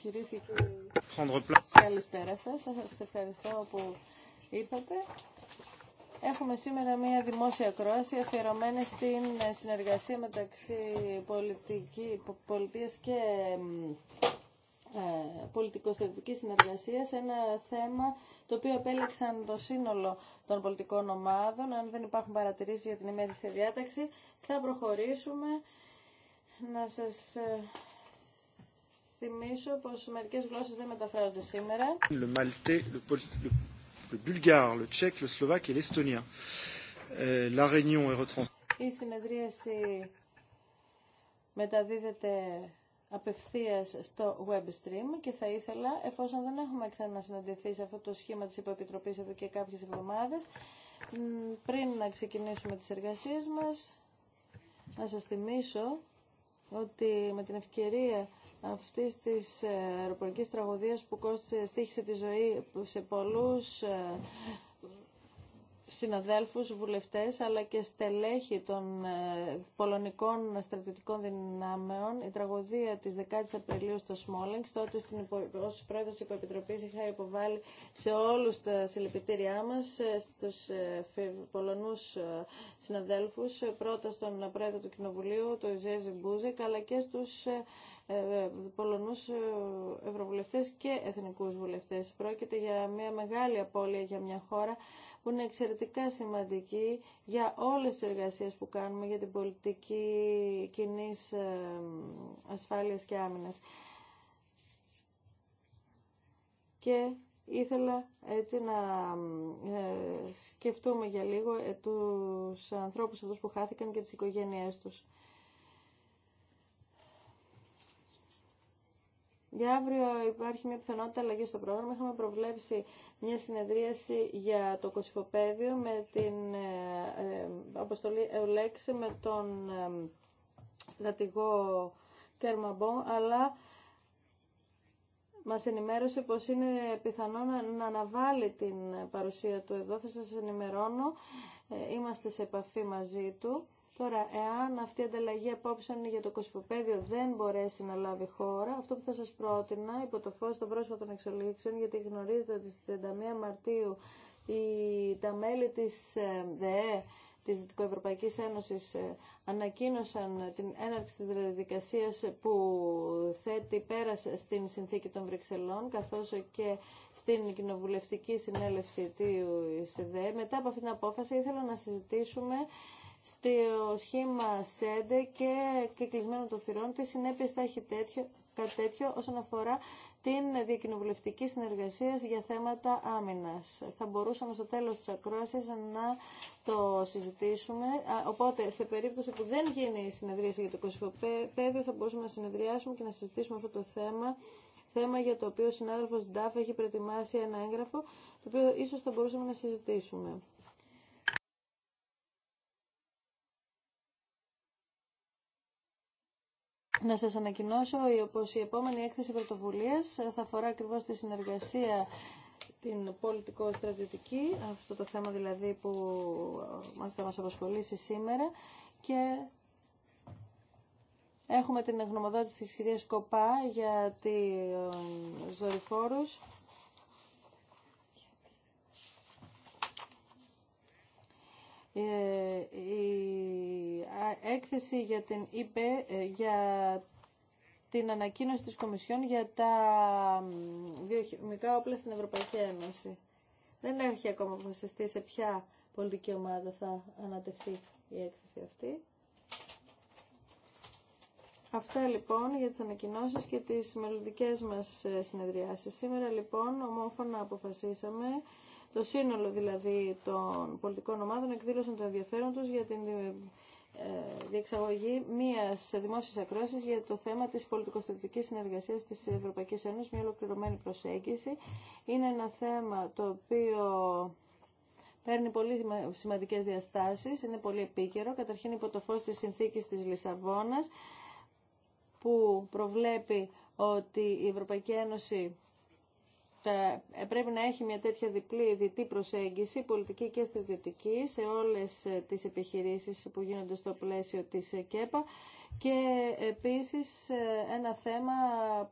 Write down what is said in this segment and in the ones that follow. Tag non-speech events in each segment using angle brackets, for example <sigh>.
Κυρίες και κύριοι, καλησπέρα σας. Σας ευχαριστώ που ήρθατε. Έχουμε σήμερα μία δημόσια κρόαση αφιερωμένη στην συνεργασία μεταξύ πολιτική, και ε, πολιτικοστρατικής συνεργασίας, ένα θέμα το οποίο επέλεξαν το σύνολο των πολιτικών ομάδων. Αν δεν υπάρχουν παρατηρήσεις για την ημέρηση διάταξη, θα προχωρήσουμε να σας ε, θυμίσω πως μερικές γλώσσες δεν μεταφράζονται σήμερα. Le le, le, le bulgare, le tchèque, le slovaque et l'estonien. Euh, la réunion est Η συνεδρίαση μεταδίδεται απευθείας στο web stream και θα ήθελα, εφόσον δεν έχουμε ξανασυναντηθεί σε αυτό το σχήμα της Υποεπιτροπής εδώ και κάποιες εβδομάδες, πριν να ξεκινήσουμε τις εργασίες μας, να σας θυμίσω ότι με την ευκαιρία αυτή της ε, αεροπορική τραγωδίας που κόστησε, στήχησε τη ζωή σε πολλούς ε, συναδέλφους βουλευτές αλλά και στελέχη των ε, πολωνικών στρατιωτικών δυνάμεων. Η τραγωδία της 10ης Απριλίου στο Σμόλενγκ, τότε στην υπο... ως πρόεδρος της Υποεπιτροπής είχα υποβάλει σε όλους τα συλληπιτήριά μας, ε, στους ε, πολωνούς συναδέλφους, πρώτα στον πρόεδρο του Κοινοβουλίου, τον Ζέζι Μπούζεκ, αλλά και στους Πολωνούς ευρωβουλευτές και εθνικούς βουλευτές. Πρόκειται για μια μεγάλη απώλεια για μια χώρα που είναι εξαιρετικά σημαντική για όλες τις εργασίες που κάνουμε για την πολιτική κοινή ε, ασφάλειας και άμυνας. Και ήθελα έτσι να ε, σκεφτούμε για λίγο ε, τους ανθρώπους αυτούς που χάθηκαν και τις οικογένειές τους. Για αύριο υπάρχει μια πιθανότητα αλλαγή στο πρόγραμμα. Είχαμε προβλέψει μια συνεδρίαση για το Κωσυφοπαίδιο με την ε, ε, αποστολή Ελέξη με τον ε, στρατηγό Κέρμαμπο, αλλά μας ενημέρωσε πως είναι πιθανό να αναβάλει την παρουσία του εδώ. Θα σας ενημερώνω. Είμαστε σε επαφή μαζί του. Τώρα, εάν αυτή η ανταλλαγή απόψεων για το κοσμοπέδιο δεν μπορέσει να λάβει χώρα, αυτό που θα σας πρότεινα υπό το φως των πρόσφατων εξελίξεων, γιατί γνωρίζετε ότι στις 31 Μαρτίου η, τα μέλη της ε, ΔΕΕ της Δυτικοευρωπαϊκής Ένωσης ε, ανακοίνωσαν την έναρξη της διαδικασίας που θέτει πέρα στην Συνθήκη των Βρυξελών καθώς και στην Κοινοβουλευτική Συνέλευση της ε, ΔΕΕ. Μετά από αυτήν την απόφαση ήθελα να συζητήσουμε στο σχήμα ΣΕΝΤΕ και κλεισμένο των θυρών. Τι συνέπειε θα έχει τέτοιο, κάτι τέτοιο όσον αφορά την διακοινοβουλευτική συνεργασία για θέματα Άμυνα. Θα μπορούσαμε στο τέλο τη ακρόαση να το συζητήσουμε. Οπότε, σε περίπτωση που δεν γίνει η συνεδρίαση για το κοσυφοπαίδιο, θα μπορούσαμε να συνεδριάσουμε και να συζητήσουμε αυτό το θέμα θέμα για το οποίο ο συνάδελφο Ντάφ έχει προετοιμάσει ένα έγγραφο, το οποίο ίσω θα μπορούσαμε να συζητήσουμε. να σας ανακοινώσω πως η επόμενη έκθεση πρωτοβουλίας θα αφορά ακριβώς τη συνεργασία την πολιτικό-στρατιωτική, αυτό το θέμα δηλαδή που θα μας απασχολήσει σήμερα και έχουμε την εγνωμοδότηση της κυρίας Κοπά για τη ζωριφόρους ε, Ε, η έκθεση για την ε, για την ανακοίνωση της Κομισιόν για τα βιοχημικά όπλα στην Ευρωπαϊκή Ένωση. Δεν έχει ακόμα αποφασιστεί σε ποια πολιτική ομάδα θα ανατεθεί η έκθεση αυτή. Αυτά λοιπόν για τις ανακοινώσεις και τις μελλοντικέ μας ε, συνεδριάσεις. Σήμερα λοιπόν ομόφωνα αποφασίσαμε το σύνολο δηλαδή των πολιτικών ομάδων εκδήλωσαν το ενδιαφέρον τους για την ε, διεξαγωγή μιας δημόσιας ακρόσης για το θέμα της πολιτικοστατικής συνεργασίας της Ευρωπαϊκής Ένωσης, μια ολοκληρωμένη προσέγγιση. Είναι ένα θέμα το οποίο παίρνει πολύ σημαντικές διαστάσεις, είναι πολύ επίκαιρο, καταρχήν υπό το φως της συνθήκης της Λισαβόνας, που προβλέπει ότι η Ευρωπαϊκή Ένωση ε, ε, πρέπει να έχει μια τέτοια διπλή διτή προσέγγιση, πολιτική και στρατιωτική, σε όλες ε, τις επιχειρήσεις που γίνονται στο πλαίσιο της ΚΕΠΑ και επίσης ένα θέμα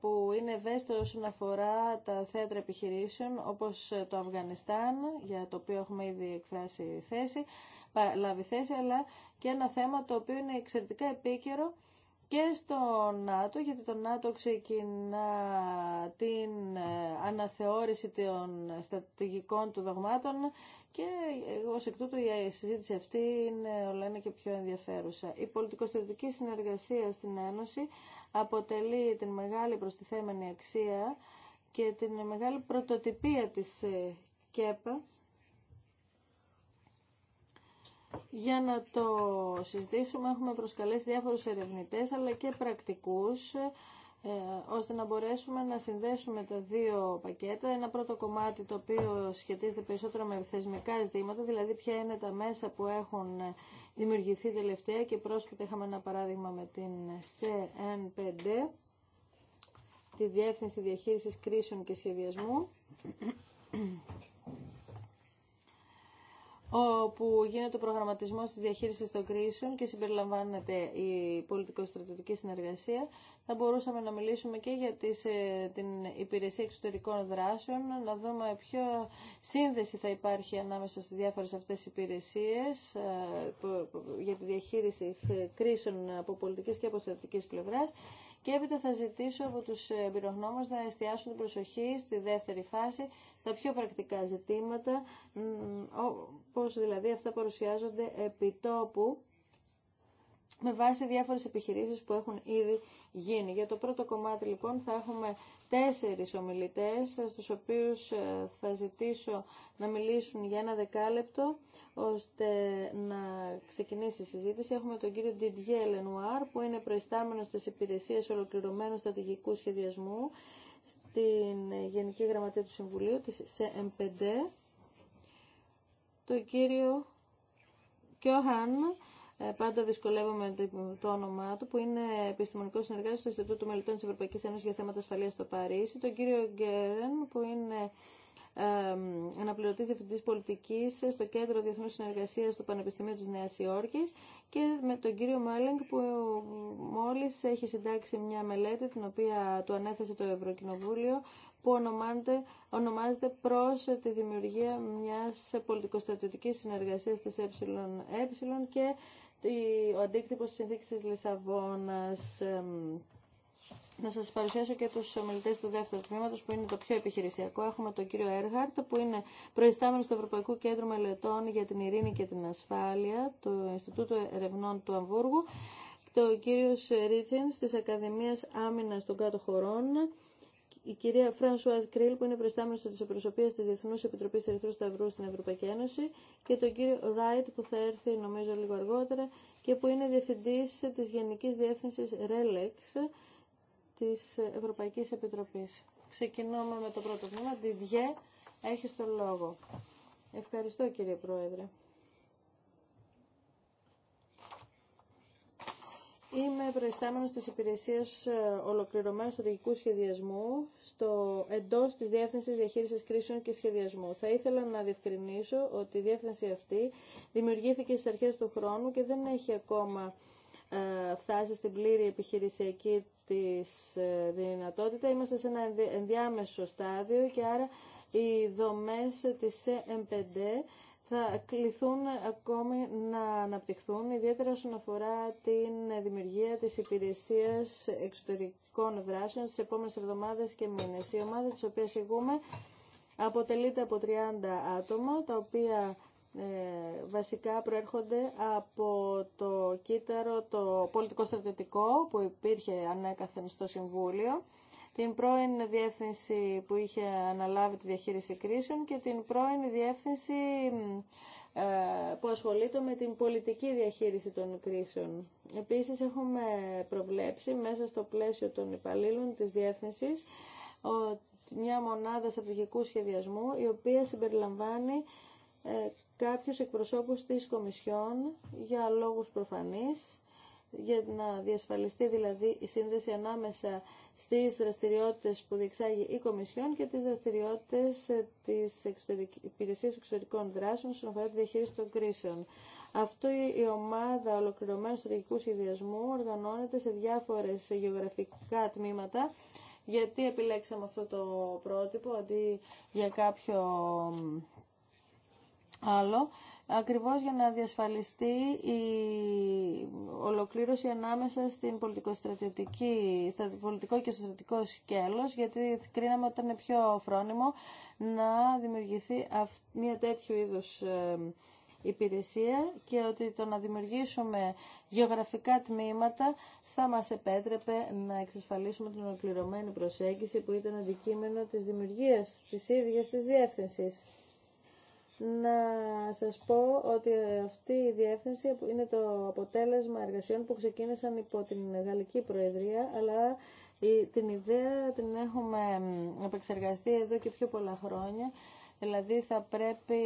που είναι ευαίσθητο όσον αφορά τα θέατρα επιχειρήσεων όπως το Αφγανιστάν, για το οποίο έχουμε ήδη εκφράσει θέση, λάβει θέση, αλλά και ένα θέμα το οποίο είναι εξαιρετικά επίκαιρο και στο ΝΑΤΟ, γιατί το ΝΑΤΟ ξεκινά την ε, αναθεώρηση των στρατηγικών του δογμάτων και ε, ω εκ τούτου η συζήτηση αυτή είναι όλα ένα και πιο ενδιαφέρουσα. Η πολιτικοστρατηγική συνεργασία στην Ένωση αποτελεί την μεγάλη προστιθέμενη αξία και την μεγάλη πρωτοτυπία της ε, ΚΕΠΑ για να το συζητήσουμε έχουμε προσκαλέσει διάφορους ερευνητές αλλά και πρακτικούς ε, ώστε να μπορέσουμε να συνδέσουμε τα δύο πακέτα. Ένα πρώτο κομμάτι το οποίο σχετίζεται περισσότερο με θεσμικά ζητήματα, δηλαδή ποια είναι τα μέσα που έχουν δημιουργηθεί τελευταία και πρόσφατα είχαμε ένα παράδειγμα με την CN5, τη Διεύθυνση Διαχείρισης Κρίσεων και Σχεδιασμού όπου γίνεται ο προγραμματισμός της διαχείρισης των κρίσεων και συμπεριλαμβάνεται η πολιτικο-στρατιωτική συνεργασία. Θα μπορούσαμε να μιλήσουμε και για τις, ε, την υπηρεσία εξωτερικών δράσεων, να δούμε ποιο σύνδεση θα υπάρχει ανάμεσα στις διάφορες αυτές υπηρεσίες ε, για τη διαχείριση ε, κρίσεων από πολιτικής και από στρατιωτικής πλευράς και έπειτα θα ζητήσω από τους εμπειρογνώμους να εστιάσουν την προσοχή στη δεύτερη φάση, στα πιο πρακτικά ζητήματα, όπως δηλαδή αυτά παρουσιάζονται επί τόπου, με βάση διάφορες επιχειρήσεις που έχουν ήδη γίνει. Για το πρώτο κομμάτι λοιπόν θα έχουμε τέσσερις ομιλητές, στους οποίους ε, θα ζητήσω να μιλήσουν για ένα δεκάλεπτο, ώστε να ξεκινήσει η συζήτηση. Έχουμε τον κύριο Didier Lenoir, που είναι προϊστάμενος της Υπηρεσίας Ολοκληρωμένου Στρατηγικού Σχεδιασμού στην Γενική Γραμματεία του Συμβουλίου, της ΣΕΜΠΕΝΤΕ, τον κύριο Κιόχαν, ε, πάντα δυσκολεύομαι το όνομά του, που είναι επιστημονικό συνεργάτη του Ινστιτούτο Μελετών τη Ευρωπαϊκή Ένωση για θέματα ασφαλεία στο Παρίσι, τον κύριο Γκέρεν, που είναι αναπληρωτή διευθυντή Πολιτική στο Κέντρο Διεθνού Συνεργασία του Πανεπιστημίου τη Νέα Υόρκη και με τον κύριο Μάλεγκ που μόλι έχει συντάξει μια μελέτη την οποία του ανέθεσε το Ευρωκοινοβούλιο που ονομάζεται, ονομάζεται τη δημιουργία μια πολιτικοστρατηγική συνεργασία τη ΕΕ και ο αντίκτυπος της συνθήκης της Λισαβόνας. Να σας παρουσιάσω και τους ομιλητές του δεύτερου τμήματος που είναι το πιο επιχειρησιακό. Έχουμε τον κύριο Έρχαρτ που είναι προϊστάμενος του Ευρωπαϊκού Κέντρου Μελετών για την Ειρήνη και την Ασφάλεια του Ινστιτούτου Ερευνών του Αμβούργου. Το κύριο Ρίτσενς της Ακαδημίας Άμυνας των Κάτω Χωρών η κυρία Φρανσουάζ Κρίλ, που είναι προϊστάμενο τη Επιτροπής τη Διεθνού Επιτροπή Ερυθρού Σταυρού στην Ευρωπαϊκή Ένωση, και τον κύριο Ράιτ, που θα έρθει νομίζω λίγο αργότερα, και που είναι διευθυντή τη Γενική Διεύθυνση ΡΕΛΕΞ τη Ευρωπαϊκή Επιτροπή. Ξεκινούμε με το πρώτο τμήμα. Διδιέ, έχει το λόγο. Ευχαριστώ κύριε Πρόεδρε. Είμαι προϊστάμενο τη Υπηρεσία ε, Ολοκληρωμένου Στρατηγικού Σχεδιασμού στο εντός της Διεύθυνσης Διαχείρισης Κρίσεων και Σχεδιασμού. Θα ήθελα να διευκρινίσω ότι η διεύθυνση αυτή δημιουργήθηκε στι αρχές του χρόνου και δεν έχει ακόμα ε, φτάσει στην πλήρη επιχειρησιακή της ε, δυνατότητα. Είμαστε σε ένα ενδιάμεσο στάδιο και άρα οι δομέ τη ΕΜΠΕΝΤΕ θα κληθούν ακόμη να αναπτυχθούν, ιδιαίτερα όσον αφορά την δημιουργία της υπηρεσίας εξωτερικών δράσεων στις επόμενες εβδομάδες και μήνες. Η ομάδα της οποίας ηγούμε αποτελείται από 30 άτομα, τα οποία ε, βασικά προέρχονται από το κύτταρο το πολιτικό στρατητικό που υπήρχε ανέκαθεν στο Συμβούλιο την πρώην διεύθυνση που είχε αναλάβει τη διαχείριση κρίσεων και την πρώην διεύθυνση ε, που ασχολείται με την πολιτική διαχείριση των κρίσεων. Επίσης έχουμε προβλέψει μέσα στο πλαίσιο των υπαλλήλων της διεύθυνσης μια μονάδα στρατηγικού σχεδιασμού η οποία συμπεριλαμβάνει ε, κάποιους εκπροσώπους της Κομισιόν για λόγους προφανής για να διασφαλιστεί δηλαδή η σύνδεση ανάμεσα στις δραστηριότητες που διεξάγει η Κομισιόν και τις δραστηριότητες ε, της Υπηρεσίας Εξωτερικών Δράσεων στον αφορά τη διαχείριση των κρίσεων. Αυτό η ομάδα ολοκληρωμένου στρατηγικού σχεδιασμού οργανώνεται σε διάφορες γεωγραφικά τμήματα. Γιατί επιλέξαμε αυτό το πρότυπο αντί για κάποιο άλλο ακριβώς για να διασφαλιστεί η ολοκλήρωση ανάμεσα στην πολιτικοστρατιωτική, πολιτικό και στρατιωτικό σκέλος, γιατί κρίναμε ότι ήταν πιο φρόνιμο να δημιουργηθεί μια τέτοιου είδους ε, υπηρεσία και ότι το να δημιουργήσουμε γεωγραφικά τμήματα θα μας επέτρεπε να εξασφαλίσουμε την ολοκληρωμένη προσέγγιση που ήταν αντικείμενο της δημιουργίας της ίδιας της διεύθυνσης να σας πω ότι αυτή η διεύθυνση είναι το αποτέλεσμα εργασιών που ξεκίνησαν υπό την Γαλλική Προεδρία, αλλά την ιδέα την έχουμε επεξεργαστεί εδώ και πιο πολλά χρόνια. Δηλαδή θα πρέπει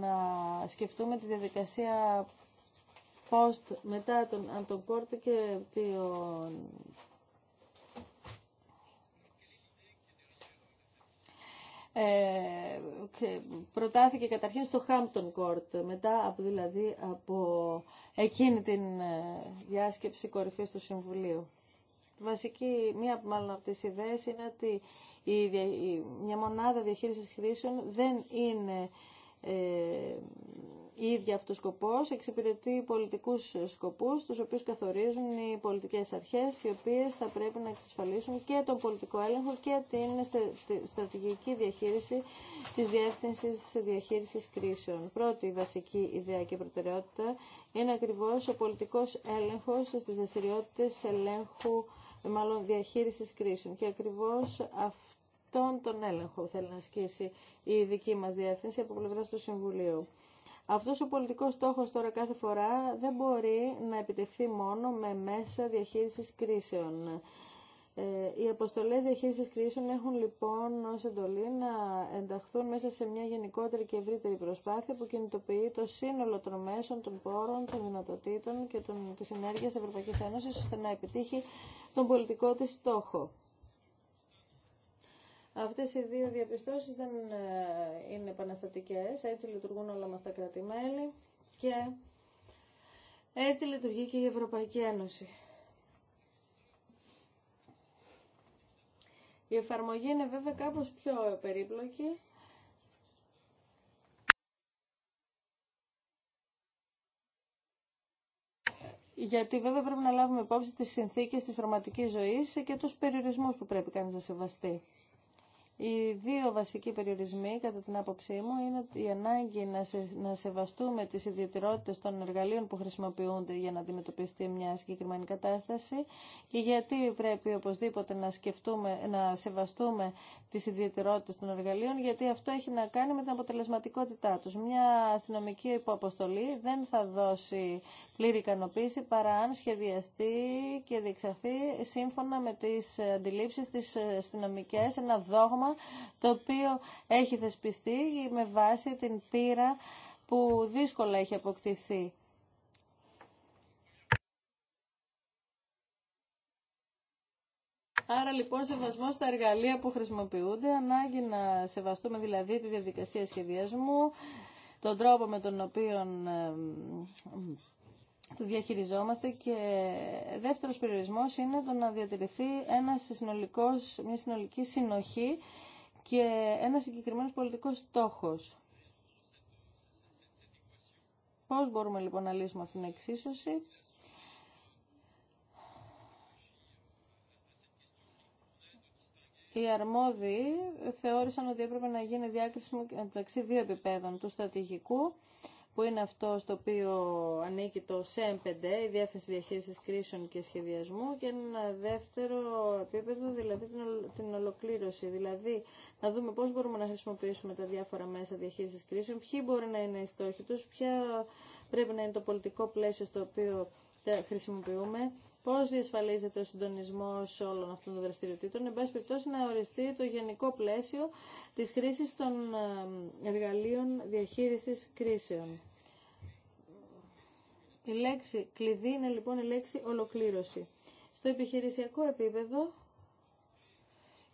να σκεφτούμε τη διαδικασία post μετά τον, τον και τον Ε, προτάθηκε καταρχήν στο Hampton Court, μετά από, δηλαδή από εκείνη την ε, διάσκεψη κορυφής του Συμβουλίου. Βασική, μία μάλλον από τις ιδέες είναι ότι η, μια μονάδα διαχείρισης χρήσεων δεν είναι ε, η ίδια αυτός σκοπό, εξυπηρετεί πολιτικούς σκοπού, τους οποίους καθορίζουν οι πολιτικές αρχές, οι οποίες θα πρέπει να εξασφαλίσουν και τον πολιτικό έλεγχο και την στρατηγική διαχείριση της διεύθυνσης διαχείρισης κρίσεων. Πρώτη βασική ιδέα και προτεραιότητα είναι ακριβώς ο πολιτικός έλεγχος στις δραστηριότητε ελέγχου, μάλλον διαχείρισης κρίσεων. Και ακριβώς αυτόν τον έλεγχο θέλει να ασκήσει η δική μας διεύθυνση από πλευρά του Συμβουλίου. Αυτός ο πολιτικός στόχος τώρα κάθε φορά δεν μπορεί να επιτευχθεί μόνο με μέσα διαχείρισης κρίσεων. Ε, οι αποστολέ διαχείριση κρίσεων έχουν λοιπόν ω εντολή να ενταχθούν μέσα σε μια γενικότερη και ευρύτερη προσπάθεια που κινητοποιεί το σύνολο των μέσων, των πόρων, των δυνατοτήτων και τη ενέργεια Ευρωπαϊκή Ένωση ώστε να επιτύχει τον πολιτικό τη στόχο. Αυτές οι δύο διαπιστώσεις δεν ε, είναι επαναστατικές, έτσι λειτουργούν όλα μας τα κρατημέλη και έτσι λειτουργεί και η Ευρωπαϊκή Ένωση. Η εφαρμογή είναι βέβαια κάπως πιο περίπλοκη. Γιατί βέβαια πρέπει να λάβουμε υπόψη τις συνθήκες της πραγματικής ζωής και τους περιορισμούς που πρέπει κανείς να σεβαστεί. Οι δύο βασικοί περιορισμοί, κατά την άποψή μου, είναι η ανάγκη να, σεβαστούμε τις ιδιαιτερότητες των εργαλείων που χρησιμοποιούνται για να αντιμετωπιστεί μια συγκεκριμένη κατάσταση και γιατί πρέπει οπωσδήποτε να, σκεφτούμε, να σεβαστούμε τις ιδιαιτερότητες των εργαλείων, γιατί αυτό έχει να κάνει με την αποτελεσματικότητά τους. Μια αστυνομική υποαποστολή δεν θα δώσει πλήρη ικανοποίηση παρά αν σχεδιαστεί και διεξαχθεί σύμφωνα με τις αντιλήψεις της αστυνομικέ ένα δόγμα το οποίο έχει θεσπιστεί με βάση την πείρα που δύσκολα έχει αποκτηθεί. Άρα λοιπόν σεβασμό στα εργαλεία που χρησιμοποιούνται, ανάγκη να σεβαστούμε δηλαδή τη διαδικασία σχεδιασμού, τον τρόπο με τον οποίο το διαχειριζόμαστε και δεύτερος περιορισμός είναι το να διατηρηθεί ένας συνολικός, μια συνολική συνοχή και ένα συγκεκριμένο πολιτικός στόχος. Πώς μπορούμε λοιπόν να λύσουμε αυτήν την εξίσωση. Οι αρμόδιοι θεώρησαν ότι έπρεπε να γίνει διάκριση μεταξύ δύο επιπέδων, του στρατηγικού που είναι αυτό στο οποίο ανήκει το ΣΕΜ5, η Διεύθυνση Διαχείρισης Κρίσεων και Σχεδιασμού, και ένα δεύτερο επίπεδο, δηλαδή την ολοκλήρωση. Δηλαδή, να δούμε πώς μπορούμε να χρησιμοποιήσουμε τα διάφορα μέσα διαχείρισης κρίσεων, ποιοι μπορεί να είναι οι στόχοι τους, ποια πρέπει να είναι το πολιτικό πλαίσιο στο οποίο χρησιμοποιούμε Πώς διασφαλίζεται ο συντονισμός όλων αυτών των δραστηριοτήτων, εν πάση περιπτώσει να οριστεί το γενικό πλαίσιο της χρήση των ε, εργαλείων διαχείρισης κρίσεων. Η λέξη κλειδί είναι λοιπόν η λέξη ολοκλήρωση. Στο επιχειρησιακό επίπεδο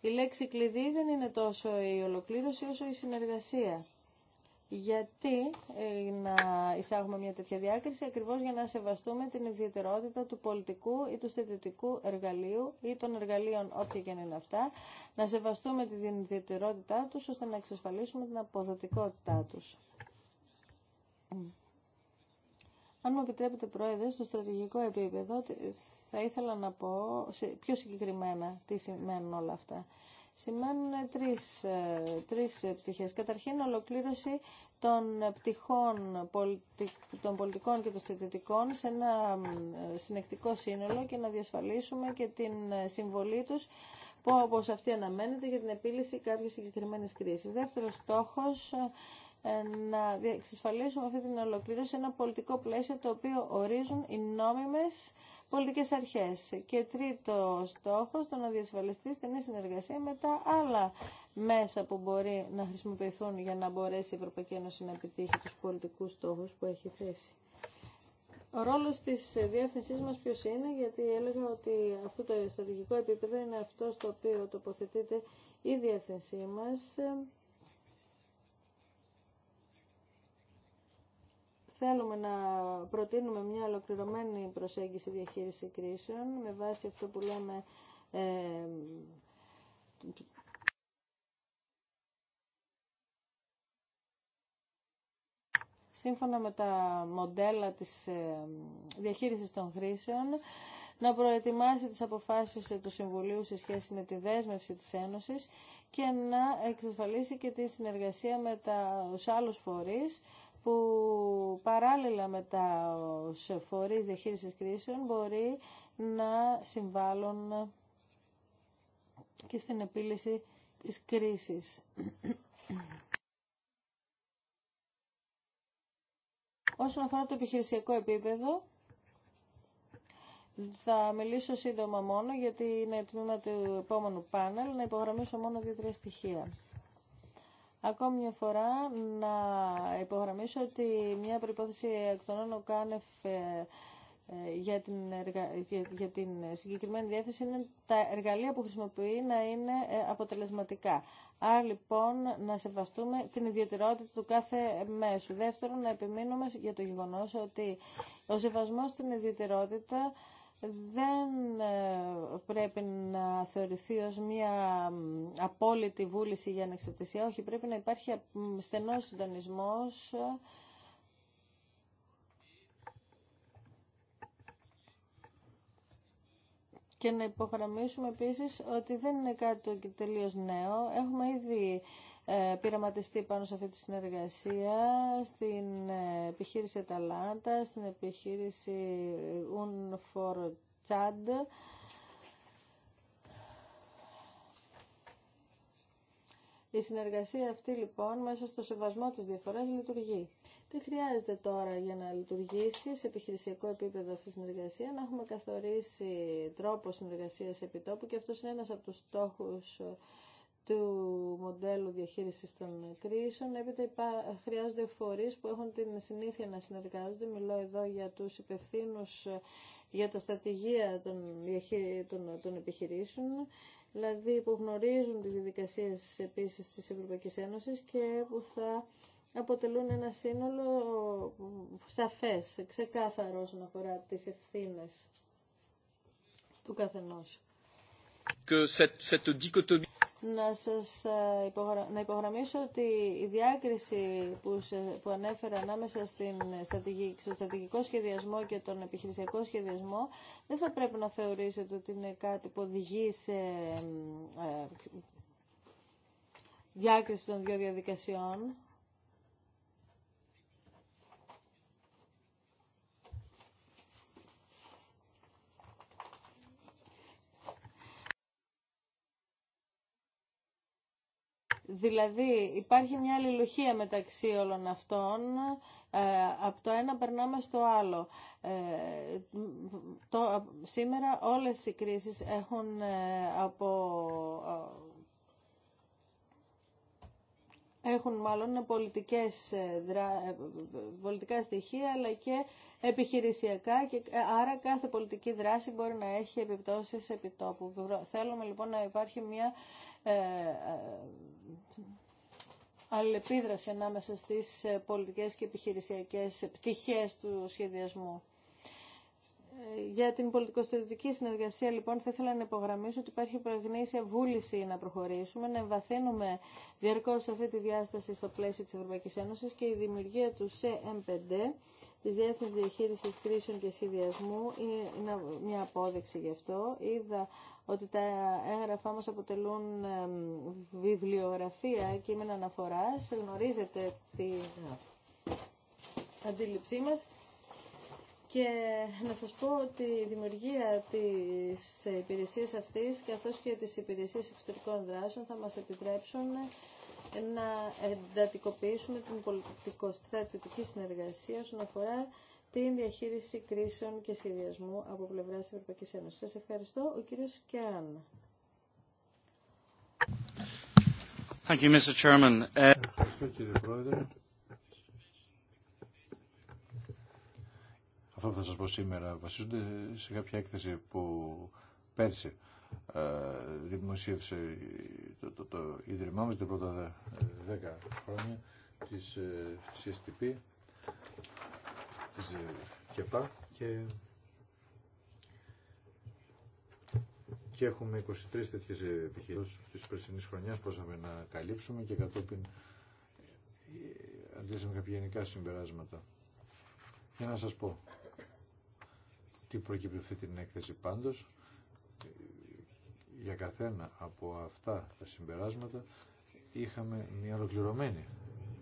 η λέξη κλειδί δεν είναι τόσο η ολοκλήρωση όσο η συνεργασία. Γιατί ε, να εισάγουμε μια τέτοια διάκριση ακριβώς για να σεβαστούμε την ιδιαιτερότητα του πολιτικού ή του στρατιωτικού εργαλείου ή των εργαλείων όποια και είναι αυτά, να σεβαστούμε την ιδιαιτερότητά τους ώστε να εξασφαλίσουμε την αποδοτικότητά τους. Αν μου επιτρέπετε, Πρόεδρε, στο στρατηγικό επίπεδο θα ήθελα να πω πιο συγκεκριμένα τι σημαίνουν όλα αυτά σημαίνουν τρεις, ε, τρεις πτυχές. Καταρχήν, ολοκλήρωση των πτυχών των πολιτικών και των στρατιωτικών σε ένα συνεκτικό σύνολο και να διασφαλίσουμε και την συμβολή τους όπως αυτή αναμένεται για την επίλυση κάποιες συγκεκριμένε κρίσεις. Δεύτερος στόχος, ε, να εξασφαλίσουμε αυτή την ολοκλήρωση σε ένα πολιτικό πλαίσιο το οποίο ορίζουν οι νόμιμες Πολιτικέ αρχές. Και τρίτο στόχος, το να διασφαλιστεί στενή συνεργασία με τα άλλα μέσα που μπορεί να χρησιμοποιηθούν για να μπορέσει η Ευρωπαϊκή Ένωση να επιτύχει τους πολιτικούς στόχους που έχει θέσει. Ο ρόλος της διεύθυνσής μας ποιος είναι, γιατί έλεγα ότι αυτό το στρατηγικό επίπεδο είναι αυτό στο οποίο τοποθετείται η διεύθυνσή μας Θέλουμε να προτείνουμε μια ολοκληρωμένη προσέγγιση διαχείριση κρίσεων με βάση αυτό που λέμε ε, σύμφωνα με τα μοντέλα της ε, διαχείρισης των χρήσεων, να προετοιμάσει τις αποφάσεις του Συμβουλίου σε σχέση με τη δέσμευση της Ένωσης και να εξασφαλίσει και τη συνεργασία με τα, τους άλλους φορείς, που παράλληλα με τα φορείς διαχείρισης κρίσεων μπορεί να συμβάλλουν και στην επίλυση της κρίσης. Όσον αφορά το επιχειρησιακό επίπεδο, θα μιλήσω σύντομα μόνο γιατί είναι τμήμα του επόμενου πάνελ, να υπογραμμίσω μόνο δύο-τρία στοιχεία. Ακόμη μια φορά να υπογραμμίσω ότι μια προϋπόθεση εκ των όνων ε, ε, για την, για την συγκεκριμένη διεύθυνση είναι τα εργαλεία που χρησιμοποιεί να είναι ε, αποτελεσματικά. Άρα λοιπόν να σεβαστούμε την ιδιαιτερότητα του κάθε μέσου. Δεύτερον, να επιμείνουμε για το γεγονός ότι ο σεβασμός στην ιδιαιτερότητα δεν ε, πρέπει να θεωρηθεί ως μια απόλυτη βούληση για ανεξαρτησία. Όχι, πρέπει να υπάρχει στενός συντονισμός Και να υπογραμμίσουμε επίσης ότι δεν είναι κάτι τελείως νέο. Έχουμε ήδη ε, πειραματιστεί πάνω σε αυτή τη συνεργασία στην ε, επιχείρηση Ταλάντα, στην επιχείρηση UNFOR Η συνεργασία αυτή λοιπόν μέσα στο σεβασμό της διαφοράς λειτουργεί. Τι χρειάζεται τώρα για να λειτουργήσει σε επιχειρησιακό επίπεδο αυτή η συνεργασία, να έχουμε καθορίσει τρόπο συνεργασίας επιτόπου και αυτός είναι ένας από τους στόχους ε, του μοντέλου διαχείρισης των κρίσεων. Έπειτα χρειάζονται φορείς που έχουν την συνήθεια να συνεργάζονται. Μιλώ εδώ για τους υπευθύνου για τα στρατηγία των, των, των επιχειρήσεων, δηλαδή που γνωρίζουν τις διαδικασίες επίσης της Ευρωπαϊκή Ένωσης και που θα αποτελούν ένα σύνολο σαφές, ξεκάθαρο όσον αφορά τις ευθύνε του καθενός. cette, cette dichotomie να σας ε, να υπογραμμίσω ότι η διάκριση που, που ανέφερα ανάμεσα στην στρατηγική, στο στρατηγικό σχεδιασμό και τον επιχειρησιακό σχεδιασμό δεν θα πρέπει να θεωρήσετε ότι είναι κάτι που οδηγεί σε ε, ε, διάκριση των δύο διαδικασιών. Δηλαδή υπάρχει μια αλληλουχία μεταξύ όλων αυτών, ε, από το ένα περνάμε στο άλλο. Ε, το, σήμερα όλες οι κρίσεις έχουν ε, από... Ε, έχουν μάλλον πολιτικές, πολιτικά στοιχεία αλλά και επιχειρησιακά και άρα κάθε πολιτική δράση μπορεί να έχει επιπτώσεις επιτόπου. Θέλουμε λοιπόν να υπάρχει μια ε, ε, αλληλεπίδραση ανάμεσα στις ε, πολιτικές και επιχειρησιακές πτυχές του σχεδιασμού. Για την πολιτικοστατική συνεργασία, λοιπόν, θα ήθελα να υπογραμμίσω ότι υπάρχει προεγνήσια βούληση να προχωρήσουμε, να εμβαθύνουμε διαρκώ αυτή τη διάσταση στο πλαίσιο τη Ευρωπαϊκή Ένωση και η δημιουργία του ΣΕΜ5, τη Διεύθυνση Διαχείριση Κρίσεων και Σχεδιασμού, είναι μια απόδειξη γι' αυτό. Είδα ότι τα έγγραφά μας αποτελούν βιβλιογραφία, κείμενα αναφοράς, γνωρίζετε την αντίληψή μας. Και να σας πω ότι η δημιουργία της υπηρεσίας αυτής, καθώς και της υπηρεσίας εξωτερικών δράσεων, θα μας επιτρέψουν να εντατικοποιήσουμε την πολιτικοστρατιωτική συνεργασία όσον αφορά την διαχείριση κρίσεων και σχεδιασμού από πλευρά τη Ευρωπαϊκή Ένωση. Σα ευχαριστώ. Ο κύριο Κιάν. Ε, ευχαριστώ κύριε Πρόεδρε. Αυτό που θα σας πω σήμερα βασίζονται σε κάποια έκθεση που πέρσι ε, δημοσίευσε το, το, το Ίδρυμά μας την πρώτα δέκα χρόνια της CSTP ε, και ε, ΚΕΠΑ και, και έχουμε 23 τέτοιες ε, επιχειρήσεις της περσινής χρονιάς μπορούσαμε να καλύψουμε και κατόπιν ε, αντίστοιχα κάποια γενικά συμπεράσματα. Για να σας πω τι προκύπτει αυτή την έκθεση πάντως. Για καθένα από αυτά τα συμπεράσματα είχαμε μια ολοκληρωμένη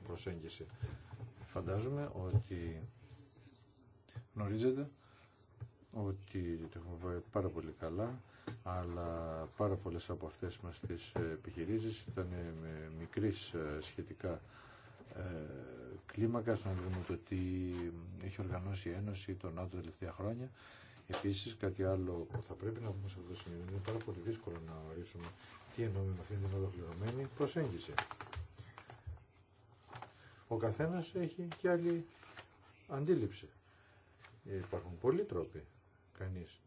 προσέγγιση. Φαντάζομαι ότι γνωρίζετε ότι το έχουμε πάρα πολύ καλά, αλλά πάρα πολλές από αυτές μας τις ε, επιχειρήσεις ήταν ε, με μικρής ε, σχετικά κλίμακα, να δούμε το τι έχει οργανώσει η Ένωση τον ΝΑΤΟ τα τελευταία χρόνια. Επίσης κάτι άλλο που θα πρέπει να πούμε σε αυτό το σημείο, είναι πάρα πολύ δύσκολο να ορίσουμε τι εννοούμε με αυτήν την ολοκληρωμένη προσέγγιση. Ο καθένας έχει και άλλη αντίληψη. Υπάρχουν πολλοί τρόποι κανείς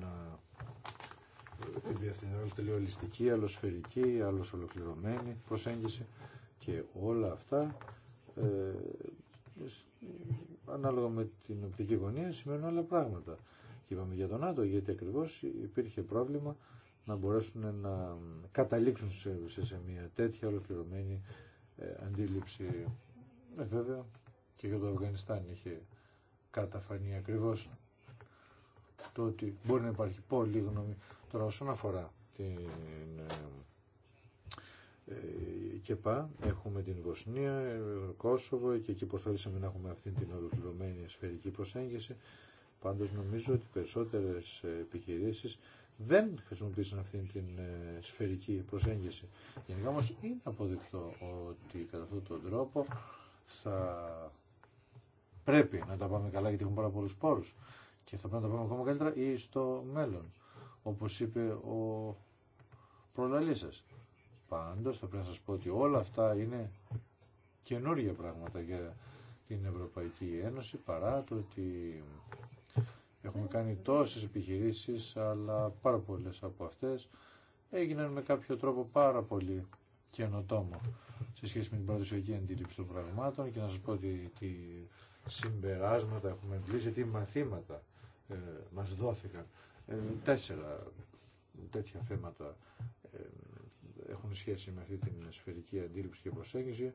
να επειδή άλλο είναι τελειολιστική, σφαιρική, άλλο ολοκληρωμένη προσέγγιση και όλα αυτά ε, ανάλογα με την οπτική γωνία σημαίνουν άλλα πράγματα. Και είπαμε για τον Άτο γιατί ακριβώς υπήρχε πρόβλημα να μπορέσουν να καταλήξουν σε, σε, σε μια τέτοια ολοκληρωμένη ε, αντίληψη. Ε, βέβαια και για το Αφγανιστάν είχε καταφανεί ακριβώ το ότι μπορεί να υπάρχει πολύ γνώμη. Τώρα όσον αφορά την ε, ε, ΚΕΠΑ, έχουμε την Βοσνία, ε, Κόσοβο και εκεί προσπαθήσαμε να έχουμε αυτή την ολοκληρωμένη σφαιρική προσέγγιση. Πάντως νομίζω ότι περισσότερες επιχειρήσεις δεν χρησιμοποίησαν αυτή την σφαιρική προσέγγιση. Γενικά όμως είναι αποδεικτό ότι κατά αυτόν τον τρόπο θα πρέπει να τα πάμε καλά γιατί έχουν πάρα πολλούς πόρους και θα πρέπει να τα πάμε ακόμα καλύτερα ή στο μέλλον. Όπως είπε ο προλαλής σας. Πάντως θα πρέπει να σας πω ότι όλα αυτά είναι καινούργια πράγματα για την Ευρωπαϊκή Ένωση παρά το ότι έχουμε κάνει τόσες επιχειρήσεις αλλά πάρα πολλές από αυτές έγιναν με κάποιο τρόπο πάρα πολύ καινοτόμο σε σχέση με την παραδοσιακή αντίληψη των πραγμάτων και να σας πω ότι, ότι συμπεράσματα έχουμε εντλήσει, τι μαθήματα ε, μας δόθηκαν. Ε, τέσσερα τέτοια θέματα ε, έχουν σχέση με αυτή την σφαιρική αντίληψη και προσέγγιση.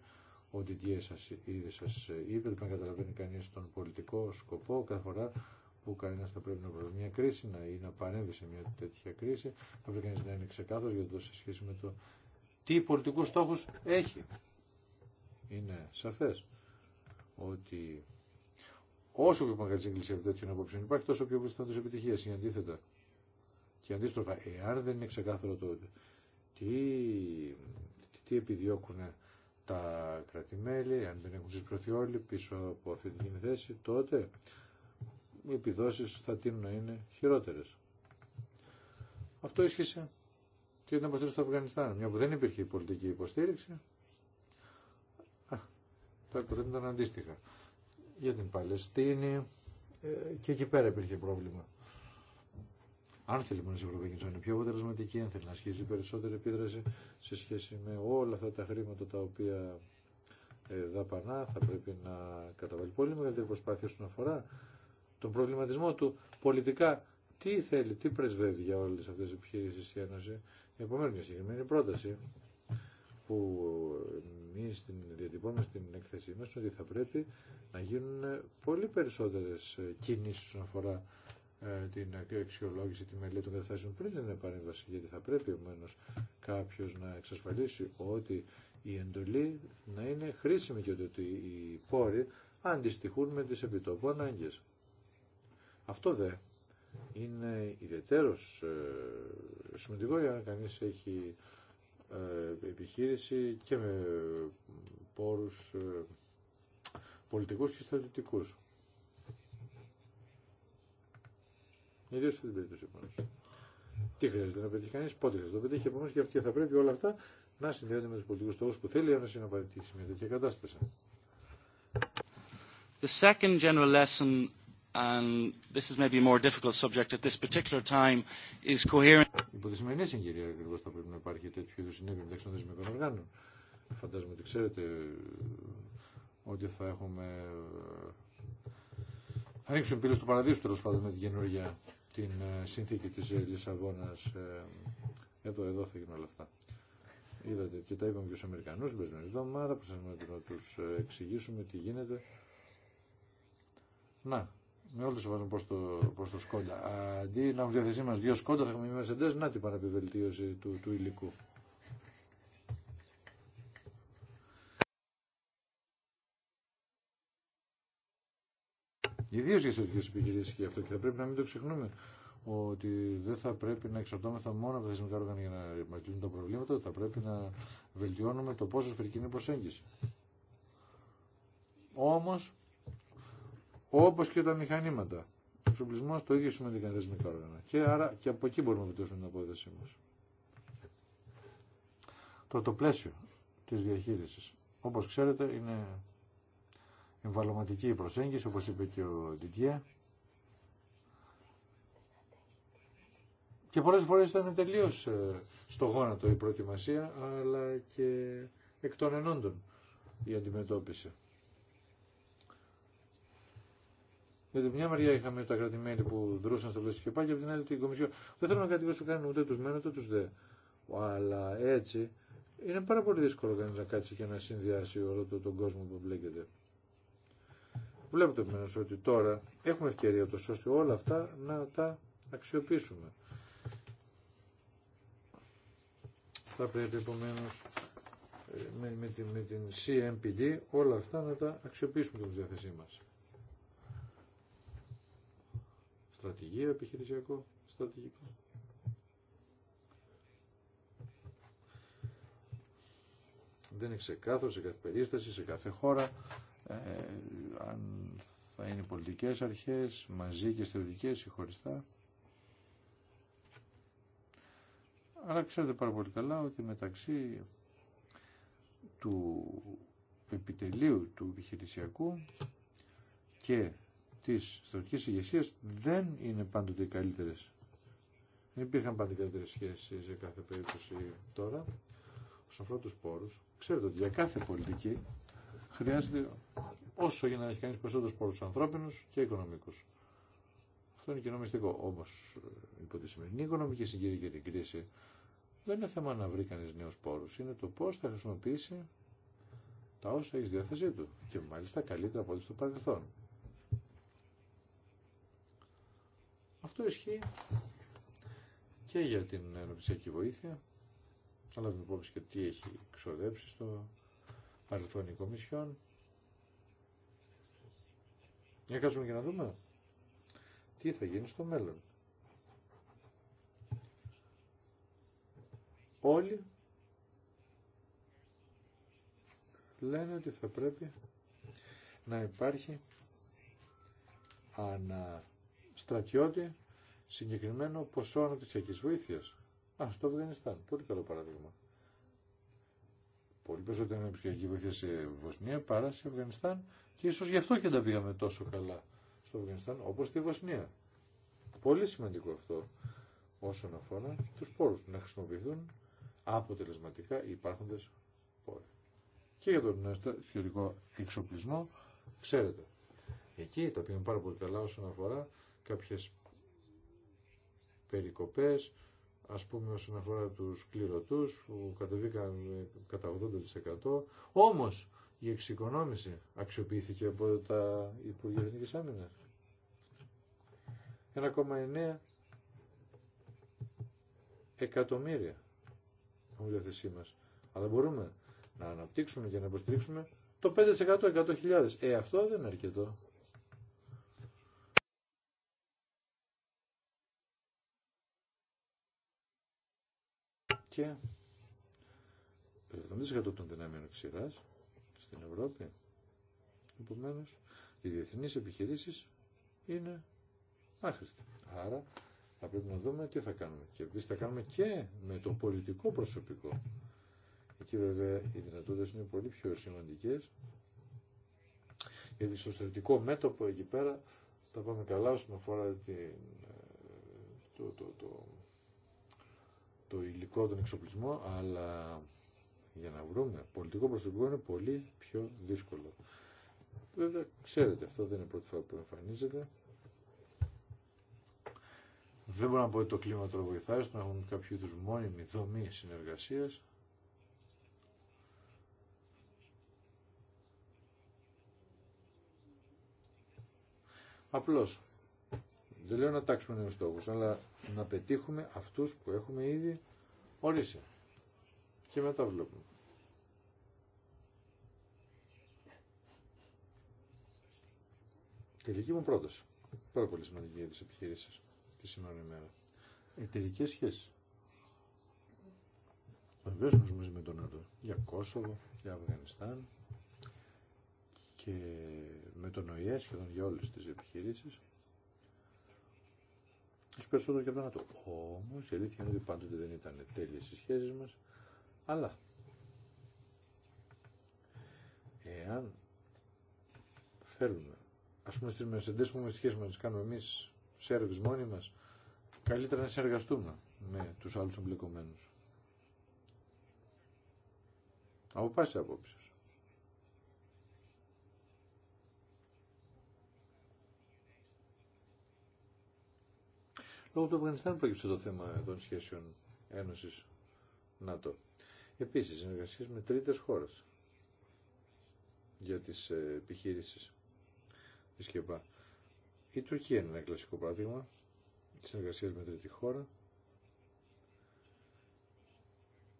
Ό,τι Didier σας, ήδη σας είπε, πρέπει να καταλαβαίνει κανείς τον πολιτικό σκοπό κάθε φορά που κανένα θα πρέπει να βρει μια κρίση να, ή να παρέμβει σε μια τέτοια κρίση. Θα πρέπει κανείς να είναι ξεκάθαρο για το σε σχέση με το τι πολιτικού στόχους έχει. Είναι σαφές ότι Όσο πιο μεγάλη σύγκληση από τέτοιων απόψεων υπάρχει, τόσο πιο πιθανότητε επιτυχία. Είναι αντίθετα. Και αντίστροφα, εάν δεν είναι ξεκάθαρο το τι, τι επιδιώκουν τα κρατημέλη, αν δεν έχουν συσπρωθεί όλοι πίσω από αυτή την θέση, τότε οι επιδόσει θα τείνουν να είναι χειρότερε. Αυτό ίσχυσε και ήταν αποστολή στο Αφγανιστάν. Μια που δεν υπήρχε η πολιτική υποστήριξη, τα ήταν αντίστοιχα για την Παλαιστίνη ε, και εκεί πέρα υπήρχε πρόβλημα. Αν θέλει μόνο η Ευρωπαϊκή Ένωση να είναι πιο αποτελεσματική, αν θέλει να ασχίζει περισσότερη επίδραση σε σχέση με όλα αυτά τα χρήματα τα οποία ε, δαπανά, θα πρέπει να καταβάλει πολύ μεγαλύτερη προσπάθεια όσον αφορά τον προβληματισμό του πολιτικά. Τι θέλει, τι πρεσβεύει για όλε αυτέ τι επιχειρήσει η Ένωση. Επομένω, μια συγκεκριμένη πρόταση που εμεί διατυπώνουμε στην έκθεσή μα ότι θα πρέπει να γίνουν πολύ περισσότερε κινήσει όσον αφορά ε, την αξιολόγηση, τη μελέτη των καταστάσεων πριν την επανέμβαση. Γιατί θα πρέπει ομένω κάποιο να εξασφαλίσει ότι η εντολή να είναι χρήσιμη και ότι οι πόροι αντιστοιχούν με τι επιτόπου ανάγκε. Αυτό δε είναι ιδιαίτερο ε, σημαντικό για να κανείς έχει ε, επιχείρηση και με πόρους ε, πολιτικούς και στρατιωτικούς. Ιδίως σε την περίπτωση επομένως. Τι χρειάζεται να πετύχει κανείς, πότε χρειάζεται να πετύχει επομένως και θα πρέπει όλα αυτά να συνδέονται με τους πολιτικούς στόχους που θέλει για να συναπατήσει μια τέτοια κατάσταση. The second general lesson and this is maybe a more difficult subject at this particular time, is coherent. Υπό τη σημερινή συγκυρία ακριβώ θα πρέπει να υπάρχει τέτοιου είδου συνέπεια μεταξύ των θεσμικών οργάνων. Φαντάζομαι ότι ξέρετε ότι θα έχουμε. Θα ανοίξουν πύλε του παραδείσου τέλο πάντων με την καινούργια την ε, συνθήκη τη ε, Λισαβόνα. Ε, εδώ, εδώ θα γίνουν όλα αυτά. Είδατε και τα είπαμε και στου Αμερικανού την περσμένη εβδομάδα. Προσπαθούμε να του εξηγήσουμε τι γίνεται. Να, με όλο το σεβασμό προς το, σκόντα. Αντί να έχουμε διαθεσή μα δύο σκόντα θα έχουμε μία σεντέ. να την παραπιβελτίωση του, του υλικού. Ιδίω για τι επιχειρήσει και αυτό. Και θα πρέπει να μην το ξεχνούμε ότι δεν θα πρέπει να εξαρτώμεθα μόνο από τα θεσμικά όργανα για να μα λύνουν τα προβλήματα, θα πρέπει να βελτιώνουμε το πόσο σφαιρική είναι η προσέγγιση. Όμω, όπως και τα μηχανήματα. Ο εξοπλισμό το ίδιο και θεσμικά όργανα. Και άρα και από εκεί μπορούμε να βελτιώσουμε την απόδοσή μα. το πλαίσιο τη διαχείριση. Όπω ξέρετε, είναι εμβαλωματική η προσέγγιση, όπω είπε και ο Ντικία. Και πολλές φορές ήταν τελείως ε, στο γόνατο η προετοιμασία, αλλά και εκ των ενόντων η αντιμετώπιση. Με μια μεριά είχαμε τα κρατημένη που δρούσαν στο πλαίσιο και πάλι, και από την άλλη την Κομισιόν. Δεν θέλω να κατηγορήσω κανέναν ούτε του μένω ούτε του δε. Αλλά έτσι είναι πάρα πολύ δύσκολο κανεί να κάτσει και να συνδυάσει όλο τον κόσμο που μπλέκεται. Βλέπετε επομένω ότι τώρα έχουμε ευκαιρία το ώστε όλα αυτά να τα αξιοποιήσουμε. Θα πρέπει επομένω ε, με, με, την, με CMPD όλα αυτά να τα αξιοποιήσουμε την διάθεσή μας. στρατηγείο επιχειρησιακό, στρατηγικό. Δεν είναι ξεκάθαρο σε κάθε περίσταση, σε κάθε χώρα. Ε, αν θα είναι πολιτικές αρχές, μαζί και στρατηγικές ή χωριστά. Αλλά ξέρετε πάρα πολύ καλά ότι μεταξύ του επιτελείου του επιχειρησιακού και της ιστορικής ηγεσία δεν είναι πάντοτε οι καλύτερες. Δεν υπήρχαν πάντοτε οι καλύτερες σχέσεις για κάθε περίπτωση τώρα. Όσον αφορά τους πόρους, ξέρετε ότι για κάθε πολιτική χρειάζεται όσο για να έχει κανείς περισσότερους πόρους ανθρώπινους και οικονομικούς. Αυτό είναι κοινό μυστικό. Όμως υπό τη σημερινή οικονομική συγκύρια και την κρίση δεν είναι θέμα να βρει κανείς νέους πόρους. Είναι το πώς θα χρησιμοποιήσει τα όσα έχει διάθεσή του και μάλιστα καλύτερα από ό,τι στο παρελθόν. Αυτό ισχύει και για την αναπτυξιακή βοήθεια. αλλά λάβουμε υπόψη και τι έχει ξοδέψει στο παρελθόν η Κομισιόν. Για κάτσουμε και να δούμε τι θα γίνει στο μέλλον. Όλοι λένε ότι θα πρέπει να υπάρχει ανα στρατιώτη συγκεκριμένο ποσό αναπτυξιακή βοήθεια. Α, στο Αφγανιστάν. Πολύ καλό παράδειγμα. Πολύ περισσότερη αναπτυξιακή βοήθεια σε Βοσνία παρά σε Αφγανιστάν και ίσω γι' αυτό και τα πήγαμε τόσο καλά στο Αφγανιστάν όπω στη Βοσνία. Πολύ σημαντικό αυτό όσον αφορά τους πόρους να χρησιμοποιηθούν αποτελεσματικά οι υπάρχοντε πόροι. Και για τον στρατιωτικό εξοπλισμό, ξέρετε, εκεί τα πήγαμε πάρα πολύ καλά όσον αφορά κάποιες περικοπές, ας πούμε όσον αφορά τους κληρωτούς που κατεβήκαν κατά 80%. Όμως η εξοικονόμηση αξιοποιήθηκε από τα Υπουργεία Εθνικής Άμυνας. 1,9 εκατομμύρια έχουμε διαθεσή μας. Αλλά μπορούμε να αναπτύξουμε και να υποστηρίξουμε το 5% 100.000. Ε, αυτό δεν είναι αρκετό. και το 70% των δυνάμεων ξηρά στην Ευρώπη. Επομένω, οι διεθνεί επιχειρήσει είναι άχρηστοι. Άρα θα πρέπει να δούμε τι θα κάνουμε. Και επίση θα κάνουμε και με το πολιτικό προσωπικό. Εκεί βέβαια οι δυνατότητε είναι πολύ πιο σημαντικέ Γιατί στο στρατικό μέτωπο εκεί πέρα τα πάμε καλά όσον αφορά την, ε, το, το, το, το υλικό, τον εξοπλισμό, αλλά για να βρούμε πολιτικό προσωπικό είναι πολύ πιο δύσκολο. Βέβαια, ξέρετε, αυτό δεν είναι πρώτη φορά που εμφανίζεται. Δεν μπορώ να πω ότι το κλίμα τώρα βοηθάει στο να έχουν κάποιο είδου μόνιμη δομή συνεργασία. Απλώς δεν λέω να τάξουμε νέους στόχους, αλλά να πετύχουμε αυτούς που έχουμε ήδη ορίσει. Και μετά βλέπουμε. Τελική μου πρόταση. Πάρα πολύ σημαντική για τις επιχειρήσεις τη σημερινή ημέρα. Εταιρικέ σχέσει. Βεβαίω μαζί με τον ΝΑΤΟ για Κόσοβο, για Αφγανιστάν και με τον ΟΗΕ σχεδόν για όλες τις επιχειρήσεις τους περισσότερου και από τον Όμως η αλήθεια είναι ότι πάντοτε δεν ήταν τέλειες οι σχέσεις μας, αλλά εάν θέλουμε, ας πούμε στις μεσεντές που σχέσεις μας τι κάνουμε εμείς σερβι μόνοι μας, καλύτερα να συνεργαστούμε με τους άλλους εμπλεκομένου. Από πάση απόψεις. Λόγω του Αφγανιστάν προέκυψε το θέμα των σχέσεων Ένωσης ΝΑΤΟ. Επίσης, συνεργασίες με τρίτες χώρες για τις ε, επιχείρησει. της ΚΕΠΑ. Η Τουρκία είναι ένα κλασικό παράδειγμα τη συνεργασία με τρίτη χώρα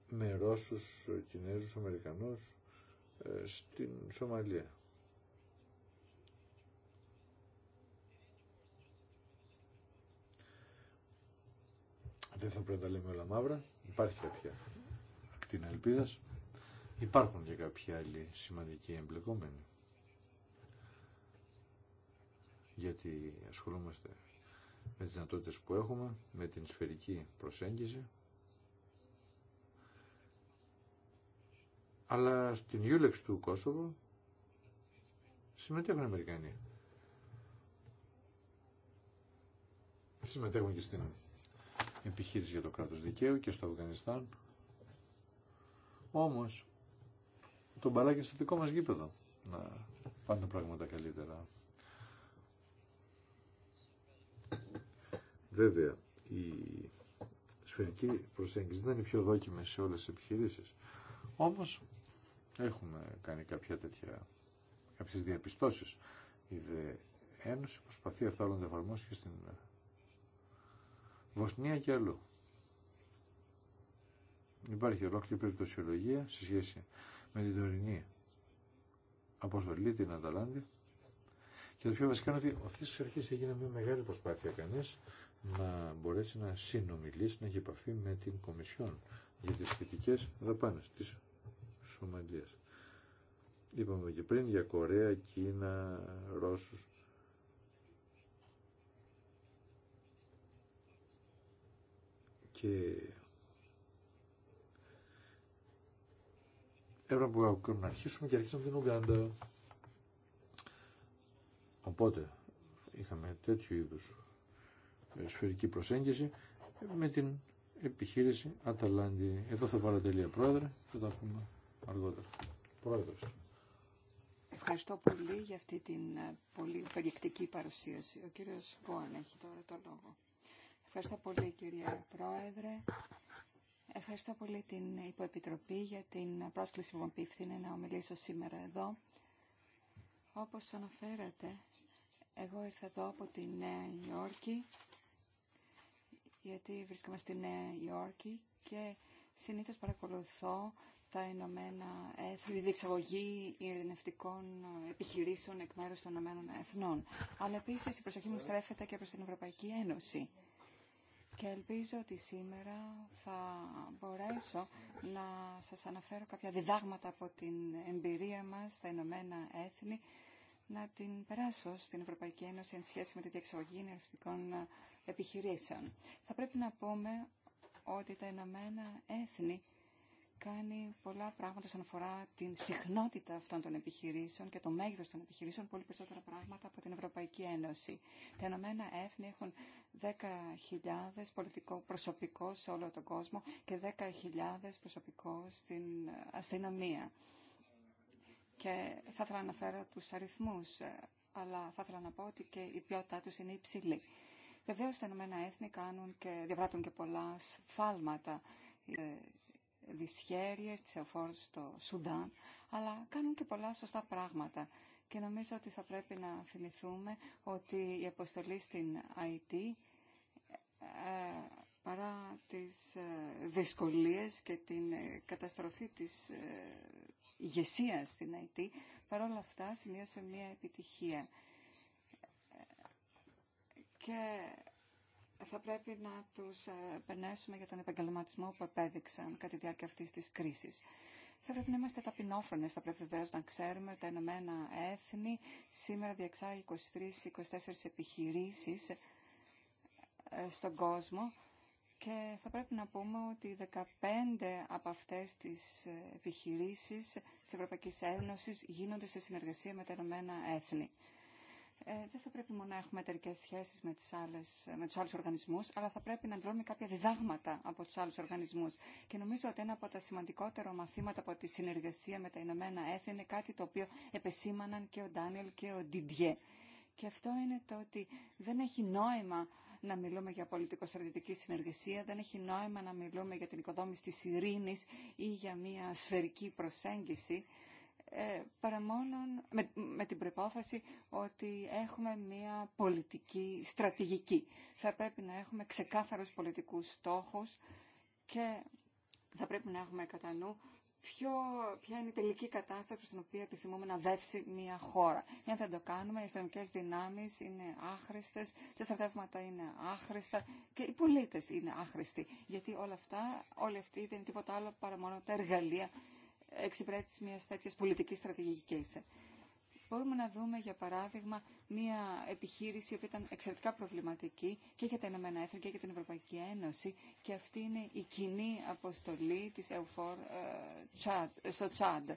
με Ρώσους, ε, Κινέζους, Αμερικανούς ε, στην Σομαλία. Δεν θα πρέπει να τα λέμε όλα μαύρα. Υπάρχει κάποια ακτίνα ελπίδα. Υπάρχουν και κάποια άλλοι σημαντικοί εμπλεκόμενοι. Γιατί ασχολούμαστε με τις δυνατότητε που έχουμε, με την σφαιρική προσέγγιση. Αλλά στην Ιούλεξ του Κόσοβο συμμετέχουν οι Αμερικανοί. Συμμετέχουν και στην επιχείρηση για το κράτος δικαίου και στο Αφγανιστάν. Όμως, τον μπαλάκι στο δικό μας γήπεδο να πάνε πράγματα καλύτερα. Βέβαια, η σφαιρική προσέγγιση δεν είναι πιο δόκιμη σε όλες τις επιχειρήσεις. Όμως, έχουμε κάνει κάποια τέτοια, κάποιες διαπιστώσεις. Η ΔΕ Ένωση προσπαθεί αυτά όλα να εφαρμόσει και στην Βοσνία και αλλού. Υπάρχει ολόκληρη περιπτωσιολογία σε σχέση με την τωρινή αποστολή, την Αταλάντη. Και το πιο βασικά είναι ότι αυτή τη αρχή έγινε μια μεγάλη προσπάθεια κανεί να μπορέσει να συνομιλήσει, να έχει επαφή με την Κομισιόν για τι σχετικέ δαπάνε τη Σομαλία. Είπαμε και πριν για Κορέα, Κίνα, Ρώσους. και έπρεπε να αρχίσουμε και αρχίσαμε την Ουγγάντα. Οπότε είχαμε τέτοιου είδους ε, σφαιρική προσέγγιση με την επιχείρηση Αταλάντη. Εδώ θα πάρω τελεία πρόεδρε, και θα τα πούμε αργότερα. Πρόεδρος. Ευχαριστώ πολύ για αυτή την ε, πολύ περιεκτική παρουσίαση. Ο κύριος Γκόαν έχει τώρα το λόγο. Ευχαριστώ πολύ κύριε Πρόεδρε. Ευχαριστώ πολύ την Υποεπιτροπή για την πρόσκληση που μου να ομιλήσω σήμερα εδώ. Όπως αναφέρατε, εγώ ήρθα εδώ από τη Νέα Υόρκη, γιατί βρίσκομαι στη Νέα Υόρκη και συνήθως παρακολουθώ τα Ηνωμένα Έθνη, τη διεξαγωγή ειρηνευτικών επιχειρήσεων εκ μέρους των Ηνωμένων Εθνών. Αλλά επίσης η προσοχή μου στρέφεται και προς την Ευρωπαϊκή Ένωση και ελπίζω ότι σήμερα θα μπορέσω να σας αναφέρω κάποια διδάγματα από την εμπειρία μας στα Ηνωμένα Έθνη να την περάσω στην Ευρωπαϊκή Ένωση εν σχέση με τη διεξογή ενεργητικών επιχειρήσεων. Θα πρέπει να πούμε ότι τα Ηνωμένα Έθνη κάνει πολλά πράγματα όσον αφορά την συχνότητα αυτών των επιχειρήσεων και το μέγεθο των επιχειρήσεων, πολύ περισσότερα πράγματα από την Ευρωπαϊκή Ένωση. Τα Ηνωμένα Έθνη έχουν 10.000 πολιτικό προσωπικό σε όλο τον κόσμο και 10.000 προσωπικό στην αστυνομία. Και θα ήθελα να αναφέρω του αριθμού, ε, αλλά θα ήθελα να πω ότι και η ποιότητά του είναι υψηλή. Βεβαίω τα Ηνωμένα Έθνη κάνουν και διαπράττουν και πολλά σφάλματα ε, δυσχέρειες, τις στο Σουδάν, αλλά κάνουν και πολλά σωστά πράγματα. Και νομίζω ότι θα πρέπει να θυμηθούμε ότι η αποστολή στην ΑΕΤ παρά τις ε, δυσκολίες και την ε, καταστροφή της ε, ηγεσία στην ΑΕΤ, παρόλα αυτά σημείωσε μια επιτυχία. Και θα πρέπει να τους ε, περνέσουμε για τον επαγγελματισμό που επέδειξαν κατά τη διάρκεια αυτής της κρίσης. Θα πρέπει να είμαστε ταπεινόφρονες, θα πρέπει βεβαίως να ξέρουμε ότι τα Ηνωμένα Έθνη. Σήμερα διεξάγει 23-24 επιχειρήσεις ε, στον κόσμο και θα πρέπει να πούμε ότι 15 από αυτές τις ε, επιχειρήσεις της Ευρωπαϊκής Ένωσης γίνονται σε συνεργασία με τα Ηνωμένα Έθνη. Ε, δεν θα πρέπει μόνο να έχουμε εταιρικέ σχέσει με, με του άλλου οργανισμού, αλλά θα πρέπει να βρούμε κάποια διδάγματα από του άλλου οργανισμού. Και νομίζω ότι ένα από τα σημαντικότερα μαθήματα από τη συνεργασία με τα Ηνωμένα Έθνη είναι κάτι το οποίο επεσήμαναν και ο Ντάνιελ και ο Ντιντιέ. Και αυτό είναι το ότι δεν έχει νόημα να μιλούμε για πολιτικο-στρατιωτική συνεργασία, δεν έχει νόημα να μιλούμε για την οικοδόμηση της ειρήνης ή για μια σφαιρική προσέγγιση. Ε, παρά με, με την προπόθεση ότι έχουμε μια πολιτική στρατηγική. Θα πρέπει να έχουμε ξεκάθαρους πολιτικούς στόχους και θα πρέπει να έχουμε κατά νου ποια είναι η τελική κατάσταση στην οποία επιθυμούμε να δεύσει μια χώρα. Εάν δεν το κάνουμε, οι αστυνομικέ δυνάμει είναι άχρηστε, τα στρατεύματα είναι άχρηστα και οι πολίτε είναι άχρηστοι. Γιατί όλα αυτά, όλοι αυτοί δεν είναι τίποτα άλλο παρά μόνο τα εργαλεία εξυπηρέτηση μια τέτοια πολιτική στρατηγική. Μπορούμε να δούμε, για παράδειγμα, μια επιχείρηση που ήταν εξαιρετικά προβληματική και για τα Ηνωμένα Έθνη και για την Ευρωπαϊκή Ένωση και αυτή είναι η κοινή αποστολή της ΕΟΦΟΡ στο Τσάντ. Ε,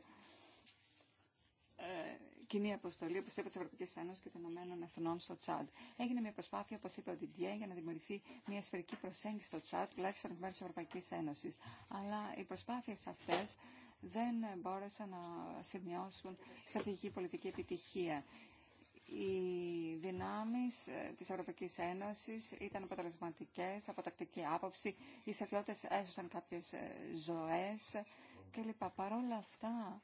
κοινή αποστολή, όπω είπα, τη Ευρωπαϊκή Ένωση και των Ηνωμένων Εθνών στο Τσάντ. Έγινε μια προσπάθεια, όπω είπε ο Διντιέ, για να δημιουργηθεί μια σφαιρική προσέγγιση στο Τσάντ, τουλάχιστον εκ τη Ευρωπαϊκή Ένωση. Αλλά οι προσπάθειε αυτέ δεν μπόρεσαν να σημειώσουν στρατηγική πολιτική επιτυχία. Οι δυνάμεις ε, της Ευρωπαϊκής Ένωσης ήταν αποτελεσματικές από τακτική άποψη, οι στρατιώτες έσωσαν κάποιες ε, ζωές κλπ. Παρ' όλα αυτά,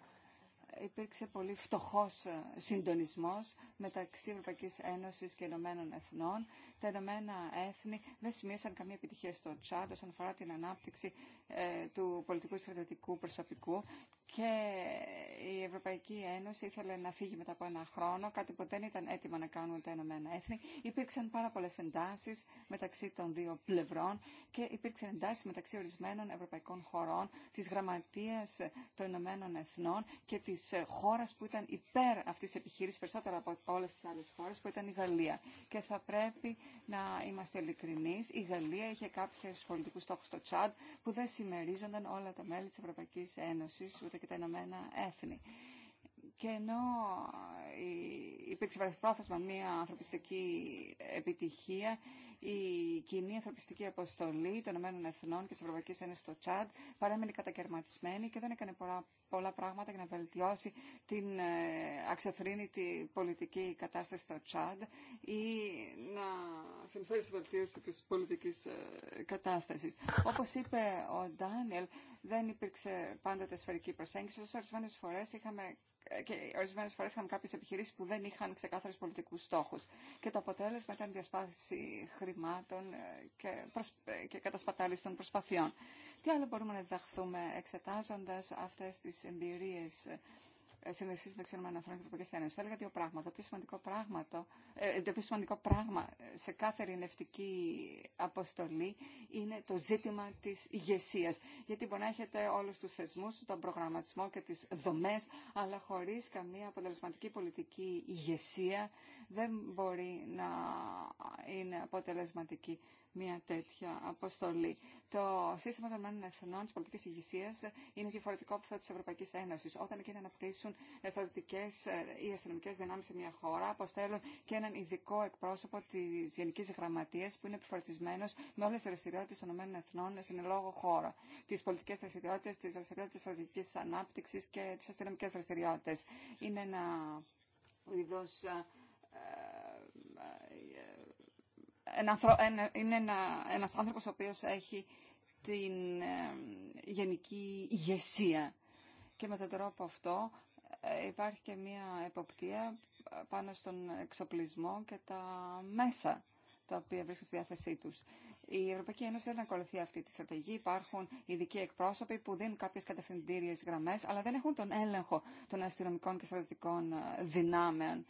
υπήρξε πολύ φτωχός ε, συντονισμός μεταξύ Ευρωπαϊκής Ένωσης και Ηνωμένων Εθνών. Τα Ηνωμένα Έθνη δεν σημείωσαν καμία επιτυχία στο Τσάντ όσον αφορά την ανάπτυξη ε, του πολιτικού στρατιωτικού προσωπικού και η Ευρωπαϊκή Ένωση ήθελε να φύγει μετά από ένα χρόνο, κάτι που δεν ήταν έτοιμο να κάνουν τα Ηνωμένα Έθνη. Υπήρξαν πάρα πολλέ εντάσει μεταξύ των δύο πλευρών και υπήρξαν εντάσει μεταξύ ορισμένων ευρωπαϊκών χωρών, τη Γραμματεία των Ηνωμένων Εθνών και τη χώρα που ήταν υπέρ αυτή τη επιχείρηση περισσότερο από όλε τι άλλε χώρε, που ήταν η Γαλλία. Και θα πρέπει να είμαστε ειλικρινεί. Η Γαλλία είχε κάποιου πολιτικού στόχου στο Τσάντ που δεν συμμερίζονταν όλα τα μέλη τη Ευρωπαϊκή Ένωση, και τα Ηνωμένα Έθνη. Και ενώ υπήρξε βραχυπρόθεσμα μια ανθρωπιστική επιτυχία, η κοινή ανθρωπιστική αποστολή των ΗΕ και τη Ευρωπαϊκή Ένωση στο Τσάντ παρέμεινε κατακαιρματισμένη και δεν έκανε πολλά, πολλά πράγματα για να βελτιώσει την ε, αξιοθρύνητη πολιτική κατάσταση στο Τσάντ ή να συμφέρει στη βελτίωση τη πολιτική ε, κατάσταση. Όπω είπε ο Ντάνιελ, δεν υπήρξε πάντοτε σφαιρική προσέγγιση. Ωστόσο, ορισμένε φορέ είχαμε και ορισμένε φορέ είχαν κάποιε επιχειρήσει που δεν είχαν ξεκάθαρου πολιτικού στόχου. Και το αποτέλεσμα ήταν διασπάθηση χρημάτων ε, και, προσ... Ε, και κατασπατάληση των προσπαθειών. Τι άλλο μπορούμε να διδαχθούμε εξετάζοντα αυτέ τι εμπειρίε ε, με ξένο ΗΠΑ και Ευρωπαϊκής Ένωσης. Θα έλεγα δύο πράγματα. Το πιο σημαντικό, ε, το πιο σημαντικό πράγμα σε κάθε ειρηνευτική αποστολή είναι το ζήτημα της ηγεσία. Γιατί μπορεί να έχετε όλους τους θεσμούς, τον προγραμματισμό και τις δομές, αλλά χωρίς καμία αποτελεσματική πολιτική ηγεσία δεν μπορεί να είναι αποτελεσματική μια τέτοια αποστολή. Το σύστημα των μένων εθνών τη πολιτική ηγεσία είναι διαφορετικό από αυτό τη Ευρωπαϊκή Ένωση. Όταν εκείνοι αναπτύσσουν στρατιωτικέ ε, ή αστυνομικέ δυνάμει σε μια χώρα, αποστέλουν και έναν ειδικό εκπρόσωπο τη Γενική Γραμματεία που είναι επιφορτισμένο με όλε τι δραστηριότητε των ΗΕ στην ελόγω χώρα. Τι πολιτικέ δραστηριότητε, τι δραστηριότητε στρατιωτική ανάπτυξη και τι αστυνομικέ δραστηριότητε. Είναι ένα είδο ε, είναι ένα, ένας άνθρωπος ο οποίος έχει την ε, γενική ηγεσία. Και με τον τρόπο αυτό ε, υπάρχει και μία εποπτεία πάνω στον εξοπλισμό και τα μέσα τα οποία βρίσκονται στη διάθεσή τους. Η Ευρωπαϊκή Ένωση δεν ακολουθεί αυτή τη στρατηγική. Υπάρχουν ειδικοί εκπρόσωποι που δίνουν κάποιε κατευθυντήριε γραμμέ, αλλά δεν έχουν τον έλεγχο των αστυνομικών και στρατιωτικών ε, δυνάμεων.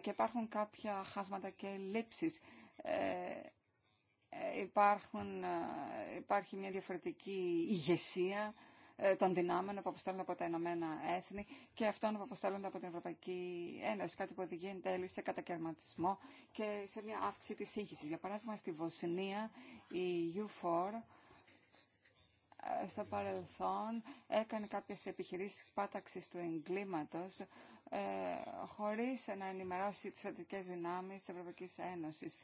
Και υπάρχουν κάποια χάσματα και λήψει. Ε, ε, υπάρχουν, ε, υπάρχει μια διαφορετική ηγεσία των δυνάμεων που αποστέλλονται από τα Ηνωμένα Έθνη και αυτών που αποστέλλονται από την Ευρωπαϊκή Ένωση. Κάτι που οδηγεί εν τέλει σε κατακαιρματισμό και σε μια αύξηση τη σύγχυση. Για παράδειγμα, στη Βοσνία η U4 στο παρελθόν έκανε κάποιες επιχειρήσεις πάταξης του εγκλήματος ε, χωρίς να ενημερώσει τις αντικές δυνάμεις της Ευρωπαϊκής Ένωσης.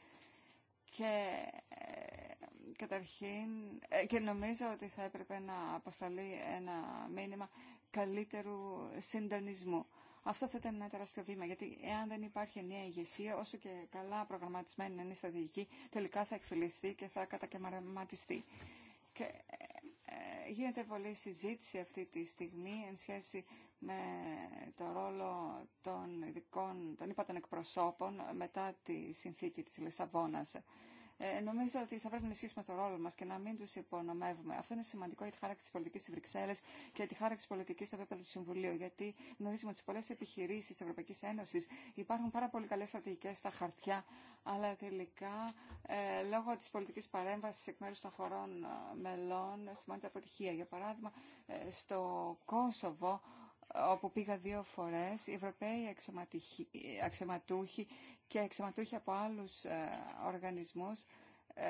Και ε, καταρχήν, ε, και νομίζω ότι θα έπρεπε να αποσταλεί ένα μήνυμα καλύτερου συντονισμού. Αυτό θα ήταν ένα τεράστιο βήμα, γιατί εάν δεν υπάρχει μια ηγεσία, όσο και καλά προγραμματισμένη είναι η στρατηγική, τελικά θα εκφυλιστεί και θα κατακαιρματιστεί. Και ε, γίνεται πολλή συζήτηση αυτή τη στιγμή εν σχέση με το ρόλο των ειδικών, των είπα των εκπροσώπων μετά τη συνθήκη της Λισαβόνας. Ε, νομίζω ότι θα πρέπει να ισχύσουμε το ρόλο μα και να μην του υπονομεύουμε. Αυτό είναι σημαντικό για τη χάραξη τη πολιτική τη Βρυξέλλε και για τη χάραξη τη πολιτική στο επίπεδο του Συμβουλίου. Γιατί γνωρίζουμε ότι σε πολλέ επιχειρήσει τη Ευρωπαϊκή Ένωση υπάρχουν πάρα πολύ καλέ στρατηγικέ στα χαρτιά, αλλά τελικά ε, λόγω τη πολιτική παρέμβαση εκ μέρου των χωρών ε, μελών σημαίνεται αποτυχία. Για παράδειγμα, ε, στο Κόσοβο όπου πήγα δύο φορές, οι Ευρωπαίοι αξιωματούχοι και αξιωματούχοι από άλλους ε, οργανισμούς ε,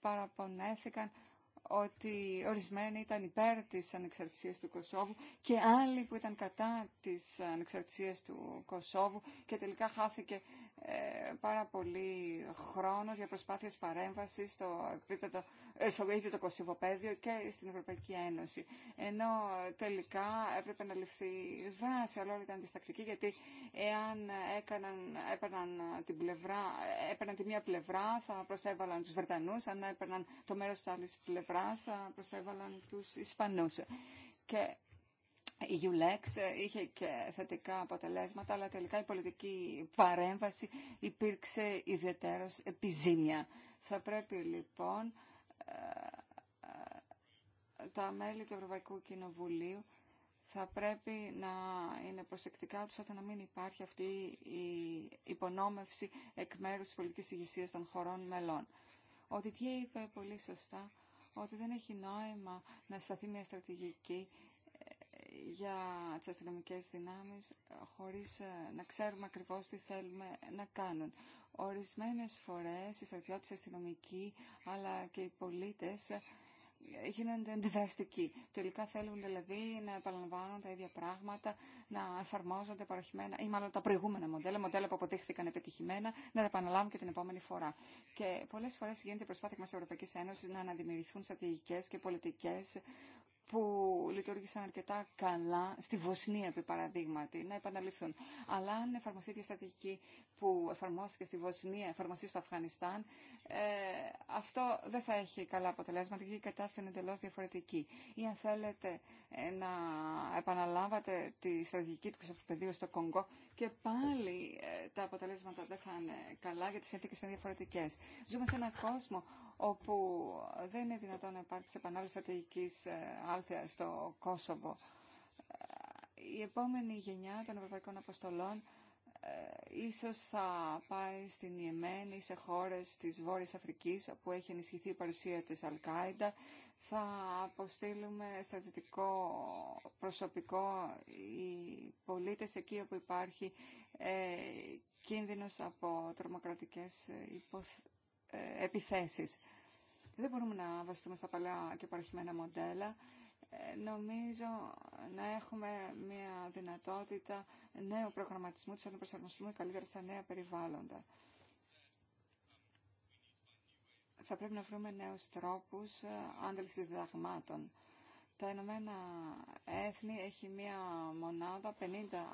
παραπονέθηκαν ότι ορισμένοι ήταν υπέρ της ανεξαρτησίας του Κωσόβου και άλλοι που ήταν κατά της ανεξαρτησίας του Κωσόβου και τελικά χάθηκε ε, πάρα πολύ χρόνος για προσπάθειες παρέμβασης στο, επίπεδο, ε, στο ίδιο το Κωσυβοπαίδιο και στην Ευρωπαϊκή Ένωση. Ενώ τελικά έπρεπε να ληφθεί δράση, αλλά όλοι ήταν αντιστακτικοί γιατί εάν έκαναν, έπαιρναν, την πλευρά, έπαιρναν τη μία πλευρά θα προσέβαλαν τους Βρετανούς, αν έπαιρναν το μέρος της άλλης πλευράς θα προσέβαλαν τους Ισπανούς. Η ULEX ε, είχε και θετικά αποτελέσματα, αλλά τελικά η πολιτική παρέμβαση υπήρξε ιδιαίτερος επιζήμια. Θα πρέπει λοιπόν ε, ε, τα μέλη του Ευρωπαϊκού Κοινοβουλίου θα πρέπει να είναι προσεκτικά τους ώστε να μην υπάρχει αυτή η υπονόμευση εκ μέρους της πολιτικής ηγεσίας των χωρών μελών. Ο Τιτιέ είπε πολύ σωστά ότι δεν έχει νόημα να σταθεί μια στρατηγική για τις αστυνομικέ δυνάμεις ε, χωρίς ε, να ξέρουμε ακριβώς τι θέλουμε να κάνουν. Ορισμένες φορές οι στρατιώτες αστυνομικοί αλλά και οι πολίτες ε, γίνονται αντιδραστικοί. Τελικά θέλουν δηλαδή να επαναλαμβάνουν τα ίδια πράγματα, να εφαρμόζονται παροχημένα ή μάλλον τα προηγούμενα μοντέλα, μοντέλα που αποδείχθηκαν επιτυχημένα, να τα επαναλάβουν και την επόμενη φορά. Και πολλέ φορέ γίνεται η προσπάθεια μα Ευρωπαϊκή Ένωση να αναδημιουργηθούν στρατηγικέ και πολιτικέ που λειτουργήσαν αρκετά καλά στη Βοσνία, επί παραδείγματι, να επαναληφθούν. Αλλά αν εφαρμοστεί η στρατηγική που εφαρμόστηκε στη Βοσνία, εφαρμοστεί στο Αφγανιστάν, ε, αυτό δεν θα έχει καλά αποτελέσματα γιατί η κατάσταση είναι εντελώ διαφορετική. Ή αν θέλετε ε, να επαναλάβατε τη στρατηγική του Κοσοπεδίου στο Κονγκό και πάλι ε, τα αποτελέσματα δεν θα είναι καλά γιατί οι συνθήκε είναι διαφορετικέ. Ζούμε σε έναν κόσμο όπου δεν είναι δυνατόν να υπάρξει επανάληψη στρατηγικής ε, άλθεια στο Κόσοβο. Ε, η επόμενη γενιά των Ευρωπαϊκών Αποστολών ε, ίσως θα πάει στην Ιεμένη, σε χώρες της Βόρειας Αφρικής, όπου έχει ενισχυθεί η παρουσία της Αλκάιντα. Θα αποστείλουμε στρατιωτικό προσωπικό οι πολίτες εκεί όπου υπάρχει κίνδυνος από τρομοκρατικές υποθέσεις ε, επιθέσεις. Δεν μπορούμε να βασιστούμε στα παλιά και παροχημένα μοντέλα. Ε, νομίζω να έχουμε μια δυνατότητα νέου προγραμματισμού, του να προσαρμοστούμε καλύτερα στα νέα περιβάλλοντα. Θα πρέπει να βρούμε νέους τρόπους ε, άντλησης διδαγμάτων. Τα Ηνωμένα Έθνη έχει μία μονάδα 50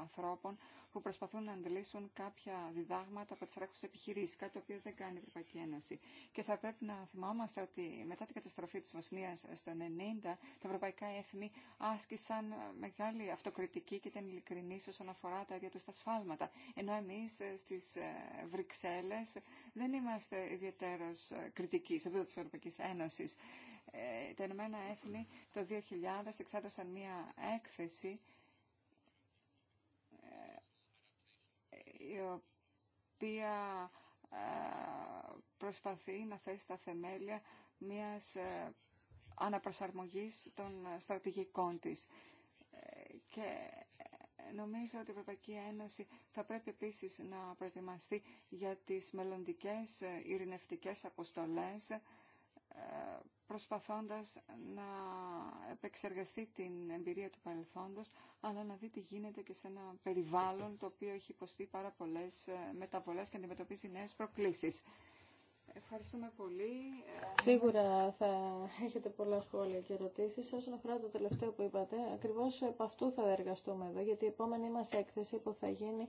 ανθρώπων που προσπαθούν να αντλήσουν κάποια διδάγματα από τι ρέχου επιχειρήσει, κάτι το οποίο δεν κάνει η Ευρωπαϊκή Ένωση. Και θα πρέπει να θυμόμαστε ότι μετά την καταστροφή τη Βοσνία στο 1990, τα Ευρωπαϊκά Έθνη άσκησαν μεγάλη αυτοκριτική και ήταν ειλικρινή όσον αφορά τα ίδια του τα σφάλματα. Ενώ εμεί ε, στι ε, Βρυξέλλε δεν είμαστε ιδιαίτερω ε, κριτικοί στο επίπεδο τη Ευρωπαϊκή Ένωση. Ε, τα Ηνωμένα Έθνη το 2000 εξάδωσαν μία έκθεση ε, η οποία ε, προσπαθεί να θέσει τα θεμέλια μιας αναπροσαρμογής των στρατηγικών της. Και νομίζω ότι η Ευρωπαϊκή Ένωση θα πρέπει επίσης να προετοιμαστεί για τις μελλοντικές ειρηνευτικές αποστολές προσπαθώντας να επεξεργαστεί την εμπειρία του παρελθόντος, αλλά να δει τι γίνεται και σε ένα περιβάλλον το οποίο έχει υποστεί πάρα πολλές ε, μεταβολές και αντιμετωπίζει νέες προκλήσεις. Ευχαριστούμε πολύ. Σίγουρα θα έχετε πολλά σχόλια και ερωτήσεις. Όσον αφορά το τελευταίο που είπατε, ακριβώς από αυτού θα εργαστούμε εδώ, γιατί η επόμενη μας έκθεση που θα γίνει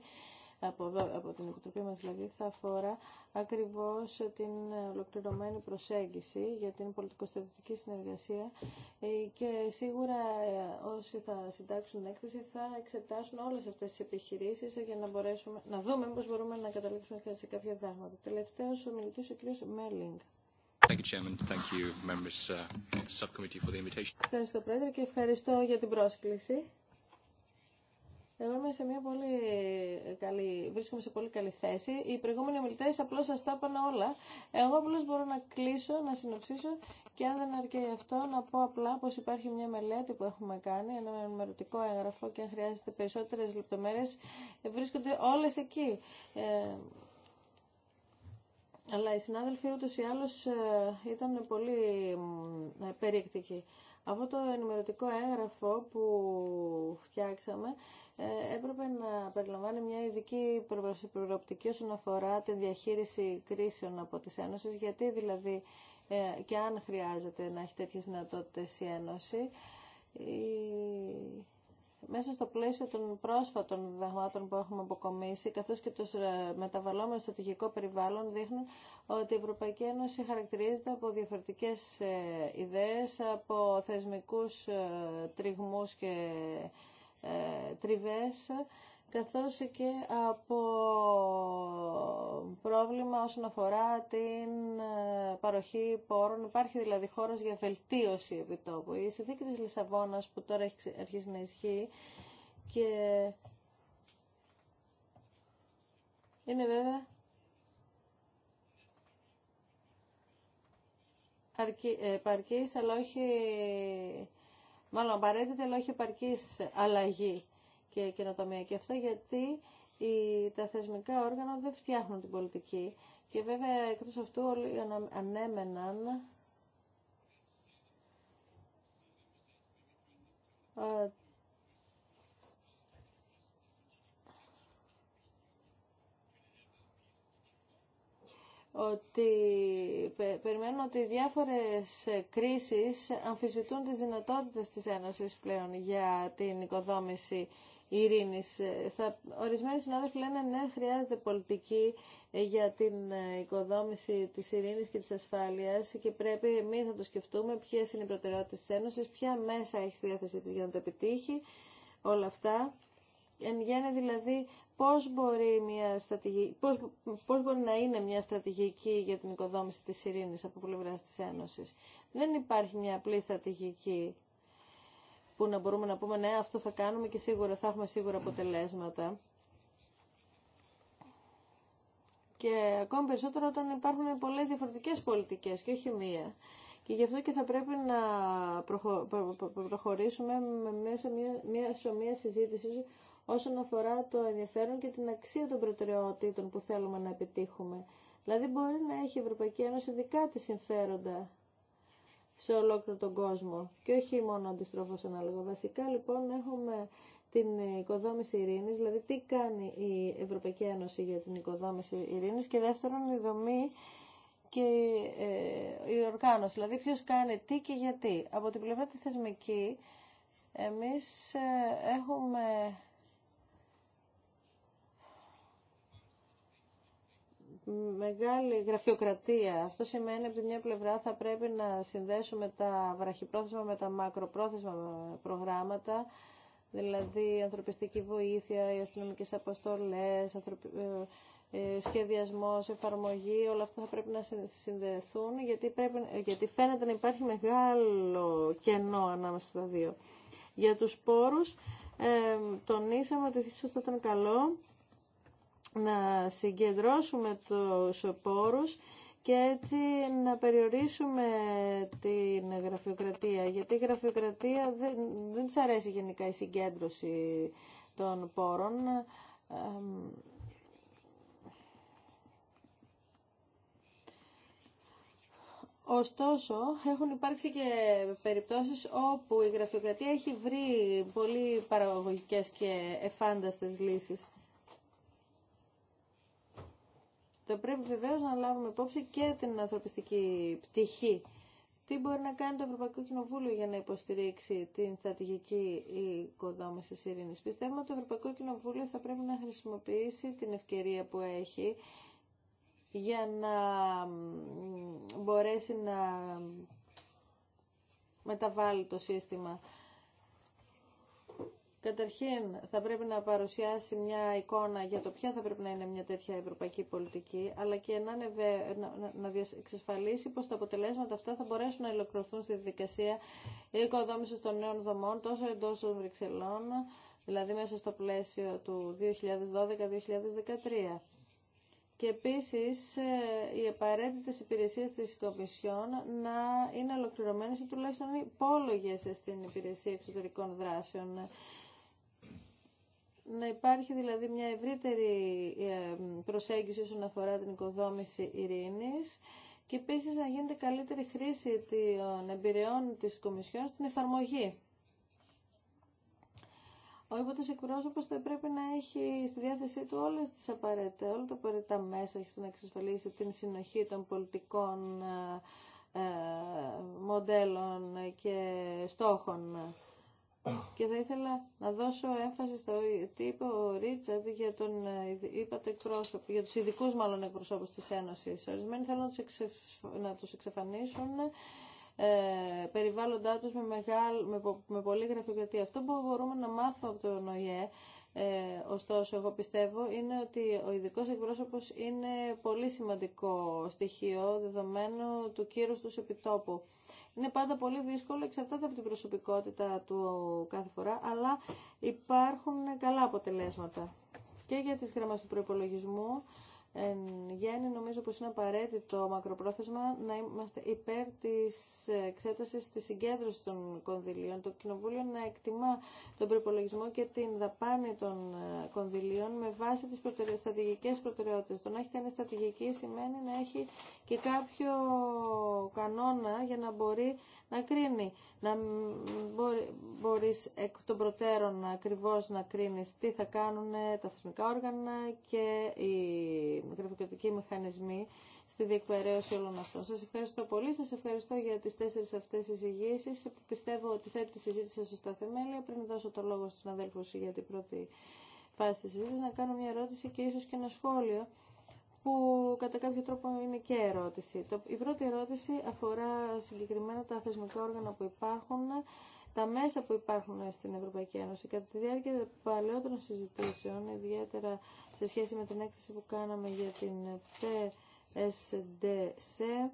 από, εδώ, από την Επιτροπή μας δηλαδή θα αφορά ακριβώς την ολοκληρωμένη προσέγγιση για την πολιτικοστρατηγική συνεργασία ε, και σίγουρα ε, όσοι θα συντάξουν έκθεση θα εξετάσουν όλες αυτές τις επιχειρήσεις για να μπορέσουμε να δούμε πώς μπορούμε να καταλήξουμε σε κάποια πράγματα. Τελευταίος ο μιλητής ο κ. Μέλινγκ. Uh, ευχαριστώ Πρόεδρε και ευχαριστώ για την πρόσκληση. Εγώ είμαι σε μια πολύ καλή, βρίσκομαι σε πολύ καλή θέση. Οι προηγούμενοι ομιλητέ απλώ σα τα έπανα όλα. Εγώ απλώ μπορώ να κλείσω, να συνοψίσω και αν δεν αρκεί αυτό, να πω απλά πω υπάρχει μια μελέτη που έχουμε κάνει, ένα ενημερωτικό έγγραφο και αν χρειάζεται περισσότερε λεπτομέρειε, βρίσκονται όλε εκεί. Ε, αλλά οι συνάδελφοι ούτω ή άλλω ε, ήταν πολύ περίεκτικοι. Αυτό το ενημερωτικό έγγραφο που φτιάξαμε ε, έπρεπε να περιλαμβάνει μια ειδική προοπτική όσον αφορά τη διαχείριση κρίσεων από τις Ένωσες γιατί δηλαδή ε, και αν χρειάζεται να έχει τέτοιες δυνατότητες η Ένωση, μέσα στο πλαίσιο των πρόσφατων διδαγμάτων που έχουμε αποκομίσει, καθώς και το μεταβαλλόμενο στρατηγικό περιβάλλον, δείχνουν ότι η Ευρωπαϊκή Ένωση χαρακτηρίζεται από διαφορετικές ε, ιδέες, από θεσμικούς τριγμούς και ε, τριβές καθώς και από πρόβλημα όσον αφορά την ε, παροχή πόρων. Υπάρχει δηλαδή χώρος για βελτίωση επιτόπου. Η συνθήκη της Λισαβόνας που τώρα έχει αρχίσει να ισχύει και είναι βέβαια επαρκής ε, αλλά όχι μάλλον απαραίτητη, αλλά όχι επαρκή αλλαγή και καινοτομία. Και αυτό γιατί οι, τα θεσμικά όργανα δεν φτιάχνουν την πολιτική. Και βέβαια εκτός αυτού όλοι ανέμεναν ε, ότι περιμένουν ότι διάφορες κρίσεις αμφισβητούν τις δυνατότητες της Ένωσης πλέον για την οικοδόμηση ειρήνης. Θα, ορισμένοι συνάδελφοι λένε ναι, χρειάζεται πολιτική για την οικοδόμηση της ειρήνης και της ασφάλειας και πρέπει εμείς να το σκεφτούμε ποιες είναι οι προτεραιότητες της Ένωσης, ποια μέσα έχει στη διάθεσή της για να το επιτύχει όλα αυτά εν γέννη δηλαδή πώς μπορεί, μια στρατηγική, πώς, πώς μπορεί να είναι μια στρατηγική για την οικοδόμηση της ειρήνης από πλευρά της Ένωσης. Δεν υπάρχει μια απλή στρατηγική που να μπορούμε να πούμε ναι αυτό θα κάνουμε και σίγουρα θα έχουμε σίγουρα αποτελέσματα. Και ακόμη περισσότερο όταν υπάρχουν πολλές διαφορετικές πολιτικές και όχι μία. Και γι' αυτό και θα πρέπει να προχωρήσουμε μέσα μια, μια συζήτηση όσον αφορά το ενδιαφέρον και την αξία των προτεραιότητων που θέλουμε να επιτύχουμε. Δηλαδή μπορεί να έχει η Ευρωπαϊκή Ένωση δικά τη συμφέροντα σε ολόκληρο τον κόσμο και όχι μόνο αντιστρόφω ανάλογα. Βασικά λοιπόν έχουμε την οικοδόμηση ειρήνης, δηλαδή τι κάνει η Ευρωπαϊκή Ένωση για την οικοδόμηση ειρήνης και δεύτερον η δομή και ε, η οργάνωση, δηλαδή ποιος κάνει τι και γιατί. Από την πλευρά τη θεσμική εμείς ε, έχουμε μεγάλη γραφειοκρατία. Αυτό σημαίνει από τη μια πλευρά θα πρέπει να συνδέσουμε τα βραχυπρόθεσμα με τα μακροπρόθεσμα προγράμματα, δηλαδή ανθρωπιστική βοήθεια, οι αστυνομικές αποστολές, ε, ε, σχεδιασμός, εφαρμογή, όλα αυτά θα πρέπει να συνδεθούν γιατί, πρέπει... γιατί φαίνεται να υπάρχει μεγάλο κενό ανάμεσα στα δύο. Για τους πόρους, ε, τονίσαμε ότι ίσως θα ήταν καλό να συγκεντρώσουμε τους πόρους και έτσι να περιορίσουμε την γραφειοκρατία, γιατί η γραφειοκρατία δεν, δεν της αρέσει γενικά η συγκέντρωση των πόρων. Ωστόσο, έχουν υπάρξει και περιπτώσεις όπου η γραφειοκρατία έχει βρει πολύ παραγωγικές και εφάνταστες λύσεις. Θα πρέπει βεβαίω να λάβουμε υπόψη και την ανθρωπιστική πτυχή. Τι μπορεί να κάνει το Ευρωπαϊκό Κοινοβούλιο για να υποστηρίξει την στρατηγική οικοδόμηση ειρήνη. Πιστεύουμε ότι το Ευρωπαϊκό Κοινοβούλιο θα πρέπει να χρησιμοποιήσει την ευκαιρία που έχει για να μπορέσει να μεταβάλει το σύστημα Καταρχήν θα πρέπει να παρουσιάσει μια εικόνα για το ποια θα πρέπει να είναι μια τέτοια ευρωπαϊκή πολιτική, αλλά και να, να, να εξασφαλίσει πως τα αποτελέσματα αυτά θα μπορέσουν να ελοκληρωθούν στη διαδικασία οικοδόμησης των νέων δομών, τόσο εντός των Βρυξελών, δηλαδή μέσα στο πλαίσιο του 2012-2013. Και επίσης ε, οι απαραίτητες υπηρεσίες της Κομισιόν να είναι ολοκληρωμένες ή τουλάχιστον υπόλογες στην υπηρεσία εξωτερικών δράσεων να υπάρχει δηλαδή μια ευρύτερη ε, προσέγγιση όσον αφορά την οικοδόμηση ειρήνης και επίσης να γίνεται καλύτερη χρήση των εμπειριών της Κομισιόν στην εφαρμογή. Ο ύποπτος εκπρόσωπος θα πρέπει να έχει στη διάθεσή του όλες τις απαραίτητα, όλα τα απαραίτητα μέσα για να εξασφαλίσει την συνοχή των πολιτικών ε, ε, μοντέλων και στόχων και θα ήθελα να δώσω έμφαση στο τι είπε ο για, τον, εκπρόσωπο, για τους ειδικού μάλλον εκπροσώπους της Ένωσης. Ορισμένοι θέλουν να τους, εξεφ, να ε, περιβάλλοντά τους με, μεγάλ, με, με γραφειοκρατία. Αυτό που μπορούμε να μάθουμε από τον ΟΗΕ ε, ωστόσο, εγώ πιστεύω είναι ότι ο ειδικό εκπρόσωπο είναι πολύ σημαντικό στοιχείο δεδομένου του κύρου του επιτόπου. Είναι πάντα πολύ δύσκολο, εξαρτάται από την προσωπικότητα του κάθε φορά, αλλά υπάρχουν καλά αποτελέσματα. Και για τις γραμμές του προπολογισμού Εν γέννη νομίζω πως είναι απαραίτητο μακροπρόθεσμα να είμαστε υπέρ της εξέτασης της συγκέντρωση των κονδυλίων. Το Κοινοβούλιο να εκτιμά τον προπολογισμό και την δαπάνη των ε, κονδυλίων με βάση τις προτεραι... στρατηγικές προτεραιότητες. Το να έχει κάνει στρατηγική σημαίνει να έχει και κάποιο κανόνα για να μπορεί να κρίνει. Να μπορεί, μπορείς εκ των προτέρων ακριβώς να κρίνεις τι θα κάνουν τα θεσμικά όργανα και οι γραφειοκρατικοί μηχανισμοί στη διεκπαιρέωση όλων αυτών. Σας ευχαριστώ πολύ, σας ευχαριστώ για τις τέσσερις αυτές εισηγήσεις που πιστεύω ότι θέτει τη συζήτηση στα θεμέλια. Πριν δώσω το λόγο στους συναδέλφους για την πρώτη φάση της συζήτησης, να κάνω μια ερώτηση και ίσως και ένα σχόλιο που κατά κάποιο τρόπο είναι και ερώτηση. Η πρώτη ερώτηση αφορά συγκεκριμένα τα θεσμικά όργανα που υπάρχουν τα μέσα που υπάρχουν στην Ευρωπαϊκή Ένωση. Κατά τη διάρκεια των παλαιότερων συζητήσεων, ιδιαίτερα σε σχέση με την έκθεση που κάναμε για την PSDC,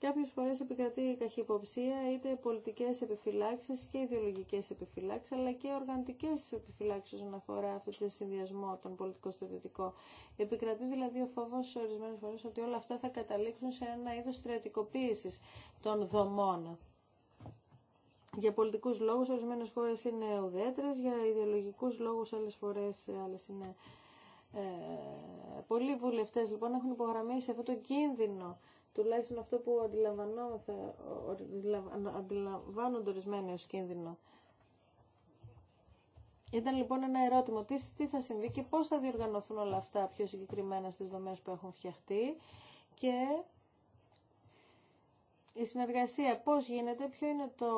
Κάποιε φορέ επικρατεί η καχυποψία, είτε πολιτικέ επιφυλάξει και ιδεολογικέ επιφυλάξει, αλλά και οργανωτικέ επιφυλάξει όσον αφορά αυτό το συνδυασμό των πολιτικό-στρατιωτικών. Επικρατεί δηλαδή ο φόβο ορισμένε φορέ ότι όλα αυτά θα καταλήξουν σε ένα είδο στρατικοποίηση των δομών. Για πολιτικούς λόγους ορισμένες χώρε είναι ουδέτερες, για ιδεολογικούς λόγους άλλες φορές άλλες είναι... Ε, πολλοί βουλευτές λοιπόν έχουν υπογραμμίσει αυτό το κίνδυνο τουλάχιστον αυτό που αντιλαμβανόμεθα, αντιλαμβάνονται ορισμένοι ως κίνδυνο. Ήταν λοιπόν ένα ερώτημα, τι, τι θα συμβεί και πώς θα διοργανωθούν όλα αυτά πιο συγκεκριμένα στις δομές που έχουν φτιαχτεί και η συνεργασία πώς γίνεται, ποιο είναι το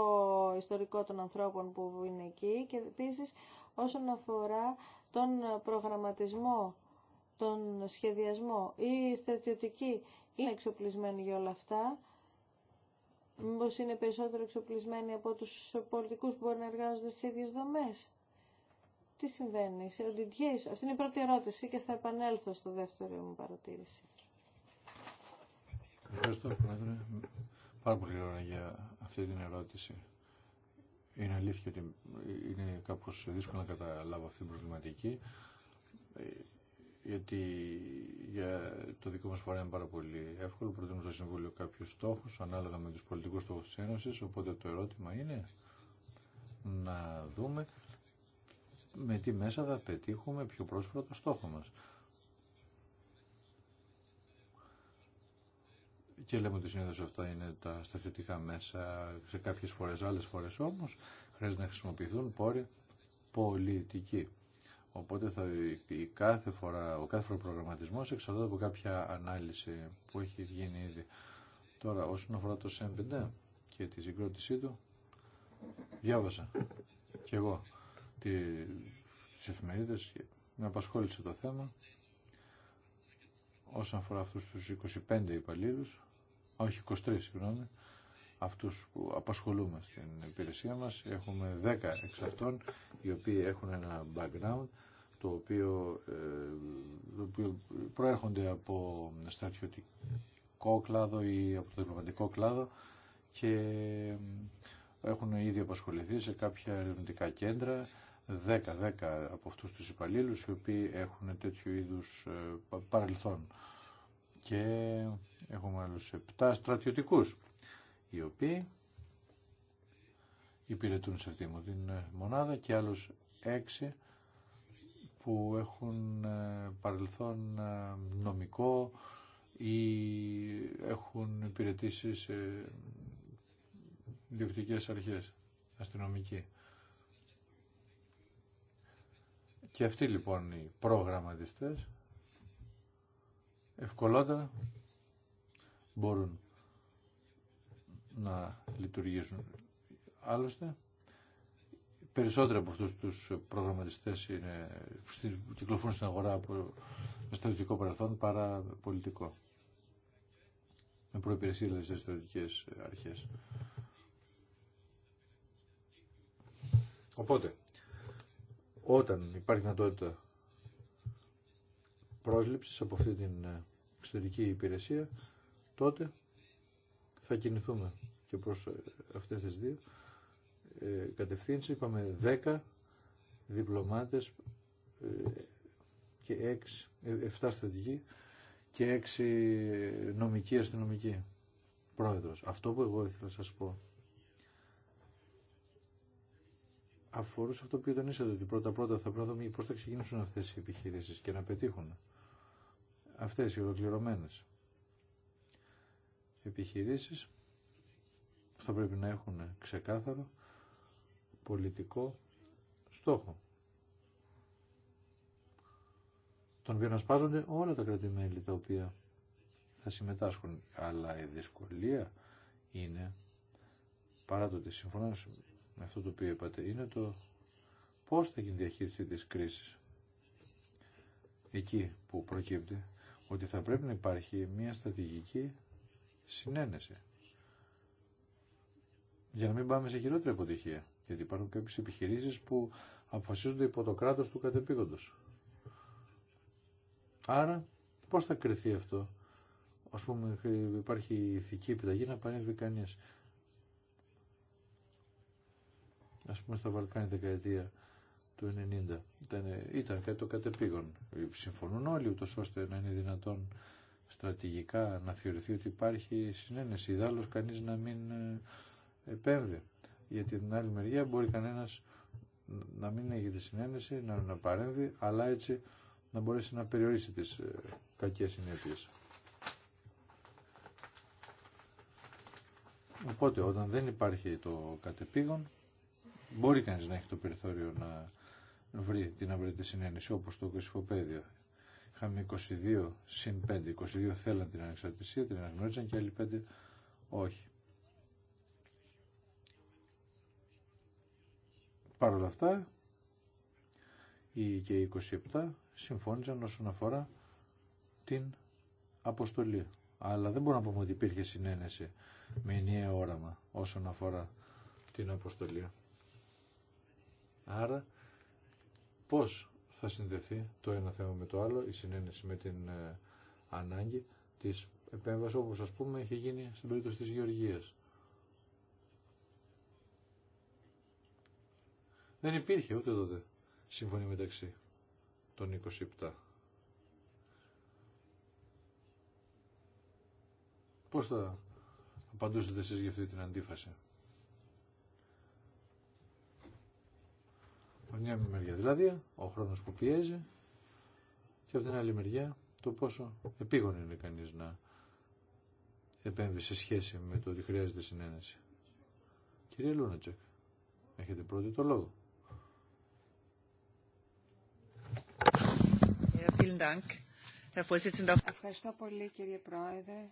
ιστορικό των ανθρώπων που είναι εκεί και επίσης όσον αφορά τον προγραμματισμό, τον σχεδιασμό. Η στρατιωτική είναι εξοπλισμένοι για όλα αυτά. Μήπω είναι περισσότερο εξοπλισμένοι από τους πολιτικούς που μπορεί να εργάζονται στι ίδιε δομές. Τι συμβαίνει, σε Αυτή είναι η πρώτη ερώτηση και θα επανέλθω στο δεύτερο μου παρατήρηση. Ευχαριστώ, Πρόεδρε. Πάρα πολύ ώρα για αυτή την ερώτηση. Είναι αλήθεια ότι είναι κάπως δύσκολο να καταλάβω αυτή την προβληματική γιατί για το δικό μας φορέα είναι πάρα πολύ εύκολο. Προτείνουμε στο Συμβούλιο κάποιους στόχους ανάλογα με τους πολιτικούς στόχους της Ένωσης, οπότε το ερώτημα είναι να δούμε με τι μέσα θα πετύχουμε πιο πρόσφατα το στόχο μας. Και λέμε ότι συνήθως αυτά είναι τα στρατιωτικά μέσα, σε κάποιες φορές, άλλες φορές όμως, χρειάζεται να χρησιμοποιηθούν πόροι πολιτικοί. Οπότε θα, η κάθε φορά, ο κάθε φορά προγραμματισμός εξαρτάται από κάποια ανάλυση που έχει γίνει ήδη. Τώρα, όσον αφορά το ΣΕΜ5 και τη συγκρότησή του, διάβασα και εγώ τι τις εφημερίδες και με απασχόλησε το θέμα. Όσον αφορά αυτούς τους 25 υπαλλήλους, όχι 23 συγγνώμη, αυτούς που απασχολούμε στην υπηρεσία μας. Έχουμε 10 εξ αυτών οι οποίοι έχουν ένα background ε, το οποίο, προέρχονται από στρατιωτικό κλάδο ή από το διπλωματικό κλάδο και ε, έχουν ήδη απασχοληθεί σε κάποια ερευνητικά κέντρα 10-10 από αυτούς τους υπαλλήλους οι οποίοι έχουν τέτοιου είδους ε, παρελθόν και έχουμε άλλους 7 στρατιωτικούς οι οποίοι υπηρετούν σε αυτή μου την ε, μονάδα και άλλους έξι που έχουν ε, παρελθόν ε, νομικό ή έχουν υπηρετήσει σε αρχές, αστυνομική. Και αυτοί λοιπόν οι προγραμματιστές ευκολότερα μπορούν να λειτουργήσουν. Άλλωστε, περισσότεροι από αυτούς τους προγραμματιστές είναι, στην αγορά από στρατιωτικό παρελθόν παρά πολιτικό. Με προϋπηρεσία δηλαδή στις στρατιωτικές αρχές. Οπότε, όταν υπάρχει δυνατότητα πρόσληψης από αυτή την εξωτερική υπηρεσία, τότε θα κινηθούμε και προς ε, αυτές τις δύο ε, κατευθύνσεις. Είπαμε 10 διπλωμάτες ε, και 6, 7 ε, στρατηγοί και 6 νομικοί αστυνομικοί πρόεδρος. Αυτό που εγώ ήθελα να σας πω αφορούσε αυτό που τονίσατε ότι πρώτα-πρώτα θα πρέπει να δούμε πώς θα ξεκινήσουν αυτές οι επιχειρήσεις και να πετύχουν αυτές οι ολοκληρωμένες επιχειρήσεις που θα πρέπει να έχουν ξεκάθαρο πολιτικό στόχο τον οποίο να σπάζονται όλα τα κρατημέλη τα οποία θα συμμετάσχουν. Αλλά η δυσκολία είναι, παρά το ότι συμφωνώ με αυτό το οποίο είπατε, είναι το πώς θα γίνει διαχείριση της κρίσης. Εκεί που προκύπτει ότι θα πρέπει να υπάρχει μια στρατηγική συνένεση. Για να μην πάμε σε χειρότερη αποτυχία. Γιατί υπάρχουν κάποιε επιχειρήσει που αποφασίζονται υπό το κράτο του κατεπήγοντος. Άρα, πώς θα κρυθεί αυτό. Α πούμε, υπάρχει ηθική επιταγή να πανέβει κανεί. Α πούμε, στα Βαλκάνια δεκαετία του 90. Ήταν, ήταν κάτι το κατεπήγον. Συμφωνούν όλοι ούτω ώστε να είναι δυνατόν στρατηγικά να θεωρηθεί ότι υπάρχει συνένεση. Ιδάλλως κανείς να μην ε, επέμβει. Γιατί την άλλη μεριά μπορεί κανένας να μην έχει τη συνένεση, να, να παρέμβει, αλλά έτσι να μπορέσει να περιορίσει τις ε, κακές συνέπειες. Οπότε όταν δεν υπάρχει το κατεπήγον, μπορεί κανείς να έχει το περιθώριο να βρει την τη συνένεση όπως το κρυσφοπαίδιο. Είχαμε 22 συν 5. 22 θέλαν την ανεξαρτησία, την αναγνώριζαν και άλλοι 5 όχι. Παρ' όλα αυτά, οι και οι 27 συμφώνησαν όσον αφορά την αποστολή. Αλλά δεν μπορούμε να πούμε ότι υπήρχε συνένεση με ενιαίο όραμα όσον αφορά την αποστολή. Άρα, πώς θα συνδεθεί το ένα θέμα με το άλλο, η συνένεση με την ε, ανάγκη της επέμβασης, όπως ας πούμε έχει γίνει στην περίπτωση της Γεωργίας. Δεν υπήρχε ούτε τότε σύμφωνη μεταξύ των 27. Πώς θα απαντούσετε εσείς για αυτή την αντίφαση. Από μια μεριά δηλαδή ο χρόνος που πιέζει και από την άλλη μεριά το πόσο επίγον είναι κανείς να επέμβει σε σχέση με το ότι χρειάζεται συνένεση. Κύριε Λούνατσεκ, έχετε πρώτη το λόγο. Ε, ευχαριστώ πολύ κύριε Πρόεδρε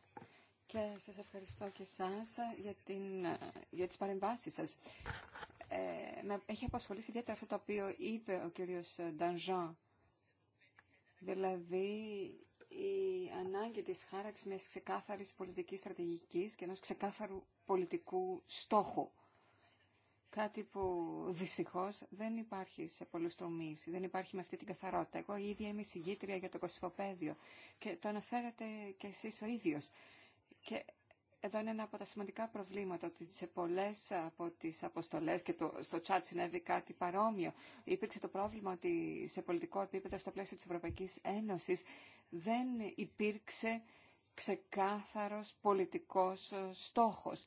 και σας ευχαριστώ και εσάς για, την, ε, για τις παρεμβάσεις σας. Ε, έχει απασχολήσει ιδιαίτερα αυτό το οποίο είπε ο κύριος Ντανζάν. Δηλαδή η ανάγκη της χάραξης μιας ξεκάθαρης πολιτικής στρατηγικής και ενός ξεκάθαρου πολιτικού στόχου. Κάτι που δυστυχώς δεν υπάρχει σε πολλούς τομείς, δεν υπάρχει με αυτή την καθαρότητα. Εγώ η ίδια είμαι συγγήτρια για το κοσυφοπαίδιο και το αναφέρατε κι εσείς ο ίδιος. Και εδώ είναι ένα από τα σημαντικά προβλήματα, ότι σε πολλές από τις αποστολές και το, στο τσάτ συνέβη κάτι παρόμοιο. Υπήρξε το πρόβλημα ότι σε πολιτικό επίπεδο, στο πλαίσιο της Ευρωπαϊκής Ένωσης, δεν υπήρξε ξεκάθαρος πολιτικός στόχος.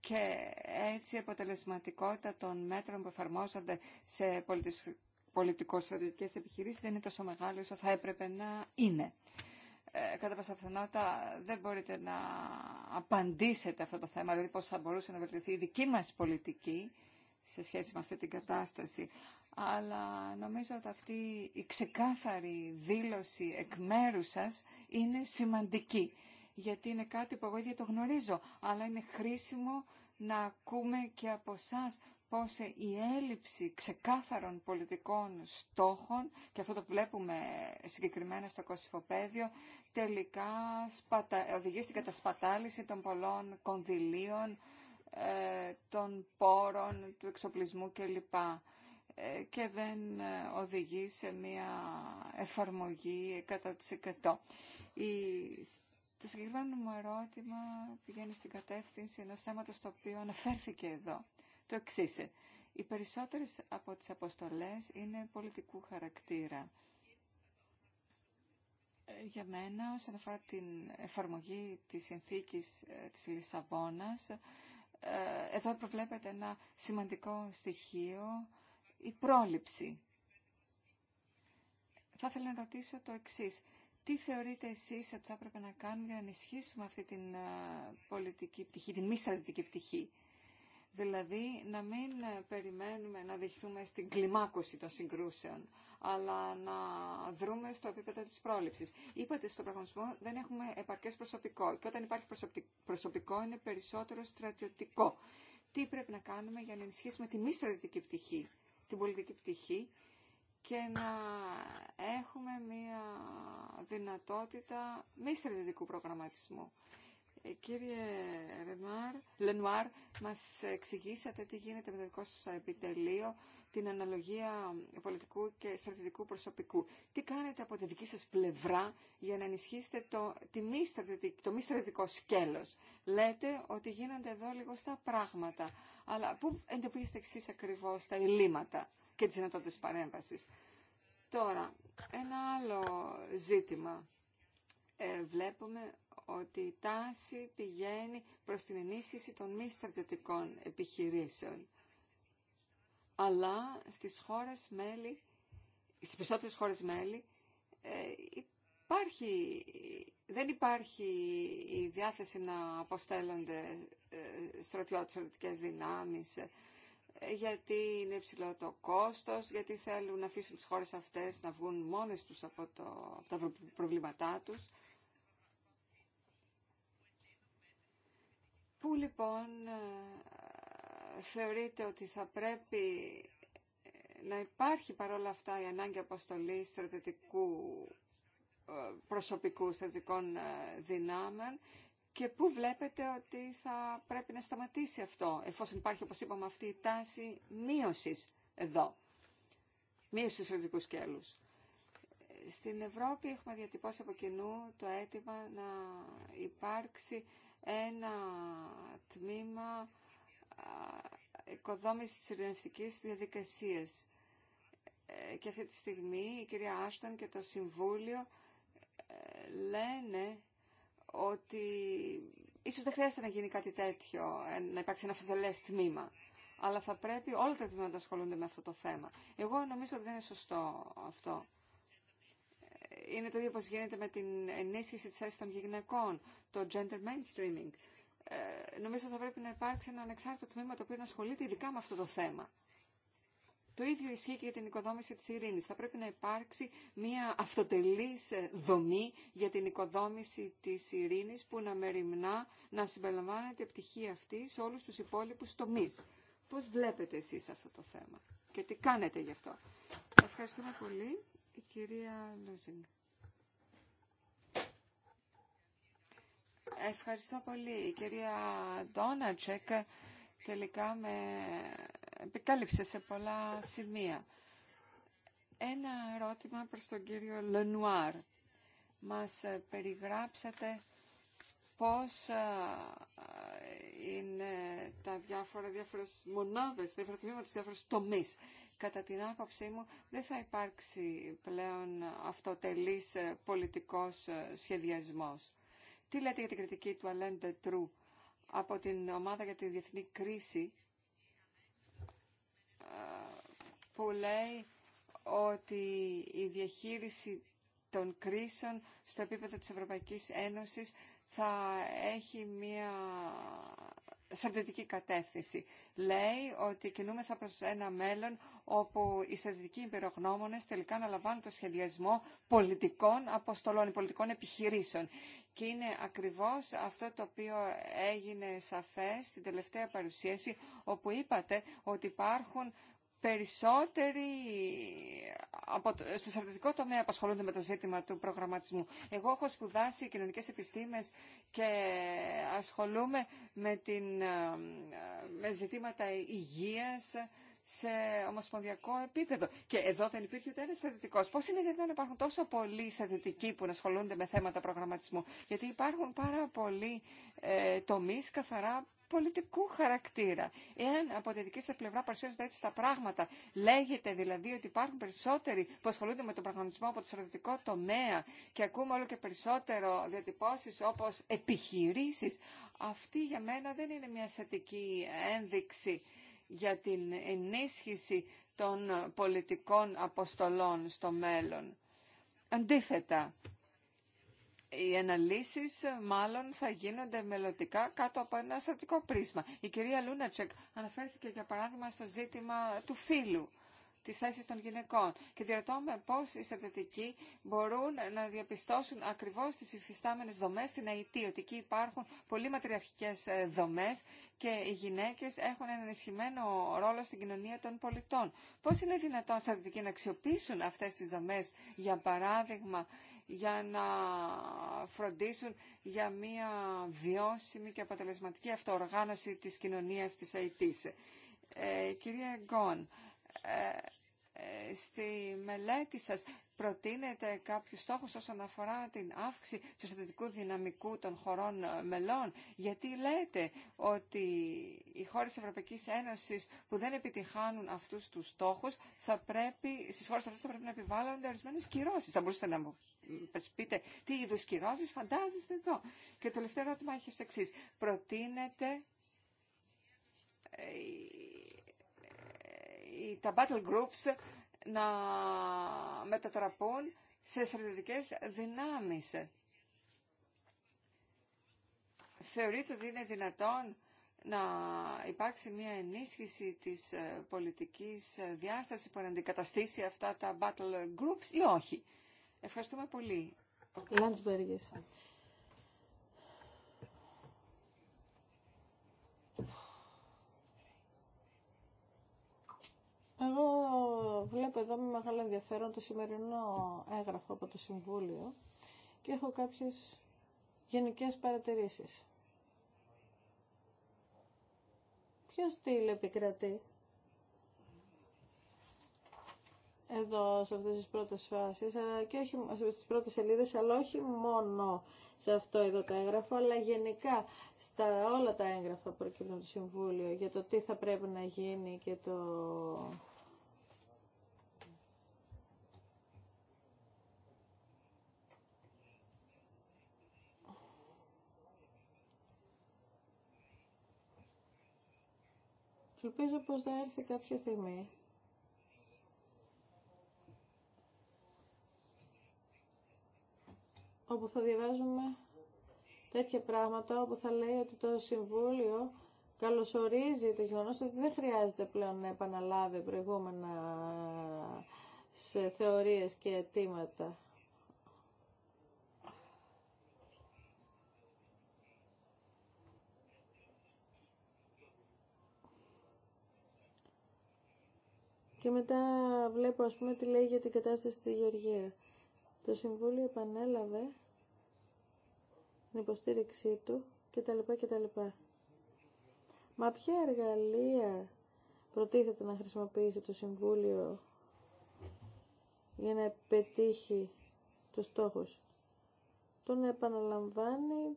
Και έτσι η αποτελεσματικότητα των μέτρων που εφαρμόζονται σε πολιτικο-στρατιωτικές επιχειρήσεις δεν είναι τόσο μεγάλη όσο θα έπρεπε να είναι. Ε, κατά πάσα πιθανότητα δεν μπορείτε να απαντήσετε αυτό το θέμα, δηλαδή πώς θα μπορούσε να βελτιωθεί η δική μας πολιτική σε σχέση με αυτή την κατάσταση. Αλλά νομίζω ότι αυτή η ξεκάθαρη δήλωση εκ μέρου σας είναι σημαντική, γιατί είναι κάτι που εγώ ίδια το γνωρίζω, αλλά είναι χρήσιμο να ακούμε και από εσά πως η έλλειψη ξεκάθαρων πολιτικών στόχων, και αυτό το βλέπουμε συγκεκριμένα στο Κωσυφοπαίδιο, τελικά οδηγεί στην κατασπατάληση των πολλών κονδυλίων, ε, των πόρων, του εξοπλισμού κλπ. Ε, και δεν ε, οδηγεί σε μια εφαρμογή 100%. Το συγκεκριμένο μου ερώτημα πηγαίνει στην κατεύθυνση ενός θέματος το οποίο αναφέρθηκε εδώ το εξή. Οι περισσότερες από τις αποστολές είναι πολιτικού χαρακτήρα. Για μένα, όσον αφορά την εφαρμογή της συνθήκης ε, της Λισαβόνας, ε, εδώ προβλέπεται ένα σημαντικό στοιχείο, η πρόληψη. Θα ήθελα να ρωτήσω το εξής. Τι θεωρείτε εσείς ότι θα έπρεπε να κάνουμε για να ενισχύσουμε αυτή την ε, πολιτική πτυχή, την μη στρατιωτική πτυχή. Δηλαδή να μην ε, περιμένουμε να δεχθούμε στην κλιμάκωση των συγκρούσεων, αλλά να δρούμε στο επίπεδο της πρόληψης. Είπατε στον προγραμματισμό δεν έχουμε επαρκές προσωπικό και όταν υπάρχει προσωπικό είναι περισσότερο στρατιωτικό. Τι πρέπει να κάνουμε για να ενισχύσουμε τη μη στρατιωτική πτυχή, την πολιτική πτυχή και να έχουμε μια δυνατότητα μη στρατιωτικού προγραμματισμού. Ε, κύριε Λενουάρ, μας εξηγήσατε τι γίνεται με το δικό σας επιτελείο, την αναλογία πολιτικού και στρατιωτικού προσωπικού. Τι κάνετε από τη δική σας πλευρά για να ενισχύσετε το, μη το μη στρατιωτικό σκέλος. Λέτε ότι γίνονται εδώ λίγο στα πράγματα, αλλά πού εντοπίζετε εξής ακριβώς τα ελλείμματα και τις δυνατότητες παρέμβασης. Τώρα, ένα άλλο ζήτημα. Ε, βλέπουμε ότι η τάση πηγαίνει προς την ενίσχυση των μη στρατιωτικών επιχειρήσεων. Αλλά στις χώρες μέλη, στις περισσότερες χώρες μέλη, ε, υπάρχει, δεν υπάρχει η διάθεση να αποστέλλονται ε, στρατιώτες, στρατιωτικές δυνάμεις, ε, γιατί είναι υψηλό το κόστος, γιατί θέλουν να αφήσουν τις χώρες αυτές να βγουν μόνες τους από, από τα προβλήματά τους. Πού λοιπόν ε, θεωρείτε ότι θα πρέπει ε, να υπάρχει παρόλα αυτά η ανάγκη αποστολή στρατιωτικού ε, προσωπικού στρατιωτικών δυνάμεων και πού βλέπετε ότι θα πρέπει να σταματήσει αυτό εφόσον υπάρχει όπως είπαμε αυτή η τάση μείωσης εδώ μείωση του στρατιωτικού σκέλους. Στην Ευρώπη έχουμε διατυπώσει από κοινού το αίτημα να υπάρξει ένα τμήμα οικοδόμησης της ειρηνευτικής διαδικασίας. Ε, και αυτή τη στιγμή η κυρία Άστον και το Συμβούλιο ε, λένε ότι ίσως δεν χρειάζεται να γίνει κάτι τέτοιο, ε, να υπάρξει ένα φιδελές τμήμα. Αλλά θα πρέπει όλα τα τμήματα να ασχολούνται με αυτό το θέμα. Εγώ νομίζω ότι δεν είναι σωστό αυτό είναι το ίδιο όπως γίνεται με την ενίσχυση της θέσης των γυναικών, το gender mainstreaming. Ε, νομίζω θα πρέπει να υπάρξει ένα ανεξάρτητο τμήμα το οποίο να ασχολείται ειδικά με αυτό το θέμα. Το ίδιο ισχύει και για την οικοδόμηση της ειρήνης. Θα πρέπει να υπάρξει μια αυτοτελής ε, δομή για την οικοδόμηση της ειρήνης που να μεριμνά να συμπεριλαμβάνεται η πτυχή αυτή σε όλους τους υπόλοιπους τομείς. Πώς βλέπετε εσείς αυτό το θέμα και τι κάνετε γι' αυτό. Ευχαριστούμε πολύ, η κυρία Λούζινγκ. Ευχαριστώ πολύ. Η κυρία Ντόνατσεκ τελικά με επικάλυψε σε πολλά σημεία. Ένα ερώτημα προς τον κύριο Λενουάρ. Μας περιγράψατε πώς είναι τα διάφορα, διάφορες μονάδες, διάφορα τμήματα, διάφορες τομείς. Κατά την άποψή μου δεν θα υπάρξει πλέον αυτοτελής πολιτικός ε, σχεδιασμός. Τι λέτε για την κριτική του Αλέν Τετρού από την ομάδα για τη διεθνή κρίση ε, που λέει ότι η διαχείριση των κρίσεων στο επίπεδο της Ευρωπαϊκής Ένωσης θα έχει μία στρατιωτική κατεύθυνση. Λέει ότι κινούμεθα προς ένα μέλλον όπου οι στρατιωτικοί υπερογνώμονες τελικά αναλαμβάνουν το σχεδιασμό πολιτικών αποστολών, πολιτικών επιχειρήσεων. Και είναι ακριβώς αυτό το οποίο έγινε σαφές στην τελευταία παρουσίαση, όπου είπατε ότι υπάρχουν περισσότεροι από το, στο στρατιωτικό τομέα απασχολούνται με το ζήτημα του προγραμματισμού. Εγώ έχω σπουδάσει κοινωνικές επιστήμες και ασχολούμαι με, την, ε, με ζητήματα υγείας, σε ομοσπονδιακό επίπεδο. Και εδώ δεν υπήρχε ούτε ένα στρατιωτικό. Πώ είναι δυνατόν να υπάρχουν τόσο πολλοί στρατιωτικοί που να ασχολούνται με θέματα προγραμματισμού, Γιατί υπάρχουν πάρα πολλοί ε, τομεί καθαρά πολιτικού χαρακτήρα. Εάν από τη δική σα πλευρά παρουσιάζονται έτσι τα πράγματα, λέγεται δηλαδή ότι υπάρχουν περισσότεροι που ασχολούνται με τον προγραμματισμό από το στρατιωτικό τομέα και ακούμε όλο και περισσότερο διατυπώσει όπω επιχειρήσει, αυτή για μένα δεν είναι μια θετική ένδειξη για την ενίσχυση των πολιτικών αποστολών στο μέλλον. Αντίθετα, οι αναλύσεις μάλλον θα γίνονται μελλοντικά κάτω από ένα στατικό πρίσμα. Η κυρία Λούνατσεκ αναφέρθηκε για παράδειγμα στο ζήτημα του φύλου τις θέσεις των γυναικών. Και διαρωτώ με πώς οι στρατιωτικοί μπορούν να διαπιστώσουν ακριβώς τις υφιστάμενες δομές στην ΑΕΤ, ότι εκεί υπάρχουν πολύ ματριαρχικές ε, δομές και οι γυναίκες έχουν έναν ενισχυμένο ρόλο στην κοινωνία των πολιτών. Πώς είναι δυνατόν οι στρατιωτικοί να αξιοποιήσουν αυτές τις δομές, για παράδειγμα, για να φροντίσουν για μια βιώσιμη και αποτελεσματική αυτοοργάνωση της κοινωνίας της ΑΕΤ. Ε, κυρία Γκόν, ε, ε, στη μελέτη σας προτείνετε κάποιους στόχους όσον αφορά την αύξηση του στρατιωτικού δυναμικού των χωρών ε, μελών. Γιατί λέτε ότι οι χώρες Ευρωπαϊκής Ένωσης που δεν επιτυχάνουν αυτούς τους στόχους θα πρέπει, στις χώρες αυτές θα πρέπει να επιβάλλονται ορισμένε κυρώσεις. Θα μπορούσατε να μου πείτε τι είδου κυρώσεις φαντάζεστε εδώ. Και το τελευταίο ερώτημα έχει ως εξής. Προτείνετε τα battle groups να μετατραπούν σε στρατιωτικές δυνάμεις. Θεωρείτε ότι είναι δυνατόν να υπάρξει μια ενίσχυση της ε, πολιτικής ε, διάστασης που να αντικαταστήσει αυτά τα battle groups ή όχι. Ευχαριστούμε πολύ. Εγώ βλέπω εδώ με μεγάλο ενδιαφέρον το σημερινό έγγραφο από το Συμβούλιο και έχω κάποιες γενικές παρατηρήσεις. Ποιο στυλ επικρατεί εδώ σε αυτές τις πρώτες φάσεις, αλλά και όχι στις πρώτες σελίδες, αλλά όχι μόνο σε αυτό εδώ το έγγραφο, αλλά γενικά στα όλα τα έγγραφα που προκύπτουν το Συμβούλιο για το τι θα πρέπει να γίνει και το Ελπίζω πως θα έρθει κάποια στιγμή. όπου θα διαβάζουμε τέτοια πράγματα, όπου θα λέει ότι το Συμβούλιο καλωσορίζει το γεγονός ότι δεν χρειάζεται πλέον να επαναλάβει προηγούμενα σε θεωρίες και αιτήματα. Και μετά βλέπω ας πούμε τι λέει για την κατάσταση στη Γεωργία. Το Συμβούλιο επανέλαβε την υποστήριξή του κτλ. κτλ. Μα ποια εργαλεία προτίθεται να χρησιμοποιήσει το Συμβούλιο για να πετύχει τους στόχους. Το να επαναλαμβάνει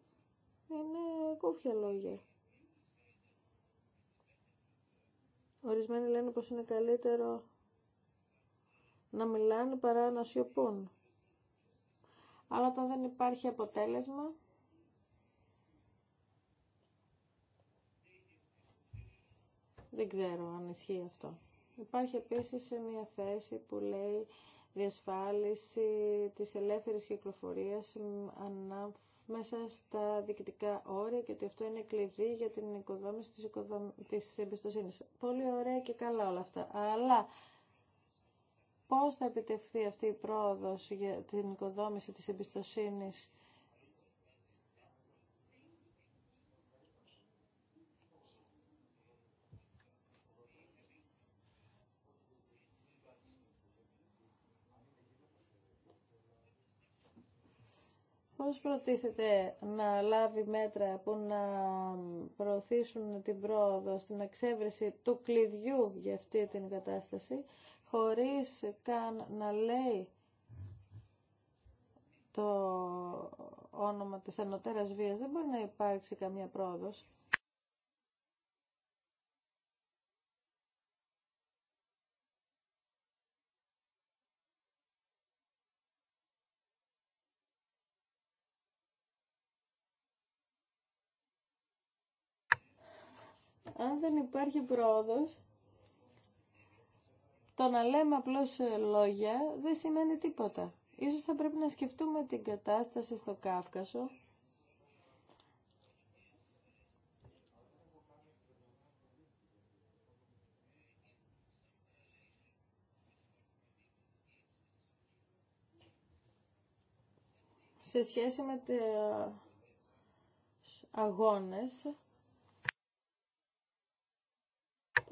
είναι κούφια λόγια. Ορισμένοι λένε πως είναι καλύτερο να μιλάνε παρά να σιωπούν. Αλλά όταν δεν υπάρχει αποτέλεσμα, δεν ξέρω αν ισχύει αυτό. Υπάρχει επίσης μια θέση που λέει διασφάλιση της ελεύθερης κυκλοφορίας ανά μέσα στα διοικητικά όρια και ότι αυτό είναι κλειδί για την οικοδόμηση της, οικοδομ... της εμπιστοσύνης. Πολύ ωραία και καλά όλα αυτά. Αλλά πώς θα επιτευχθεί αυτή η πρόοδος για την οικοδόμηση της εμπιστοσύνης Πώς προτίθεται να λάβει μέτρα που να προωθήσουν την πρόοδο στην εξέβρεση του κλειδιού για αυτή την κατάσταση, χωρίς καν να λέει το όνομα της ανωτέρας βίας, δεν μπορεί να υπάρξει καμία πρόοδος. αν δεν υπάρχει πρόοδος, το να λέμε απλώς ε, λόγια δεν σημαίνει τίποτα. Ίσως θα πρέπει να σκεφτούμε την κατάσταση στο Κάφκασο. Σε σχέση με τις αγώνες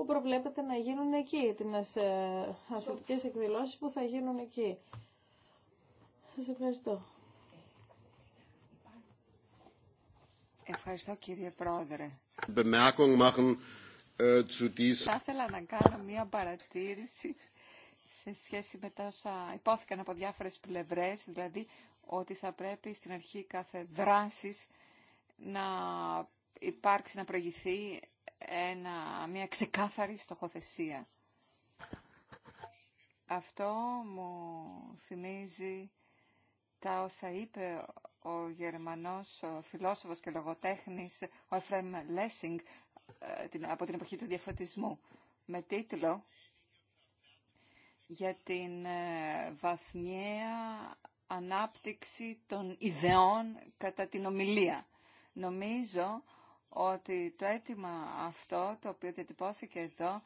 που προβλέπεται να γίνουν εκεί, τι ε, αθλητικές εκδηλώσει που θα γίνουν εκεί. Σα ευχαριστώ. Ευχαριστώ κύριε Πρόεδρε. Äh, θα ήθελα να κάνω μία παρατήρηση σε σχέση με τόσα υπόθηκαν από διάφορες πλευρές, δηλαδή ότι θα πρέπει στην αρχή κάθε δράσης να υπάρξει, να προηγηθεί ένα, μια ξεκάθαρη στοχοθεσία. Αυτό μου θυμίζει τα όσα είπε ο Γερμανός ο φιλόσοφος και λογοτέχνης ο Εφραίμ Λέσιγκ ε, από την εποχή του διαφωτισμού με τίτλο για την ε, βαθμιαία ανάπτυξη των ιδεών κατά την ομιλία. Νομίζω ότι το αίτημα αυτό, το οποίο διατυπώθηκε εδώ,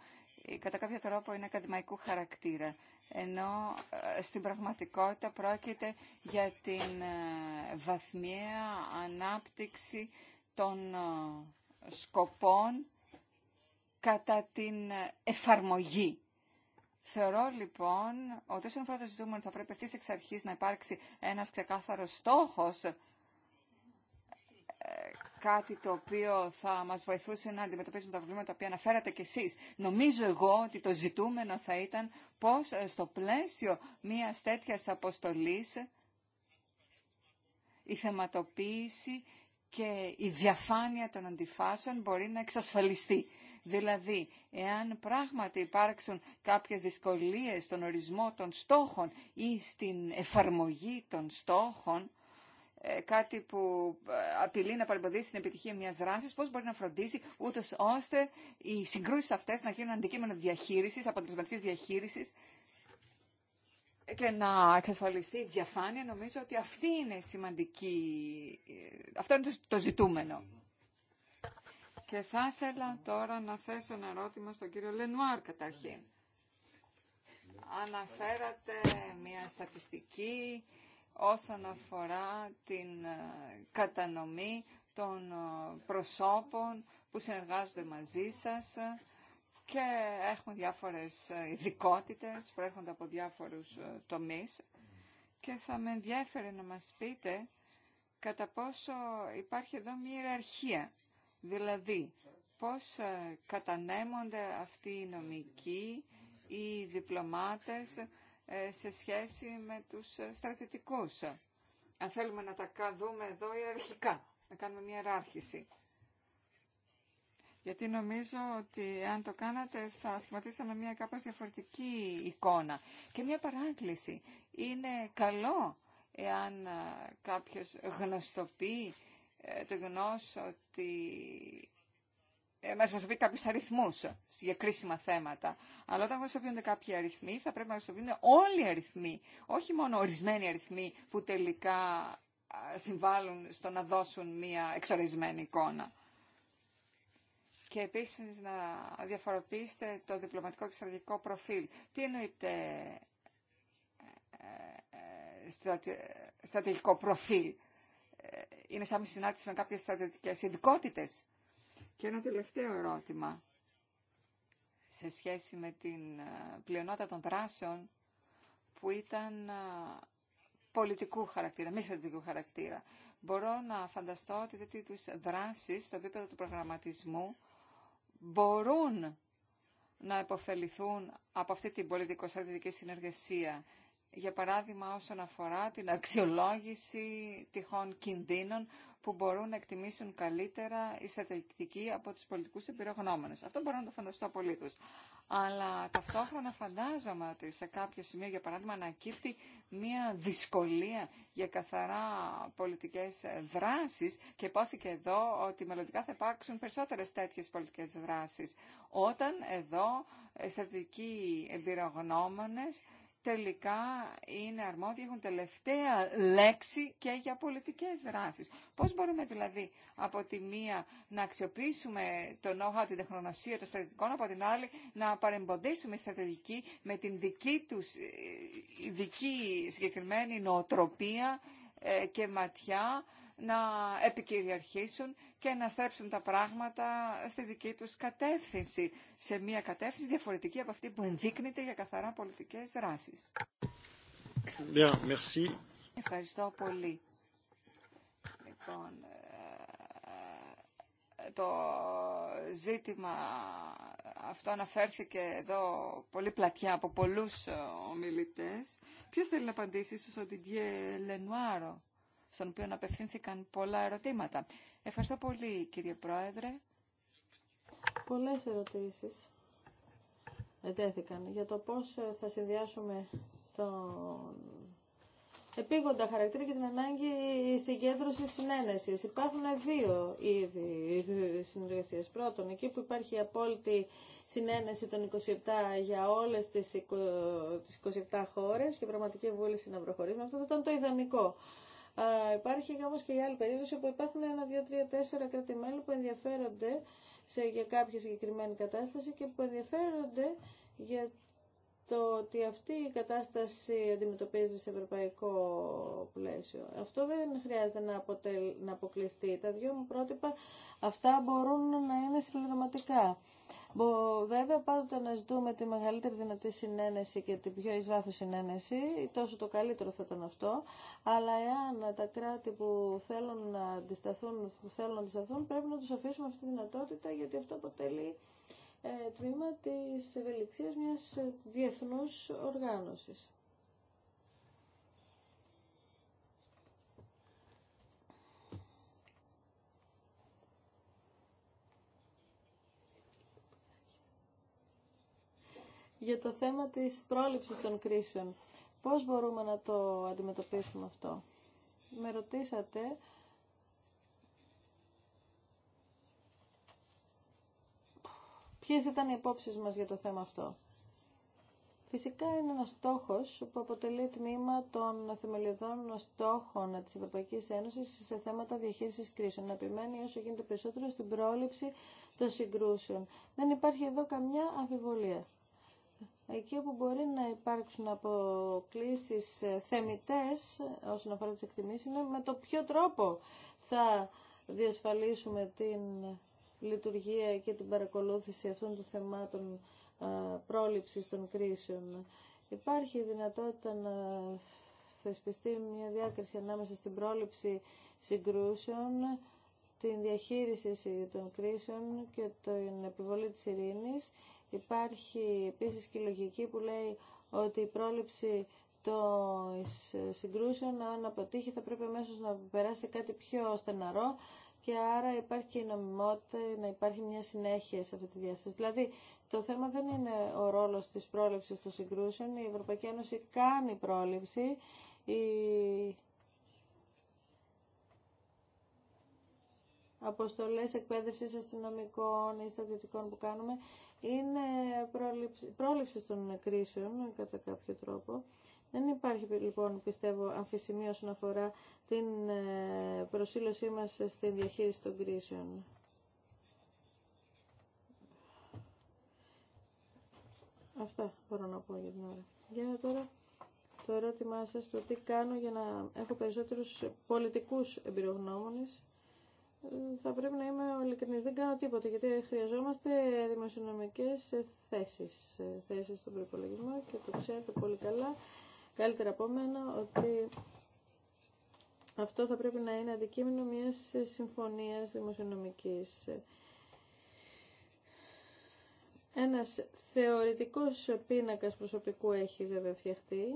ε, κατά κάποιο τρόπο είναι ακαδημαϊκού χαρακτήρα, ενώ ε, στην πραγματικότητα πρόκειται για την ε, βαθμία ανάπτυξη των σκοπών κατά την εφαρμογή. Θεωρώ λοιπόν ότι όσον αφορά το ζητούμενο θα πρέπει ευθύ εξ αρχής να υπάρξει ένα ξεκάθαρος στόχος, κάτι το οποίο θα μας βοηθούσε να αντιμετωπίσουμε τα προβλήματα τα οποία αναφέρατε κι εσείς. Νομίζω εγώ ότι το ζητούμενο θα ήταν πώς ε, στο πλαίσιο μιας τέτοιας αποστολής η θεματοποίηση και η διαφάνεια των αντιφάσεων μπορεί να εξασφαλιστεί. Δηλαδή, εάν πράγματι υπάρξουν κάποιες δυσκολίες στον ορισμό των στόχων ή στην εφαρμογή των στόχων, ε, κάτι που ε, απειλεί να παρεμποδίσει την επιτυχία μια δράση, πώ μπορεί να φροντίσει ούτω ώστε οι συγκρούσει αυτέ να γίνουν αντικείμενο διαχείριση, αποτελεσματική διαχείριση και να εξασφαλιστεί η διαφάνεια. Νομίζω ότι αυτή είναι σημαντική. Ε, αυτό είναι το ζητούμενο. Και θα ήθελα τώρα να θέσω ένα ερώτημα στον κύριο Λενουάρ καταρχήν. Αναφέρατε μια στατιστική όσον αφορά την ε, κατανομή των ε, προσώπων που συνεργάζονται μαζί σας και έχουν διάφορες ε, ειδικότητε, προέρχονται από διάφορους τομείς και θα με ενδιαφέρει να μας πείτε κατά πόσο υπάρχει εδώ μια ιεραρχία, δηλαδή πώς κατανέμονται αυτοί οι νομικοί, οι διπλωμάτες ε, σε σχέση με τους ε, στρατιωτικούς. Αν θέλουμε να τα δούμε εδώ ιεραρχικά, να κάνουμε μια ιεράρχηση. Γιατί νομίζω ότι αν το κάνατε θα σχηματίσαμε μια κάπως διαφορετική εικόνα. Και μια παράκληση. Είναι καλό εάν ε, κάποιος γνωστοποιεί το γνώσο ότι ε, μας χρησιμοποιεί κάποιου αριθμού για κρίσιμα θέματα. Αλλά όταν χρησιμοποιούνται κάποιοι αριθμοί, θα πρέπει να χρησιμοποιούνται όλοι οι αριθμοί, όχι μόνο ορισμένοι αριθμοί που τελικά συμβάλλουν στο να δώσουν μια εξορισμένη εικόνα. Και επίσης να διαφοροποιήσετε το διπλωματικό και στρατηγικό προφίλ. Τι εννοείται ε, ε, στρατηγικό προφίλ. Είναι σαν συνάρτηση με κάποιες στρατιωτικές ειδικότητες. Και ένα τελευταίο ερώτημα σε σχέση με την ε, πλειονότητα των δράσεων που ήταν ε, πολιτικού χαρακτήρα, μη στρατηγικού χαρακτήρα. Μπορώ να φανταστώ ότι τέτοιου δράσει στο επίπεδο του προγραμματισμού μπορούν να επωφεληθούν από αυτή την πολιτικο-στρατηγική συνεργασία. Για παράδειγμα, όσον αφορά την αξιολόγηση τυχών κινδύνων που μπορούν να εκτιμήσουν καλύτερα η στρατηγικοί από τους πολιτικούς εμπειρογνώμενους. Αυτό μπορώ να το φανταστώ απολύτως. Αλλά ταυτόχρονα φαντάζομαι ότι σε κάποιο σημείο, για παράδειγμα, ανακύπτει μια δυσκολία για καθαρά πολιτικές δράσεις και υπόθηκε εδώ ότι μελλοντικά θα υπάρξουν περισσότερες τέτοιες πολιτικές δράσεις. Όταν εδώ ε, στρατηγικοί εμπειρογνώμονες τελικά είναι αρμόδιοι, έχουν τελευταία λέξη και για πολιτικές δράσεις. Πώς μπορούμε δηλαδή από τη μία να αξιοποιήσουμε το νόχα, την τεχνονοσία των στρατηγικών, από την άλλη να παρεμποδίσουμε στρατηγική με την δική τους ε, δική συγκεκριμένη νοοτροπία ε, και ματιά να επικυριαρχήσουν και να στρέψουν τα πράγματα στη δική τους κατεύθυνση, σε μια κατεύθυνση διαφορετική από αυτή που ενδείκνεται για καθαρά πολιτικές δράσεις. merci. Ευχαριστώ πολύ. Λοιπόν, ε, το ζήτημα αυτό αναφέρθηκε εδώ πολύ πλατιά από πολλούς ομιλητές. Ποιος θέλει να απαντήσει, ίσως οτι Διντιέ Λενουάρο στον οποίο απευθύνθηκαν πολλά ερωτήματα. Ευχαριστώ πολύ κύριε Πρόεδρε. Πολλές ερωτήσεις ετέθηκαν για το πώς ε, θα συνδυάσουμε τον επίγοντα χαρακτήρα και την ανάγκη συγκέντρωση συνένεση. Υπάρχουν δύο είδη συνεργασία. Πρώτον, εκεί που υπάρχει απόλυτη συνένεση των 27 για όλε τι 27 χώρε και πραγματική βούληση να προχωρήσουμε. Αυτό θα ήταν το ιδανικό υπάρχει όμως και η άλλη που όπου υπάρχουν ένα, δύο, τρία, τέσσερα κράτη-μέλη που ενδιαφέρονται σε, για κάποια συγκεκριμένη κατάσταση και που ενδιαφέρονται για το ότι αυτή η κατάσταση αντιμετωπίζεται σε ευρωπαϊκό πλαίσιο. Αυτό δεν χρειάζεται να, αποτελ... να αποκλειστεί. Τα δυο μου πρότυπα αυτά μπορούν να είναι συμπληρωματικά. Βέβαια πάντοτε να ζητούμε τη μεγαλύτερη δυνατή συνένεση και την πιο εις βάθος συνένεση, τόσο το καλύτερο θα ήταν αυτό, αλλά εάν τα κράτη που θέλουν να αντισταθούν, που θέλουν να αντισταθούν πρέπει να τους αφήσουμε αυτή τη δυνατότητα γιατί αυτό αποτελεί ε, τμήμα της ευελιξίας μιας διεθνούς οργάνωσης. Για το θέμα της πρόληψης των κρίσεων, πώς μπορούμε να το αντιμετωπίσουμε αυτό. Με ρωτήσατε Ποιες ήταν οι υπόψεις μας για το θέμα αυτό. Φυσικά είναι ένας στόχος που αποτελεί τμήμα των θεμελιωδών στόχων της Ευρωπαϊκής Ένωσης σε θέματα διαχείρισης κρίσεων. Να επιμένει όσο γίνεται περισσότερο στην πρόληψη των συγκρούσεων. Δεν υπάρχει εδώ καμιά αμφιβολία. Εκεί όπου μπορεί να υπάρξουν αποκλήσεις θεμητές όσον αφορά τις εκτιμήσεις είναι με το ποιο τρόπο θα διασφαλίσουμε την λειτουργία και την παρακολούθηση αυτών των θεμάτων πρόληψης των κρίσεων. Υπάρχει δυνατότητα να θεσπιστεί μια διάκριση ανάμεσα στην πρόληψη συγκρούσεων, την διαχείριση των κρίσεων και την επιβολή της ειρήνης. Υπάρχει επίσης και η λογική που λέει ότι η πρόληψη των συγκρούσεων, αν αποτύχει, θα πρέπει αμέσως να περάσει κάτι πιο στεναρό, και άρα υπάρχει και η νομιμότητα να υπάρχει μια συνέχεια σε αυτή τη διάσταση. Δηλαδή, το θέμα δεν είναι ο ρόλος της πρόληψης των συγκρούσεων. Η Ευρωπαϊκή Ένωση κάνει πρόληψη. Η... αποστολές εκπαίδευσης αστυνομικών ή στρατιωτικών που κάνουμε είναι πρόληψη, πρόληψη των κρίσεων κατά κάποιο τρόπο δεν υπάρχει λοιπόν πιστεύω αμφισημία όσον αφορά την ε, προσήλωσή μας στην διαχείριση των κρίσεων. Αυτά μπορώ να πω για την ώρα. Για τώρα το ερώτημά σας, το τι κάνω για να έχω περισσότερους πολιτικούς εμπειρογνώμονες. Θα πρέπει να είμαι ειλικρινής, δεν κάνω τίποτα, γιατί χρειαζόμαστε δημοσιονομικές θέσεις, θέσεις στον προπολογισμό και το ξέρετε πολύ καλά καλύτερα από μένα ότι αυτό θα πρέπει να είναι αντικείμενο μιας συμφωνίας δημοσιονομικής. Ένας θεωρητικός πίνακας προσωπικού έχει βέβαια φτιαχτεί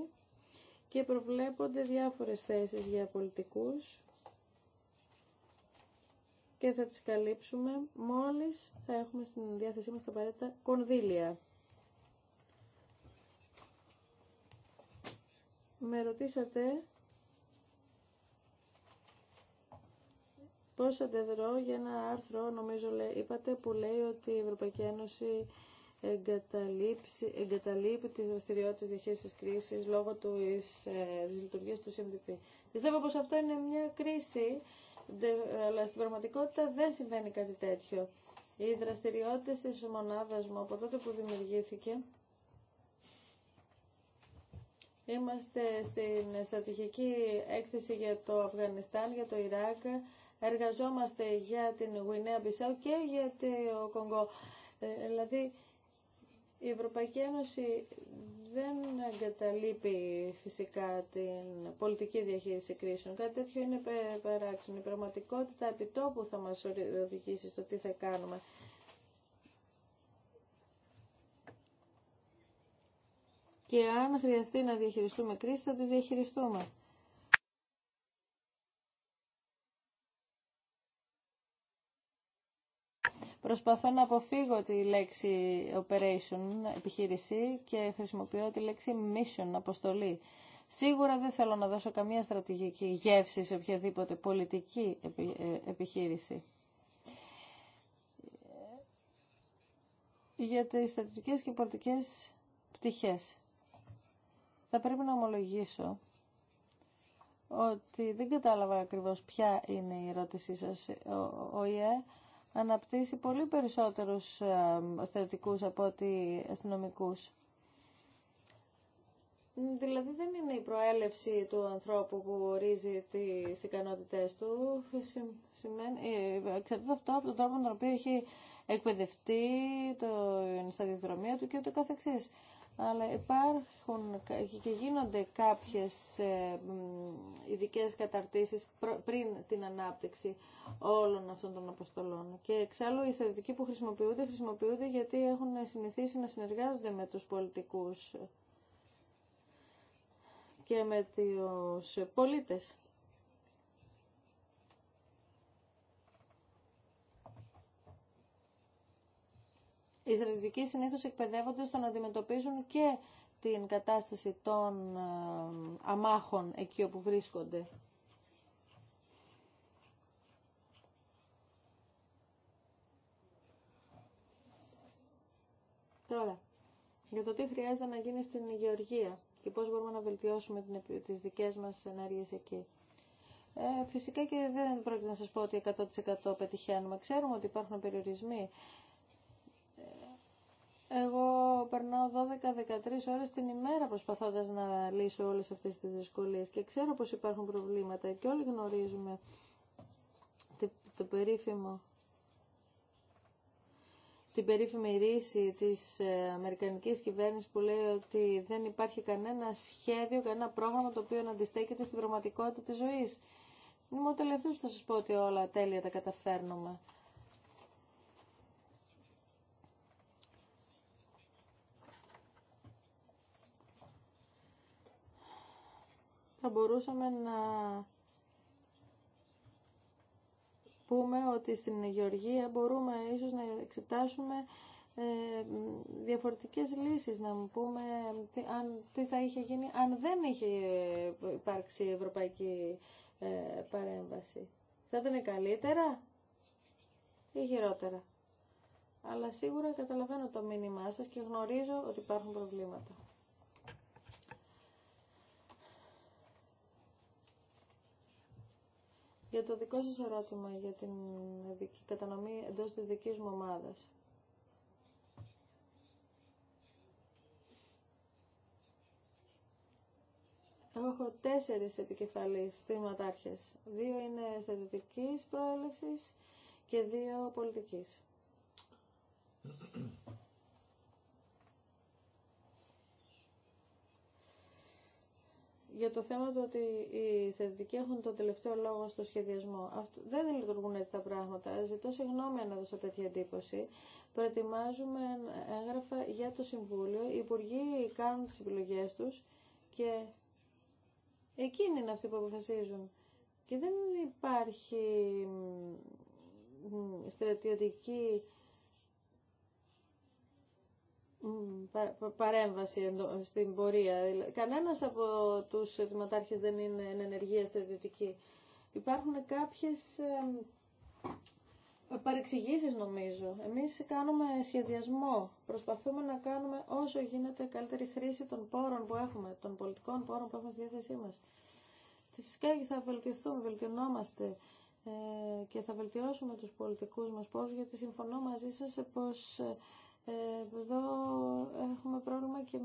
και προβλέπονται διάφορες θέσεις για πολιτικούς και θα τις καλύψουμε μόλις θα έχουμε στην διάθεσή μας τα απαραίτητα κονδύλια. με ρωτήσατε πώς αντεδρώ για ένα άρθρο, νομίζω είπατε, που λέει ότι η Ευρωπαϊκή Ένωση εγκαταλείπει τις δραστηριότητες διαχείρισης κρίσης λόγω του ε, της λειτουργίας του CMDP. Πιστεύω πως αυτό είναι μια κρίση, αλλά στην πραγματικότητα δεν συμβαίνει κάτι τέτοιο. Οι δραστηριότητες της μονάδας μου από τότε που δημιουργήθηκε Είμαστε στην στρατηγική έκθεση για το Αφγανιστάν, για το Ιράκ. Εργαζόμαστε για την Γουινέα Μπισάου και για το Κονγκό. Ε, δηλαδή, η Ευρωπαϊκή Ένωση δεν εγκαταλείπει φυσικά την πολιτική διαχείριση κρίσεων. Κάτι τέτοιο είναι παράξενο. Η πραγματικότητα επιτόπου θα μας οδηγήσει στο τι θα κάνουμε. και αν χρειαστεί να διαχειριστούμε κρίσεις θα τις διαχειριστούμε. Προσπαθώ να αποφύγω τη λέξη operation, επιχείρηση, και χρησιμοποιώ τη λέξη mission, αποστολή. Σίγουρα δεν θέλω να δώσω καμία στρατηγική γεύση σε οποιαδήποτε πολιτική ε, επιχείρηση. Για τις στρατηγικές και πολιτικές πτυχές θα πρέπει να ομολογήσω ότι δεν κατάλαβα ακριβώς ποια είναι η ερώτησή σας. Ο ΙΕ αναπτύσσει πολύ περισσότερους ε, στρατικούς από ότι αστυνομικούς. Δηλαδή δεν είναι η προέλευση του ανθρώπου που ορίζει τις ικανότητές του. Ε, εξαρτάται αυτό από τον τρόπο τον οποίο έχει εκπαιδευτεί το, στα διαδρομία του και ούτω καθεξής αλλά υπάρχουν και γίνονται κάποιες ε, ειδικέ καταρτήσεις πριν την ανάπτυξη όλων αυτών των αποστολών. Και εξάλλου οι στρατιωτικοί που χρησιμοποιούνται, χρησιμοποιούνται γιατί έχουν συνηθίσει να συνεργάζονται με τους πολιτικούς και με τους πολίτες. Οι στρατιωτικοί συνήθω εκπαιδεύονται στο να αντιμετωπίζουν και την κατάσταση των ε, αμάχων εκεί όπου βρίσκονται. Τώρα, για το τι χρειάζεται να γίνει στην γεωργία και πώς μπορούμε να βελτιώσουμε τις δικές μας ενέργειες εκεί. Ε, φυσικά και δεν πρόκειται να σας πω ότι 100% πετυχαίνουμε. Ξέρουμε ότι υπάρχουν περιορισμοί εγώ περνάω 12-13 ώρες την ημέρα προσπαθώντας να λύσω όλες αυτές τις δυσκολίες και ξέρω πως υπάρχουν προβλήματα και όλοι γνωρίζουμε το περίφημο την περίφημη ρίση της ε, Αμερικανικής κυβέρνησης που λέει ότι δεν υπάρχει κανένα σχέδιο, κανένα πρόγραμμα το οποίο να αντιστέκεται στην πραγματικότητα της ζωής. Είμαι ο τελευταίος που θα σας πω ότι όλα τέλεια τα καταφέρνουμε. θα μπορούσαμε να πούμε ότι στην Γεωργία μπορούμε ίσως να εξετάσουμε ε, διαφορετικές λύσεις να μου πούμε τι, θα είχε γίνει αν δεν είχε υπάρξει ευρωπαϊκή ε, παρέμβαση. Θα ήταν καλύτερα ή χειρότερα. Αλλά σίγουρα καταλαβαίνω το μήνυμά σας και γνωρίζω ότι υπάρχουν προβλήματα. Για το δικό σας ερώτημα για την κατανομή εντός της δικής μου ομάδας. Έχω τέσσερις επικεφαλής θρηματάρχες. Δύο είναι στρατιωτικής προέλευσης και δύο πολιτικής. για το θέμα του ότι οι στρατιωτικοί έχουν τον τελευταίο λόγο στο σχεδιασμό. Αυτό, δεν, λειτουργούν έτσι τα πράγματα. Ζητώ συγγνώμη αν έδωσα τέτοια εντύπωση. Προετοιμάζουμε έγγραφα για το Συμβούλιο. Οι υπουργοί κάνουν τι επιλογές τους και εκείνοι είναι αυτοί που αποφασίζουν. Και δεν υπάρχει στρατιωτική παρέμβαση στην πορεία. Κανένας από τους δημοτάρχες δεν είναι εν ενεργεία στρατιωτική. Υπάρχουν κάποιες παρεξηγήσεις νομίζω. Εμείς κάνουμε σχεδιασμό. Προσπαθούμε να κάνουμε όσο γίνεται καλύτερη χρήση των πόρων που έχουμε, των πολιτικών πόρων που έχουμε στη διάθεσή μας. Φυσικά και θα βελτιωθούμε, βελτιωνόμαστε ε, και θα βελτιώσουμε τους πολιτικούς μας πόρους γιατί συμφωνώ μαζί σας πως ε, εδώ έχουμε πρόβλημα και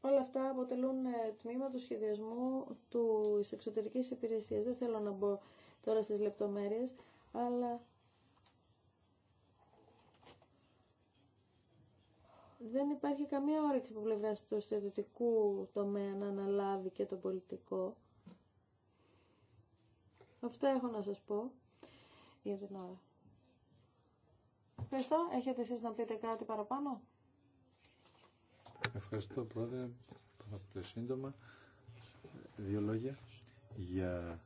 Όλα αυτά αποτελούν ε, τμήμα του σχεδιασμού του εξωτερικής υπηρεσίας. Δεν θέλω να μπω τώρα στις λεπτομέρειες, αλλά δεν υπάρχει καμία όρεξη από πλευρά του στρατιωτικού τομέα να αναλάβει και το πολιτικό. Αυτά έχω να σας πω για την Ευχαριστώ. Έχετε εσείς να πείτε κάτι παραπάνω. Ευχαριστώ πρόεδρε. Το σύντομα δύο λόγια για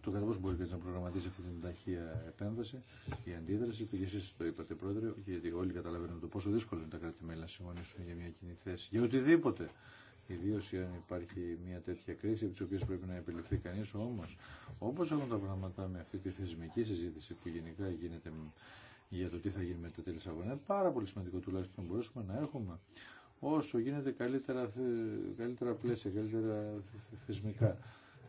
το κατά πόσο μπορεί να προγραμματίσει αυτή την ταχεία επέμβαση. Η αντίδραση που εσεί το είπατε, Πρόεδρε, γιατί όλοι καταλαβαίνουν το πόσο δύσκολο είναι τα κράτη-μέλη να συμφωνήσουν για μια κοινή θέση. Για οτιδήποτε. Ιδίω αν υπάρχει μια τέτοια κρίση, από τι οποίε πρέπει να επιληφθεί κανεί. Όμω, όπω έχουν τα πράγματα με αυτή τη θεσμική συζήτηση που γενικά γίνεται για το τι θα γίνει με τα τέλη αγώνα. Είναι πάρα πολύ σημαντικό τουλάχιστον να μπορέσουμε να έχουμε όσο γίνεται καλύτερα, καλύτερα πλαίσια, καλύτερα θεσμικά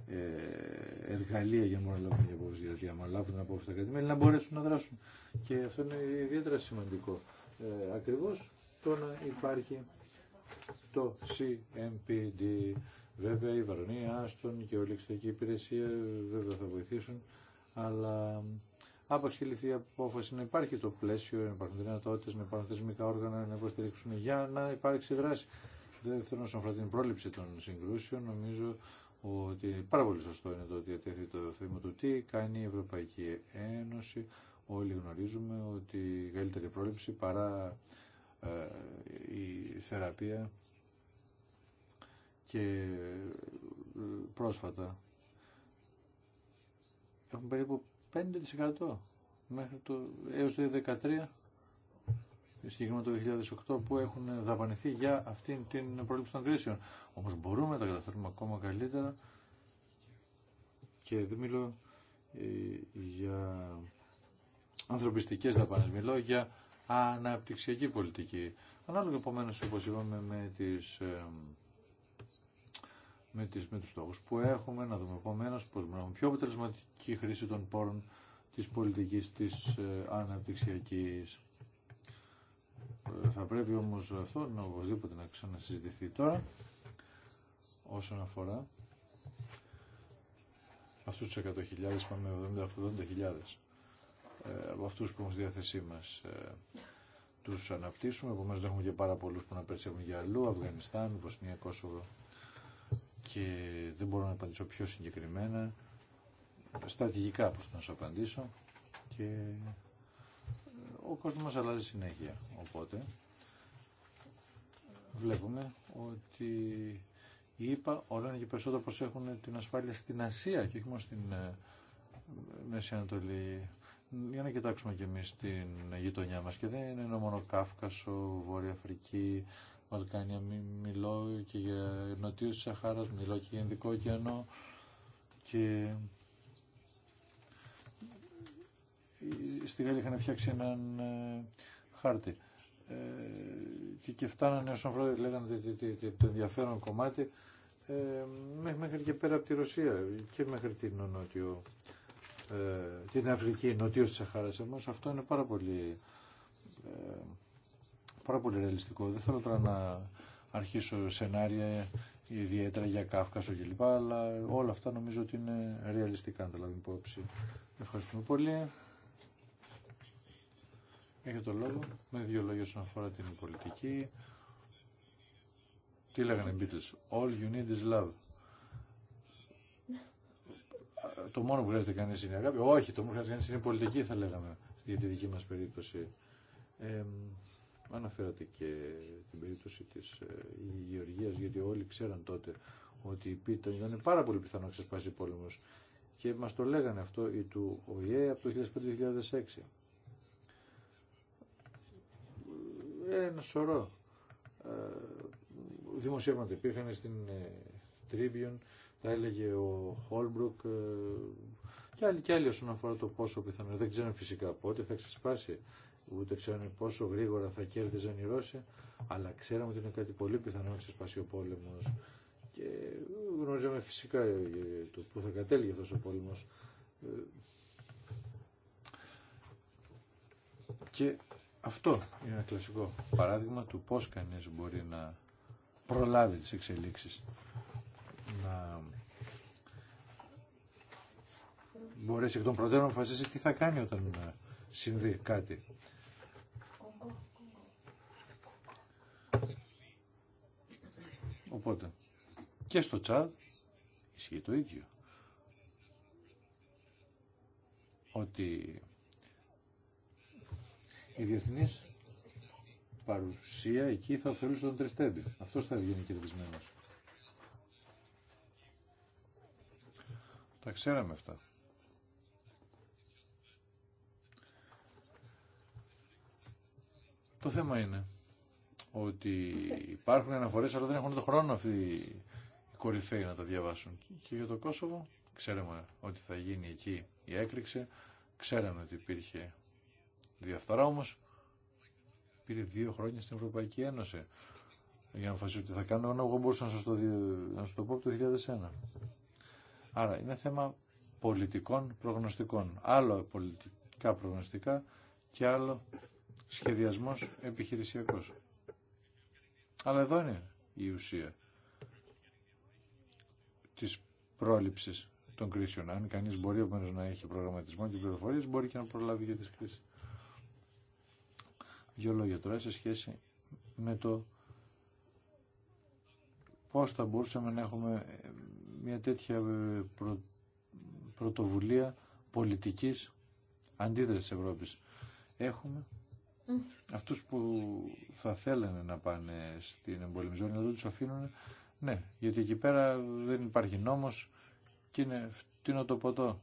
ε, εργαλεία για να λάβουν οι απόψει, γιατί άμα λάβουν την απόφαση τα κρατημέλη να μπορέσουν να δράσουν. Και αυτό είναι ιδιαίτερα σημαντικό. Ε, ακριβώς το να υπάρχει το CMPD. Βέβαια η Βαρονία, Άστον και όλη η εξωτερική υπηρεσία βέβαια θα βοηθήσουν, αλλά αποσχεληθεί η απόφαση να υπάρχει το πλαίσιο, να υπάρχουν δυνατότητε, να υπάρχουν θεσμικά όργανα να υποστηρίξουν για να υπάρξει δράση. Δεύτερον, όσον αφορά την πρόληψη των συγκρούσεων, νομίζω ότι πάρα πολύ σωστό είναι το ότι ετέθη το θέμα του τι κάνει η Ευρωπαϊκή Ένωση. Όλοι γνωρίζουμε ότι η καλύτερη πρόληψη παρά ε, η θεραπεία και ε, πρόσφατα έχουν περίπου 5% μέχρι το, έως το 2013 συγκεκριμένα το 2008 που έχουν δαπανηθεί για αυτήν την πρόληψη των κρίσεων. Όμως μπορούμε να τα καταφέρουμε ακόμα καλύτερα και δεν μιλώ ε, για ανθρωπιστικές δαπάνες, μιλώ για αναπτυξιακή πολιτική. Ανάλογα επομένως όπως είπαμε με τις ε, με, τις, με τους στόχους που έχουμε, να δούμε επομένω πώς μπορούμε να έχουμε πιο αποτελεσματική χρήση των πόρων της πολιτικής της ε, αναπτυξιακής. Ε, θα πρέπει όμως αυτό να οπωσδήποτε να ξανασυζητηθεί τώρα όσον αφορά αυτούς τους 100.000, παμε 70.000 70-80.000 ε, από αυτούς που έχουμε στη διάθεσή μας ε, τους αναπτύσσουμε, επομένως δεν έχουμε και πάρα πολλούς που να περισσεύουν για αλλού, Αφγανιστάν, Βοσνία, Κόσοβο και δεν μπορώ να απαντήσω πιο συγκεκριμένα. Στρατηγικά πώς να σου απαντήσω και ο κόσμος μας αλλάζει συνέχεια. Οπότε βλέπουμε ότι οι ΙΠΑ όλα και περισσότερο προσέχουν την ασφάλεια στην Ασία και όχι μόνο στην ε, Μέση Ανατολή. Για να κοιτάξουμε και εμείς την γειτονιά μας και δεν είναι μόνο Κάφκασο, Βόρεια Αφρική, Βαλκάνια, μιλώ και για της Σαχάρας, μιλώ και για Ινδικό Ωκεανό και στη Γαλλία είχαν φτιάξει έναν ε, χάρτη ε, και, και φτάνανε όσον αφορά λέγανε το ενδιαφέρον κομμάτι ε, μέχρι και πέρα από τη Ρωσία και μέχρι την Νότιο την Αφρική, νοτιούς της Σαχάρας. Εμάς αυτό είναι πάρα πολύ πάρα πολύ ρεαλιστικό. Δεν θέλω τώρα να αρχίσω σενάρια ιδιαίτερα για Κάφκασο κλπ. Αλλά όλα αυτά νομίζω ότι είναι ρεαλιστικά, αν τα λάβουμε υπόψη. Ευχαριστούμε πολύ. Έχετε το λόγο. Με δύο λόγια όσον αφορά την πολιτική. Τι λέγανε Beatles. All you need is love. Το μόνο που χρειάζεται κανεί είναι αγάπη. Όχι, το μόνο που χρειάζεται κανεί είναι πολιτική θα λέγαμε. Για τη δική μα περίπτωση. Ε, Αναφέρατε και την περίπτωση της ε, Γεωργίας, γιατί όλοι ξέραν τότε ότι ήταν πάρα πολύ πιθανό να ξεσπάσει πόλεμος και μας το λέγανε αυτό οι του ΟΗΕ από το 2005-2006. Ε, ένα σωρό ε, δημοσιεύματα υπήρχαν στην Tribune, τα έλεγε ο Χόλμπρουκ και άλλοι και άλλοι όσον αφορά το πόσο πιθανό. Δεν ξέρω φυσικά πότε θα ξεσπάσει Ούτε ξέραμε πόσο γρήγορα θα κέρδιζαν οι Ρώσοι, αλλά ξέραμε ότι είναι κάτι πολύ πιθανό να ξεσπάσει ο πόλεμο. Και γνωρίζαμε φυσικά ε, το πού θα κατέληγε αυτό ο πόλεμο. Ε, και αυτό είναι ένα κλασικό παράδειγμα του πώς κανείς μπορεί να προλάβει τις εξελίξεις. Να μπορέσει εκ των προτέρων να αποφασίσει τι θα κάνει όταν ε, συμβεί κάτι. Οπότε και στο Τσάδ ισχύει το ίδιο. Ότι η διεθνή παρουσία εκεί θα ωφελούσε τον Τριστέμπη. αυτό θα βγει κερδισμένο. Τα ξέραμε αυτά. Το θέμα είναι ότι υπάρχουν αναφορές αλλά δεν έχουν το χρόνο αυτοί οι κορυφαίοι να τα διαβάσουν. Και για το Κόσοβο ξέραμε ότι θα γίνει εκεί η έκρηξη, ξέραμε ότι υπήρχε διαφθορά όμως πήρε δύο χρόνια στην Ευρωπαϊκή Ένωση για να αποφασίσω τι θα κάνω, εγώ μπορούσα να σα το, πω από το 2001. Άρα είναι θέμα πολιτικών προγνωστικών. Άλλο πολιτικά προγνωστικά και άλλο σχεδιασμός επιχειρησιακός. Αλλά εδώ είναι η ουσία της πρόληψης των κρίσεων. Αν κανείς μπορεί να έχει προγραμματισμό και πληροφορίες, μπορεί και να προλάβει για τις κρίσεις. Δύο λόγια τώρα σε σχέση με το πώς θα μπορούσαμε να έχουμε μια τέτοια ε, προ... πρωτοβουλία πολιτικής αντίδρασης Ευρώπης. Έχουμε αυτούς που θα θέλανε να πάνε στην εμπολεμιζόνη δεν τους αφήνουν. Ναι, γιατί εκεί πέρα δεν υπάρχει νόμος και είναι φτύνο το ποτό.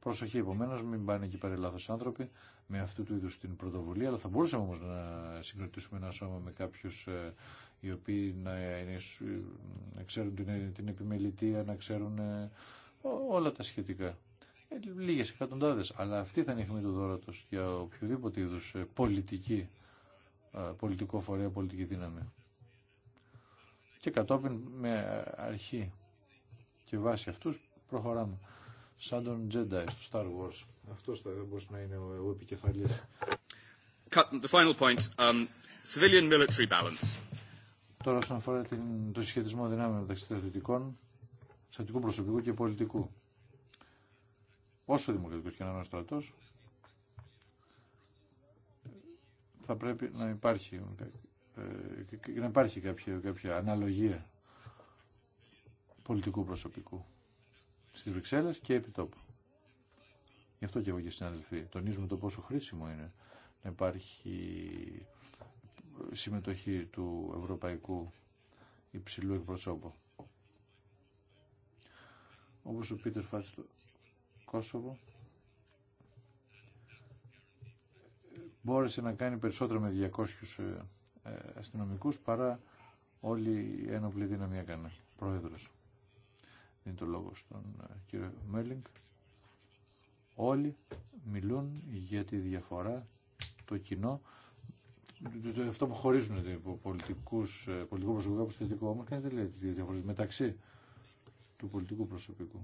Προσοχή, επομένω, μην πάνε εκεί πέρα λάθο άνθρωποι με αυτού του είδου την πρωτοβουλία. Αλλά θα μπορούσαμε όμω να συγκροτήσουμε ένα σώμα με κάποιου ε, οι οποίοι να, είναι, να ξέρουν την, την επιμελητία, να ξέρουν ε, όλα τα σχετικά. Ε, λίγες εκατοντάδες. Αλλά αυτή θα είναι η χμή του δόρατος για οποιοδήποτε είδους ε, πολιτική, ε, πολιτικό φορέα, πολιτική δύναμη. Και κατόπιν με αρχή και βάση αυτούς προχωράμε. Σαν τον Jedi στο Star Wars. Αυτός θα μπορούσε να είναι ο, επικεφαλή. The final point, um, civilian military balance. Τώρα όσον αφορά την, το συσχετισμό δυνάμεων μεταξύ στρατιωτικών, στρατιωτικού προσωπικού και πολιτικού όσο δημοκρατικό και να είναι στρατός, θα πρέπει να υπάρχει, ε, να υπάρχει κάποια, κάποια αναλογία πολιτικού προσωπικού στι Βρυξέλλες και επί τόπου. Γι' αυτό και εγώ και συναδελφοί τονίζουμε το πόσο χρήσιμο είναι να υπάρχει συμμετοχή του ευρωπαϊκού υψηλού εκπροσώπου. Όπως ο Πίτερ Φάστο Κόσοβο μπόρεσε να κάνει περισσότερο με 200 ε, ε, αστυνομικούς παρά όλη η ένοπλη δύναμη έκανε. Πρόεδρος. Δίνει το λόγο στον ε, κύριο Μέλινγκ. Όλοι μιλούν για τη διαφορά, το κοινό, αυτό που χωρίζουν από πολιτικούς, πολιτικό προσωπικό από στρατιωτικό, όμως κανείς δεν λέει τη διαφορά μεταξύ του πολιτικού προσωπικού.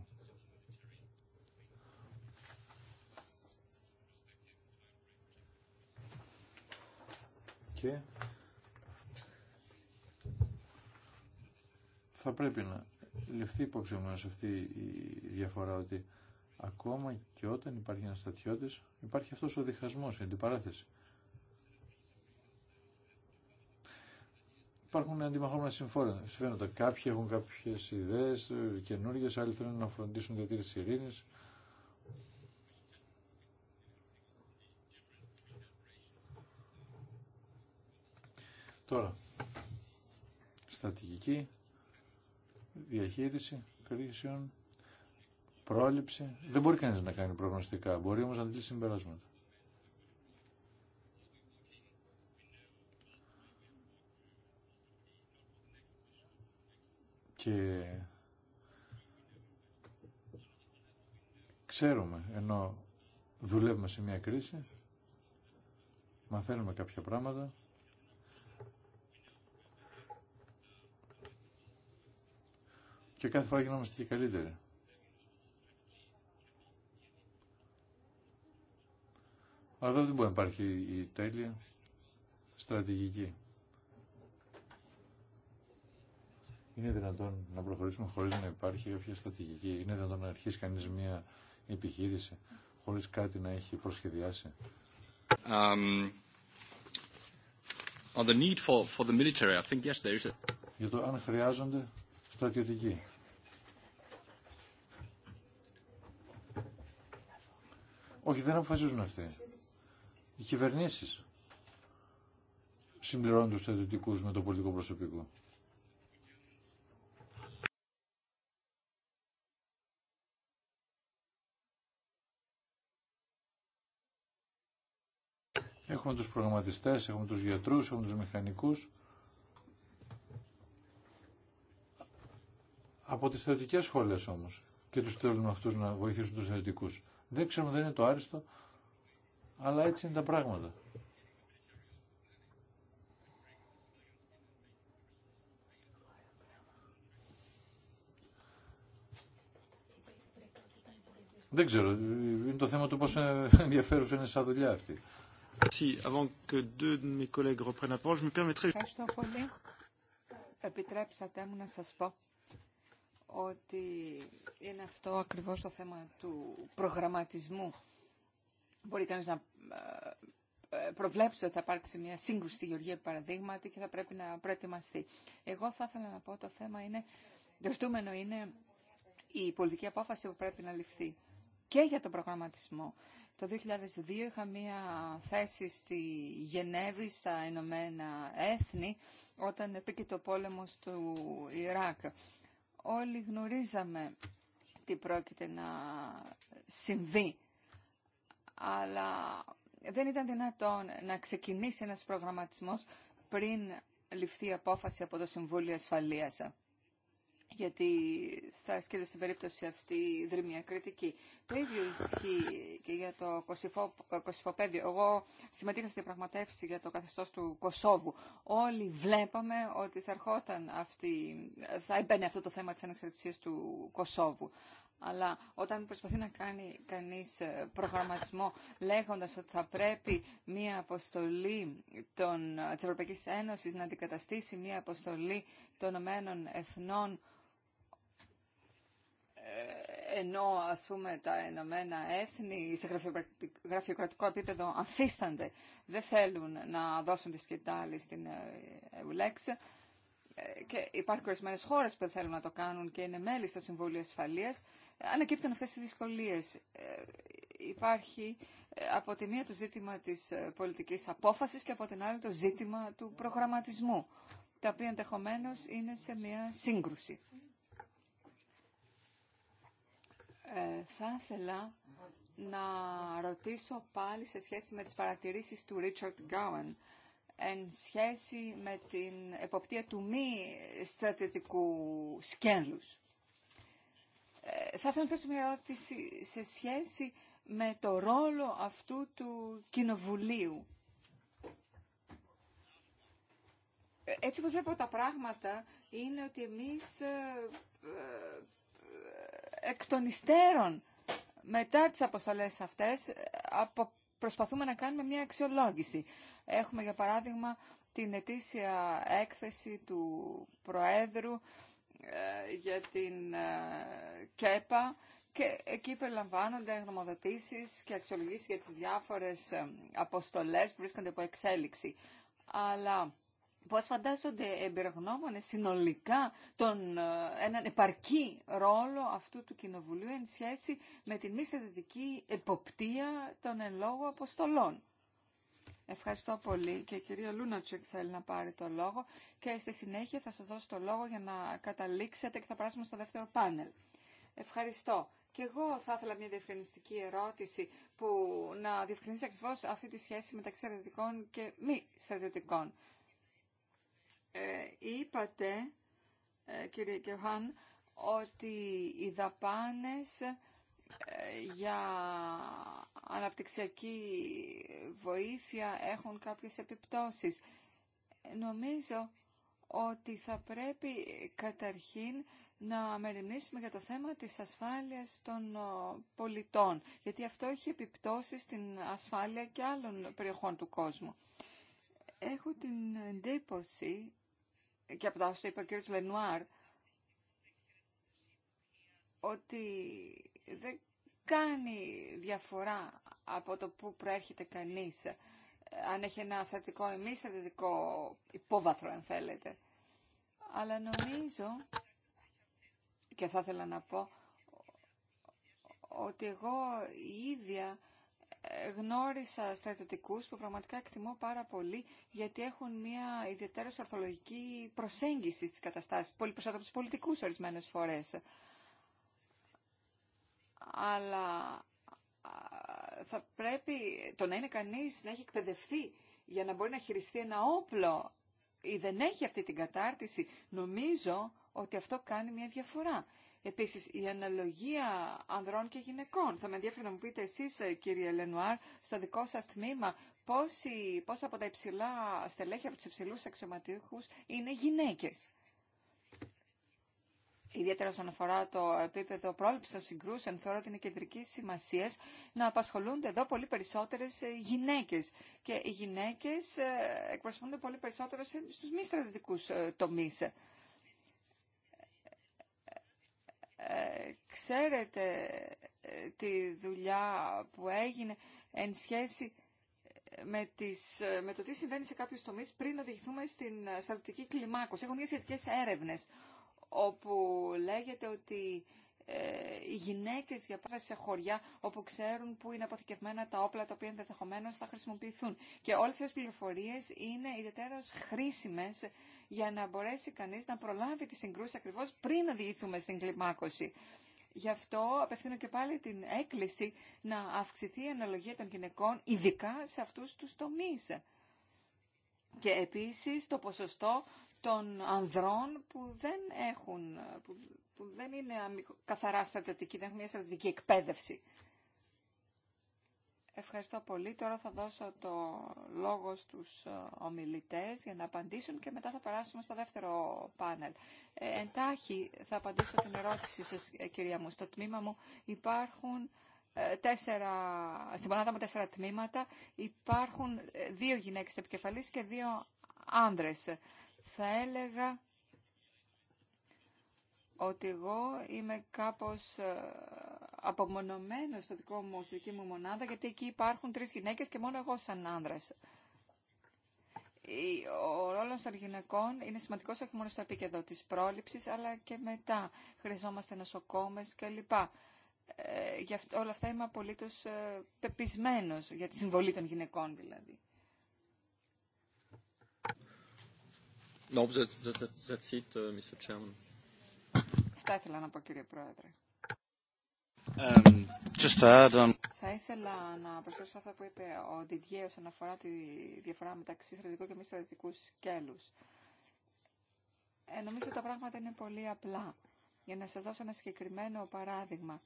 και θα πρέπει να ληφθεί υπόψη μας αυτή η διαφορά ότι ακόμα και όταν υπάρχει ένας στατιώτης υπάρχει αυτός ο διχασμός, η αντιπαράθεση. Υπάρχουν αντιμαχόμενα συμφόρα. Συμφέροντα κάποιοι έχουν κάποιες ιδέες καινούργιες, άλλοι θέλουν να φροντίσουν τη διατήρηση ειρήνης, Τώρα, στρατηγική διαχείριση κρίσεων, πρόληψη. Δεν μπορεί κανείς να κάνει προγνωστικά, μπορεί όμως να δει συμπεράσματα. Και ξέρουμε, ενώ δουλεύουμε σε μια κρίση, μαθαίνουμε κάποια πράγματα, Και κάθε φορά γινόμαστε και καλύτεροι. Αλλά δεν μπορεί να υπάρχει η τέλεια στρατηγική. Είναι δυνατόν να προχωρήσουμε χωρίς να υπάρχει κάποια στρατηγική. Είναι δυνατόν να αρχίσει κανείς μια επιχείρηση χωρίς κάτι να έχει προσχεδιάσει. Um, on Για το αν χρειάζονται στρατιωτική. Όχι, δεν αποφασίζουν αυτοί. Οι κυβερνήσεις συμπληρώνουν τους στρατιωτικούς με το πολιτικό προσωπικό. Έχουμε τους προγραμματιστές, έχουμε τους γιατρούς, έχουμε τους μηχανικούς. από τις θεωρητικές σχολές όμως και τους θέλουν αυτούς να βοηθήσουν τους θεωρητικούς. Δεν ξέρουμε, δεν είναι το άριστο, αλλά έτσι είναι τα πράγματα. Δεν ξέρω, είναι το θέμα του πόσο ενδιαφέρουσα είναι σαν δουλειά αυτή. Ευχαριστώ πολύ. Επιτρέψατε μου να σας πω ότι είναι αυτό ακριβώς το θέμα του προγραμματισμού. Μπορεί κανείς να ε, ε, προβλέψει ότι θα υπάρξει μια σύγκρουση στη Γεωργία παραδείγματι και θα πρέπει να προετοιμαστεί. Εγώ θα ήθελα να πω το θέμα είναι, το είναι η πολιτική απόφαση που πρέπει να ληφθεί και για τον προγραμματισμό. Το 2002 είχα μία θέση στη Γενέβη, στα Ηνωμένα Έθνη, όταν επίκει το πόλεμο του Ιράκ όλοι γνωρίζαμε τι πρόκειται να συμβεί. Αλλά δεν ήταν δυνατόν να ξεκινήσει ένας προγραμματισμός πριν ληφθεί απόφαση από το Συμβούλιο Ασφαλείας γιατί θα ασκείται στην περίπτωση αυτή η δρυμία κριτική. Το ίδιο ισχύει και για το Κωσυφοπέδιο. Εγώ συμμετείχα στη διαπραγματεύση για το καθεστώς του Κωσόβου. Όλοι βλέπαμε ότι θα ερχόταν θα έμπαινε αυτό το θέμα της ανεξαρτησίας του Κωσόβου. Αλλά όταν προσπαθεί να κάνει κανείς ε, προγραμματισμό λέγοντας ότι θα πρέπει μία αποστολή των, της Ευρωπαϊκής Ένωσης να αντικαταστήσει μία αποστολή των Ηνωμένων Εθνών ενώ ας πούμε τα Ηνωμένα Έθνη σε γραφειοκρατικό επίπεδο αμφίστανται, δεν θέλουν να δώσουν τη σκητάλη στην ΕΟΛΕΞ και υπάρχουν ορισμένε χώρες που δεν θέλουν να το κάνουν και είναι μέλη στο Συμβούλιο Ασφαλείας, ανακύπτουν αυτές οι δυσκολίες. Ε, υπάρχει ε, από τη μία το ζήτημα της ε, πολιτικής απόφασης και από την άλλη το ζήτημα του προγραμματισμού, τα οποία ενδεχομένω είναι σε μια σύγκρουση. Ε, θα ήθελα να ρωτήσω πάλι σε σχέση με τις παρατηρήσεις του Richard Γκάουεν εν σχέση με την εποπτεία του μη στρατιωτικού σκένλους. Ε, θα ήθελα να θέσω μια ερώτηση σε σχέση με το ρόλο αυτού του κοινοβουλίου. Ε, έτσι όπως βλέπω τα πράγματα είναι ότι εμείς εκ των υστέρων μετά τις αποστολές αυτές ε, προσπαθούμε να κάνουμε μια αξιολόγηση. Έχουμε για παράδειγμα την ετήσια έκθεση του Προέδρου ε, για την ε, ΚΕΠΑ και εκεί περιλαμβάνονται γνωμοδοτήσεις και αξιολογήσεις για τις διάφορες αποστολές που βρίσκονται από εξέλιξη. Αλλά πώς φαντάζονται εμπειρογνώμονες συνολικά τον, ε, έναν επαρκή ρόλο αυτού του Κοινοβουλίου εν σχέση με την μη στρατιωτική εποπτεία των εν αποστολών. Ευχαριστώ πολύ και η κυρία Λούνατσεκ θέλει να πάρει το λόγο και στη συνέχεια θα σας δώσω το λόγο για να καταλήξετε και θα περάσουμε στο δεύτερο πάνελ. Ευχαριστώ. Και εγώ θα ήθελα μια διευκρινιστική ερώτηση που να διευκρινίσει ακριβώ αυτή τη σχέση μεταξύ στρατιωτικών και μη στρατιωτικών. Ε, είπατε, ε, κύριε Κεβάν, ότι οι δαπάνες ε, για αναπτυξιακή βοήθεια έχουν κάποιες επιπτώσεις. Νομίζω ότι θα πρέπει καταρχήν να μεριμνήσουμε για το θέμα της ασφάλειας των πολιτών, γιατί αυτό έχει επιπτώσεις στην ασφάλεια και άλλων περιοχών του κόσμου. Έχω την εντύπωση και από τα όσα είπε ο κ. Λενουάρ ότι δεν κάνει διαφορά από το που προέρχεται κανείς αν έχει ένα στρατικό ή μη υπόβαθρο αν θέλετε αλλά νομίζω και θα ήθελα να πω ότι εγώ η ίδια γνώρισα στρατιωτικούς που πραγματικά εκτιμώ πάρα πολύ γιατί έχουν μια ιδιαίτερη ορθολογική προσέγγιση στις καταστάσεις, πολύ περισσότερο από τους πολιτικούς ορισμένες φορές. Αλλά θα πρέπει το να είναι κανείς να έχει εκπαιδευτεί για να μπορεί να χειριστεί ένα όπλο ή δεν έχει αυτή την κατάρτιση, νομίζω ότι αυτό κάνει μια διαφορά. Επίσης, η αναλογία ανδρών και γυναικών. Θα με ενδιαφέρει να μου πείτε εσείς, ε, κύριε Λενουάρ, στο δικό σας τμήμα, πόσοι, πόσα από τα υψηλά στελέχη, από τους υψηλούς αξιωματικούς, είναι γυναίκες. Ιδιαίτερα όσον αφορά το επίπεδο πρόληψης των συγκρούσεων, θεωρώ ότι είναι κεντρική σημασία να απασχολούνται εδώ πολύ περισσότερες ε, γυναίκες. Και οι γυναίκε ε, εκπροσωπούνται πολύ περισσότερο στους μη στρατιωτικού τομεί. ξέρετε ε, τη δουλειά που έγινε εν σχέση ε, με, τις, ε, με το τι συμβαίνει σε κάποιους τομείς πριν οδηγηθούμε στην στρατιωτική κλιμάκωση. Έχουν μια σχετικές έρευνες όπου λέγεται ότι ε, οι γυναίκες για σε χωριά όπου ξέρουν που είναι αποθηκευμένα τα όπλα τα οποία ενδεχομένω θα χρησιμοποιηθούν. Και όλες αυτές τις πληροφορίες είναι ιδιαίτερα χρήσιμες για να μπορέσει κανείς να προλάβει τι συγκρούση ακριβώς πριν οδηγηθούμε στην κλιμάκωση. Γι' αυτό απευθύνω και πάλι την έκκληση να αυξηθεί η αναλογία των γυναικών, ειδικά σε αυτούς τους τομείς. Και επίσης το ποσοστό των ανδρών που δεν έχουν, που δεν είναι καθαρά στρατιωτική, δεν έχουν μια στρατιωτική εκπαίδευση. Ευχαριστώ πολύ. Τώρα θα δώσω το λόγο στους ε, ομιλητές για να απαντήσουν και μετά θα περάσουμε στο δεύτερο πάνελ. Ε, εντάχει θα απαντήσω την ερώτηση σας, ε, κυρία μου. Στο τμήμα μου υπάρχουν ε, τέσσερα, στην μονάδα μου τέσσερα τμήματα υπάρχουν δύο γυναίκες επικεφαλής και δύο άνδρες. Θα έλεγα ότι εγώ είμαι κάπως ε, απομονωμένος στο δικό μου, δική μου μονάδα, γιατί εκεί υπάρχουν τρεις γυναίκες και μόνο εγώ σαν άνδρας. Ο ρόλος των γυναικών είναι σημαντικός όχι μόνο στο επίκεδο της πρόληψης, αλλά και μετά. Χρειαζόμαστε νοσοκόμε κλπ. Ε, για όλα αυτά είμαι απολύτως ε, πεπισμένος για τη συμβολή των γυναικών δηλαδή. Uh, Chairman. Αυτά ήθελα να πω κύριε Πρόεδρε. Θα ήθελα να προσθέσω αυτά που είπε ο Διδιέ όσον αφορά τη διαφορά μεταξύ στρατηγικού και μη στρατητικού σκέλου. Ε, νομίζω τα πράγματα είναι πολύ απλά. Για να σας δώσω ένα συγκεκριμένο παράδειγμα.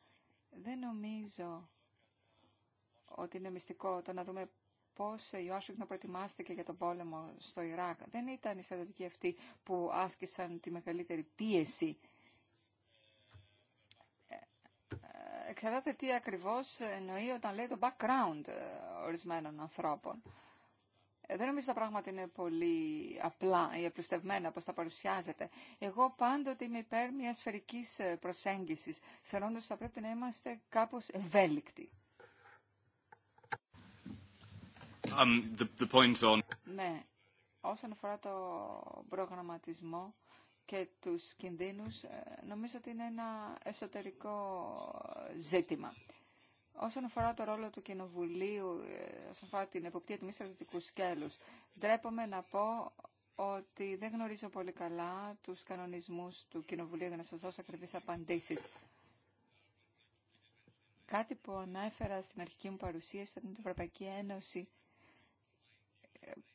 Δεν νομίζω ότι είναι μυστικό το να δούμε πώς η Ουάσιγκτον προετοιμάστηκε για τον πόλεμο στο Ιράκ. Δεν ήταν οι στρατιωτικοί αυτοί που άσκησαν τη μεγαλύτερη πίεση Ξέρετε τι ακριβώς εννοεί όταν λέει το background ε, ορισμένων ανθρώπων. Ε, δεν νομίζω τα πράγματα είναι πολύ απλά ή απλουστευμένα όπως τα παρουσιάζεται. Εγώ πάντοτε είμαι υπέρ μια σφαιρικής ε, προσέγγισης, θεωρώντας ότι θα πρέπει να είμαστε κάπως ευέλικτοι. Um, the, on... Ναι, όσον αφορά το προγραμματισμό, και τους κινδύνους ε, νομίζω ότι είναι ένα εσωτερικό ζήτημα. Όσον αφορά το ρόλο του Κοινοβουλίου, ε, όσον αφορά την εποπτεία του μη στρατιωτικού σκέλους, ντρέπομαι να πω ότι δεν γνωρίζω πολύ καλά τους κανονισμούς του Κοινοβουλίου για να σας δώσω ακριβείς απαντήσεις. Κάτι που ανέφερα στην αρχική μου παρουσίαση ήταν την Ευρωπαϊκή Ένωση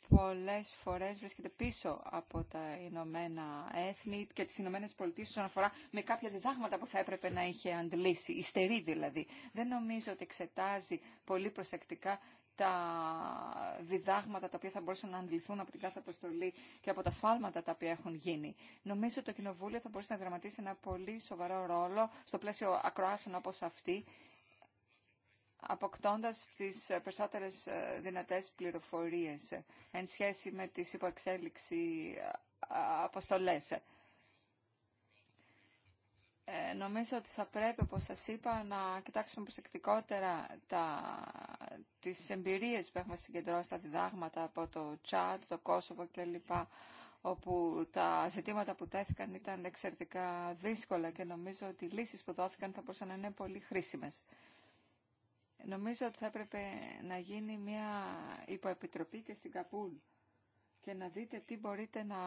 πολλές φορές βρίσκεται πίσω από τα Ηνωμένα Έθνη και τις Ηνωμένες Πολιτείες όσον αφορά με κάποια διδάγματα που θα έπρεπε να είχε αντλήσει, ιστερή δηλαδή. Δεν νομίζω ότι εξετάζει πολύ προσεκτικά τα διδάγματα τα οποία θα μπορούσαν να αντληθούν από την κάθε αποστολή και από τα σφάλματα τα οποία έχουν γίνει. Νομίζω ότι το Κοινοβούλιο θα μπορούσε να δραματίσει ένα πολύ σοβαρό ρόλο στο πλαίσιο ακροάσεων όπως αυτή αποκτώντας τις περισσότερες ε, δυνατές πληροφορίες ε, εν σχέση με τις υποεξέλιξη ε, αποστολές. νομίζω ότι θα πρέπει, όπως σας είπα, να κοιτάξουμε προσεκτικότερα τα, τις εμπειρίες που έχουμε συγκεντρώσει, τα διδάγματα από το Τσάτ, το Κόσοβο κλπ, όπου τα ζητήματα που τέθηκαν ήταν εξαιρετικά δύσκολα και νομίζω ότι οι λύσεις που δόθηκαν θα μπορούσαν να είναι πολύ χρήσιμες. Νομίζω ότι θα έπρεπε να γίνει μια υποεπιτροπή και στην Καπούλ και να δείτε τι μπορείτε να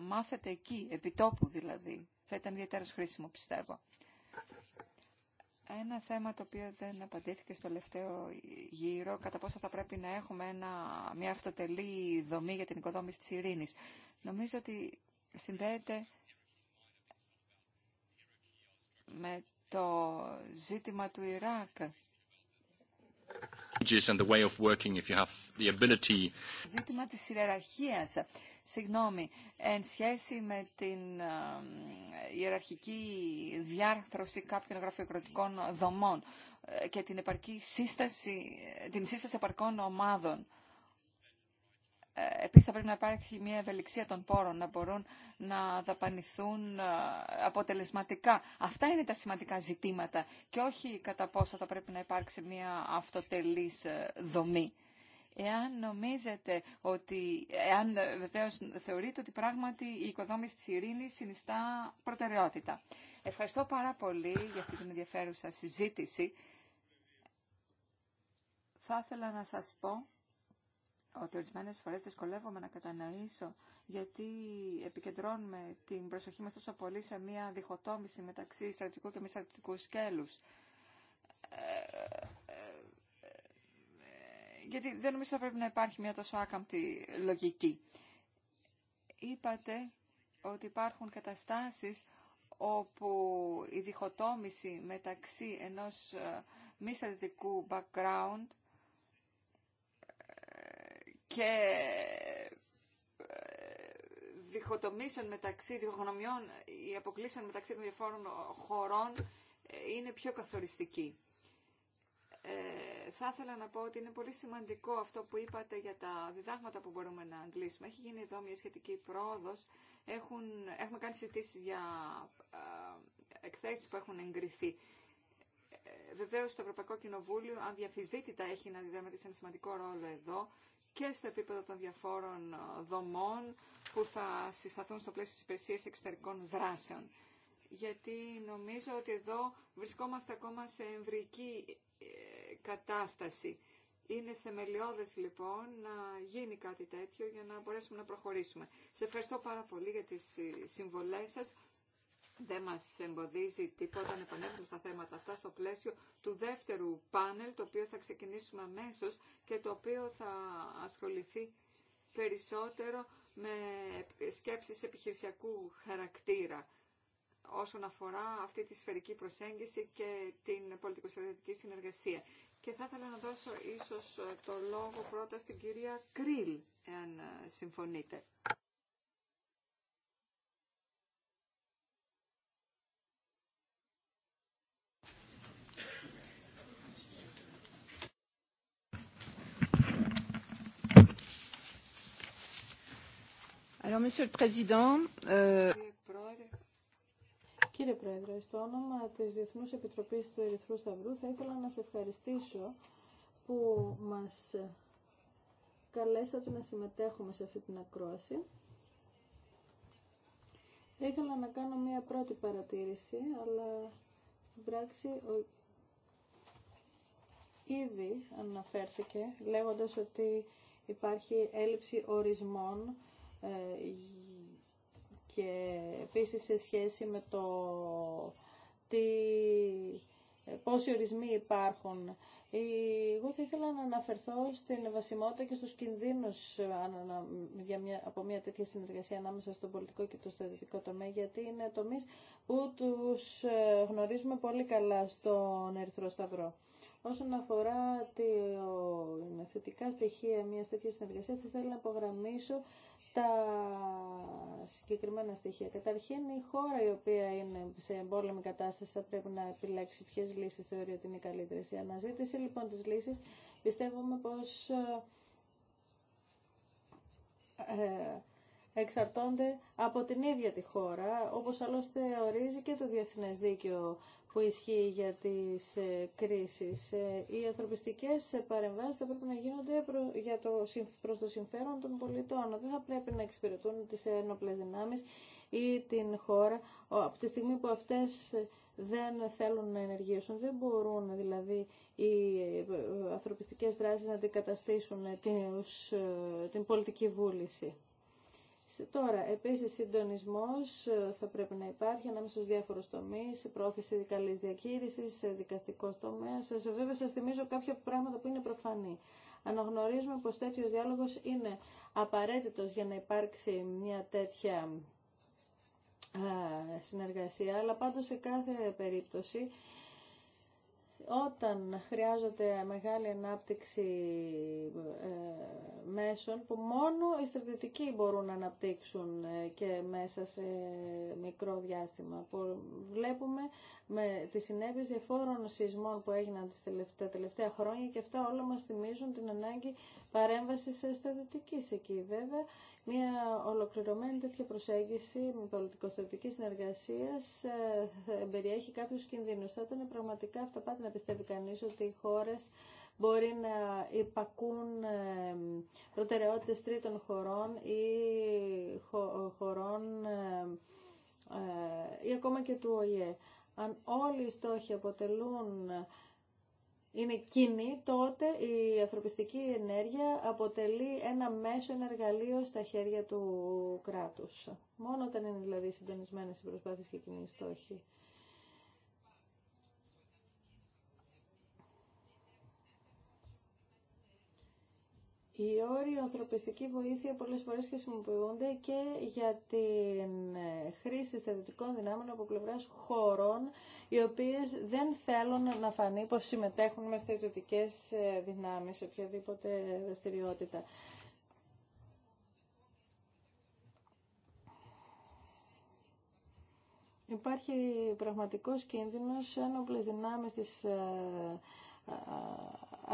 μάθετε εκεί, επιτόπου δηλαδή. Θα ήταν ιδιαίτερα χρήσιμο, πιστεύω. Ένα θέμα το οποίο δεν απαντήθηκε στο τελευταίο γύρο, κατά πόσο θα πρέπει να έχουμε ένα, μια αυτοτελή δομή για την οικοδόμηση της ειρήνης. Νομίζω ότι συνδέεται με το ζήτημα του Ιράκ το Ζήτημα της ιεραρχίας, συγγνώμη, εν σχέση με την ιεραρχική διάρθρωση κάποιων γραφειοκρατικών δομών ε, και την, επαρκή σύσταση, την σύσταση επαρκών ομάδων. Ε, επίσης θα πρέπει να υπάρχει μια ευελιξία των πόρων, να μπορούν να δαπανηθούν ε, αποτελεσματικά. Αυτά είναι τα σημαντικά ζητήματα και όχι κατά πόσο θα πρέπει να υπάρξει μια αυτοτελής ε, δομή. Εάν νομίζετε ότι, εάν βεβαίως θεωρείτε ότι πράγματι η οικοδόμηση της ειρήνης συνιστά προτεραιότητα. Ευχαριστώ πάρα πολύ για αυτή την ενδιαφέρουσα συζήτηση. Θα ήθελα να σας πω ότι ορισμένε φορέ δυσκολεύομαι να κατανοήσω γιατί επικεντρώνουμε την προσοχή μα τόσο πολύ σε μια διχοτόμηση μεταξύ στρατιωτικού και μη στρατιωτικού σκέλους. Ε, ε, ε, γιατί δεν νομίζω ότι πρέπει να υπάρχει μια τόσο άκαμπτη λογική. Είπατε ότι υπάρχουν καταστάσεις όπου η διχοτόμηση μεταξύ ενός μη στρατιωτικού background και ε, διχοτομήσεων μεταξύ, διχογνωμιών ή αποκλήσεων μεταξύ των διαφόρων χωρών ε, είναι πιο καθοριστική. Ε, θα ήθελα να πω ότι είναι πολύ σημαντικό αυτό που είπατε για τα διδάγματα που μπορούμε να αντλήσουμε. Έχει γίνει εδώ μια σχετική πρόοδος. Έχουν, έχουμε κάνει συζητήσεις για ε, εκθέσεις που έχουν εγκριθεί. Ε, βεβαίως το Ευρωπαϊκό Κοινοβούλιο αν διαφυσβήτητα έχει να σε ένα σημαντικό ρόλο εδώ και στο επίπεδο των διαφόρων ε, δομών που θα συσταθούν στο πλαίσιο της υπηρεσίας εξωτερικών δράσεων. Γιατί νομίζω ότι εδώ βρισκόμαστε ακόμα σε εμβρική ε, κατάσταση. Είναι θεμελιώδες λοιπόν να γίνει κάτι τέτοιο για να μπορέσουμε να προχωρήσουμε. Σε ευχαριστώ πάρα πολύ για τις ε, συμβολές σας δεν μας εμποδίζει τίποτα να επανέλθουμε στα θέματα αυτά στο πλαίσιο του δεύτερου πάνελ, το οποίο θα ξεκινήσουμε αμέσω και το οποίο θα ασχοληθεί περισσότερο με σκέψεις επιχειρησιακού χαρακτήρα όσον αφορά αυτή τη σφαιρική προσέγγιση και την πολιτικοστρατιωτική συνεργασία. Και θα ήθελα να δώσω ίσως το λόγο πρώτα στην κυρία Κρίλ, εάν συμφωνείτε. Monsieur le Président, euh, Κύριε Πρόεδρε, στο όνομα της Διεθνούς Επιτροπής του Ερυθρού Σταυρού θα ήθελα να σε ευχαριστήσω που μας καλέσατε να συμμετέχουμε σε αυτή την ακρόαση. Θα ήθελα να κάνω μία πρώτη παρατήρηση, αλλά στην πράξη ο... ήδη αναφέρθηκε λέγοντας ότι υπάρχει έλλειψη ορισμών ε, και επίσης σε σχέση με το τι, ε, πόσοι ορισμοί υπάρχουν. Εγώ θα ήθελα να αναφερθώ στην βασιμότητα και στους κινδύνους ε, για μια, από μια τέτοια συνεργασία ανάμεσα στον πολιτικό και το στρατιωτικό τομέα, γιατί είναι τομείς που τους γνωρίζουμε πολύ καλά στον Ερυθρό Σταυρό. Όσον αφορά τα θετικά στοιχεία μια τέτοια συνεργασία, θα ήθελα να υπογραμμίσω τα συγκεκριμένα στοιχεία. Καταρχήν, η χώρα η οποία είναι σε εμπόλεμη κατάσταση θα πρέπει να επιλέξει ποιε λύσει θεωρεί ότι είναι οι καλύτερε. Η αναζήτηση λοιπόν τη λύση πιστεύουμε πω ε, ε, εξαρτώνται από την ίδια τη χώρα, όπως άλλωστε ορίζει και το διεθνές δίκαιο που ισχύει για τις ε, κρίσεις. Ε, οι ανθρωπιστικές παρεμβάσεις θα πρέπει να γίνονται για το, προς το συμφέρον των πολιτών. Δεν θα πρέπει να εξυπηρετούν τις ένοπλες δυνάμεις ή την χώρα από τη στιγμή που αυτές δεν θέλουν να ενεργήσουν, δεν μπορούν δηλαδή οι ε, ανθρωπιστικές δράσεις να αντικαταστήσουν την πολιτική βούληση. Τώρα, επίσης, συντονισμός ε, θα πρέπει να υπάρχει ανάμεσα στους διάφορους τομείς, πρόθεση καλής διακήρυσης, δικαστικός τομέα. Σα βέβαια, σας θυμίζω κάποια πράγματα που είναι προφανή. Αναγνωρίζουμε πως τέτοιος διάλογος είναι απαραίτητος για να υπάρξει μια τέτοια ε, συνεργασία, αλλά πάντως σε κάθε περίπτωση όταν χρειάζεται μεγάλη ανάπτυξη ε, μέσων που μόνο οι στρατιωτικοί μπορούν να αναπτύξουν ε, και μέσα σε μικρό διάστημα. Βλέπουμε με τις συνέπειες διαφόρων σεισμών που έγιναν τα τελευταία χρόνια και αυτά όλα μας θυμίζουν την ανάγκη παρέμβασης στρατιωτικής εκεί βέβαια μια ολοκληρωμένη τέτοια προσέγγιση με πολιτικοστρατική συνεργασία ε, περιέχει κάποιου κινδύνου. Θα ήταν πραγματικά αυταπάτη να πιστεύει κανεί ότι οι χώρε μπορεί να υπακούν ε, προτεραιότητε τρίτων χωρών ή χωρών ε, ή ακόμα και του ΟΗΕ. Αν όλοι οι στόχοι αποτελούν είναι κοινή, τότε η ανθρωπιστική ενέργεια αποτελεί ένα μέσο, ένα εργαλείο στα χέρια του κράτους. Μόνο όταν είναι δηλαδή συντονισμένες οι προσπάθειες και κοινοί στόχοι. Οι όροι ανθρωπιστική βοήθεια πολλές φορές χρησιμοποιούνται και για την ε, χρήση στρατιωτικών δυνάμεων από πλευράς χωρών οι οποίες δεν θέλουν να φανεί πως συμμετέχουν με στρατιωτικές ε, δυνάμεις σε οποιαδήποτε δραστηριότητα. Υπάρχει πραγματικός κίνδυνος ένοπλες δυνάμεις της ε, ε,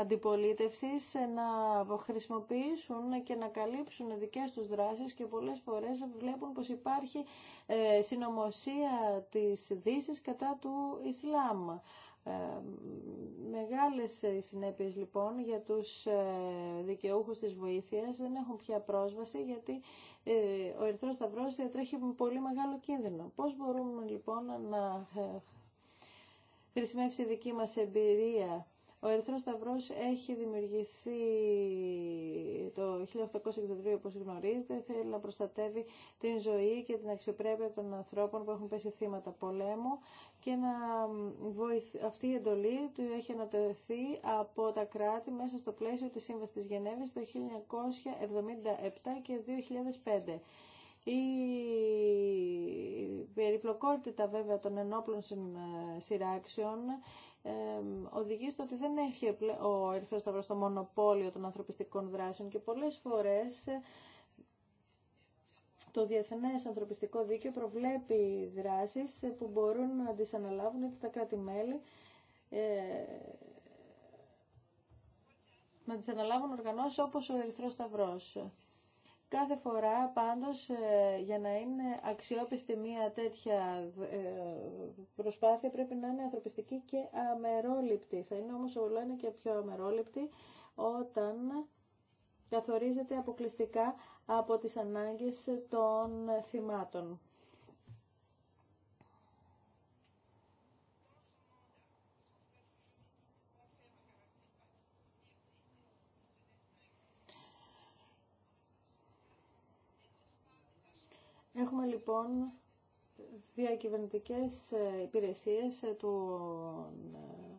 αντιπολίτευσης να χρησιμοποιήσουν και να καλύψουν δικές τους δράσεις και πολλές φορές βλέπουν πως υπάρχει ε, συνωμοσία της Δύσης κατά του Ισλάμ. Ε, μεγάλες συνέπειες λοιπόν για τους δικαιούχους της βοήθειας δεν έχουν πια πρόσβαση γιατί ο Ερθρός Σταυρός διατρέχει πολύ μεγάλο κίνδυνο. Πώς μπορούμε λοιπόν να χρησιμεύσει η δική μας εμπειρία ο Ερυθρός Σταυρός έχει δημιουργηθεί το 1863 όπως γνωρίζετε, θέλει να προστατεύει την ζωή και την αξιοπρέπεια των ανθρώπων που έχουν πέσει θύματα πολέμου και να βοηθ... αυτή η εντολή του έχει ανατεθεί από τα κράτη μέσα στο πλαίσιο της Σύμβασης της Γενέβης το 1977 και 2005. Η περιπλοκότητα βέβαια των ενόπλων ε, σειράξεων οδηγεί στο ότι δεν έχει ο Ερυθρός Σταυρός το μονοπόλιο των ανθρωπιστικών δράσεων και πολλές φορές ε, το Διεθνές Ανθρωπιστικό Δίκαιο προβλέπει δράσεις ε, που μπορούν να τις αναλάβουν τα κράτη-μέλη ε, να τις αναλάβουν οργανώσεις όπως ο Ερυθρός Σταυρός. Κάθε φορά πάντως ε, για να είναι αξιόπιστη μια τέτοια ε, προσπάθεια πρέπει να είναι ανθρωπιστική και αμερόληπτη. Θα είναι όμως όλο ένα και πιο αμερόληπτη όταν καθορίζεται αποκλειστικά από τις ανάγκες των θυμάτων. Έχουμε λοιπόν διακυβερνητικές ε, υπηρεσίες ε, του, ε,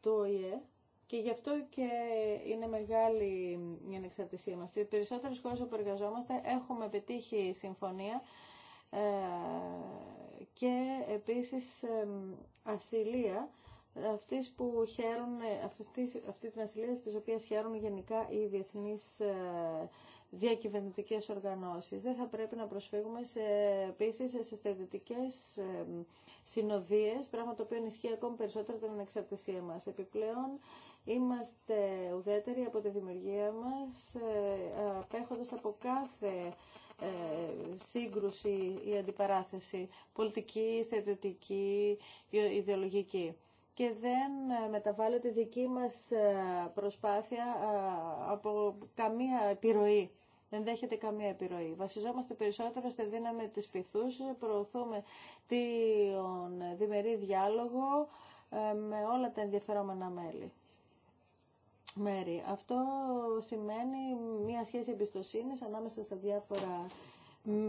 του ΟΗΕ και γι' αυτό και είναι μεγάλη η ανεξαρτησία μας. Στις περισσότερες χώρες όπου εργαζόμαστε έχουμε πετύχει συμφωνία και επίσης ασυλία αυτής που χαίρουν, αυτή, αυτή την ασυλία στις οποίες χαίρουν γενικά οι διεθνείς διακυβερνητικές οργανώσεις. Δεν θα πρέπει να προσφύγουμε σε, επίσης σε ε, συνοδείες, πράγμα το οποίο ενισχύει ακόμη περισσότερο την ανεξαρτησία μας. Επιπλέον, είμαστε ουδέτεροι από τη δημιουργία μας, ε, απέχοντας από κάθε ε, σύγκρουση ή αντιπαράθεση πολιτική, στρατιωτική, ιδεολογική και δεν ε, μεταβάλλεται δική μας ε, προσπάθεια ε, από καμία επιρροή. Δεν δέχεται καμία επιρροή. Βασιζόμαστε περισσότερο στη δύναμη της πυθούς, προωθούμε τον διμερή διάλογο με όλα τα ενδιαφερόμενα μέλη. Μέρη. Αυτό σημαίνει μια σχέση εμπιστοσύνης ανάμεσα στα διάφορα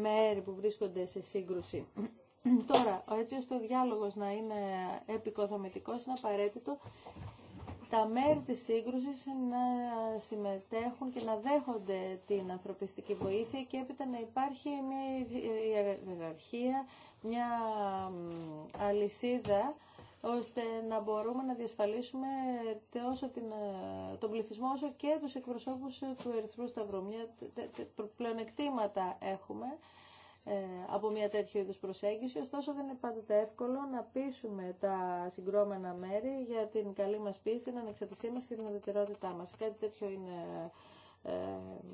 μέρη που βρίσκονται σε σύγκρουση. <clears throat> Τώρα, έτσι ώστε ο διάλογος να είναι επικοδομητικός, είναι απαραίτητο τα μέρη της σύγκρουσης να συμμετέχουν και να δέχονται την ανθρωπιστική βοήθεια και έπειτα να υπάρχει μια ιεραρχία, μια αλυσίδα ώστε να μπορούμε να διασφαλίσουμε τόσο την, τον πληθυσμό όσο και τους εκπροσώπους του Ερυθρού Σταυρού. Μια, πλεονεκτήματα έχουμε ε, από μια τέτοιου είδους προσέγγιση, ωστόσο δεν είναι πάντοτε εύκολο να πείσουμε τα συγκρόμενα μέρη για την καλή μας πίστη, την ανεξαρτησία μας και την οδετερότητά μας. Κάτι τέτοιο είναι ε,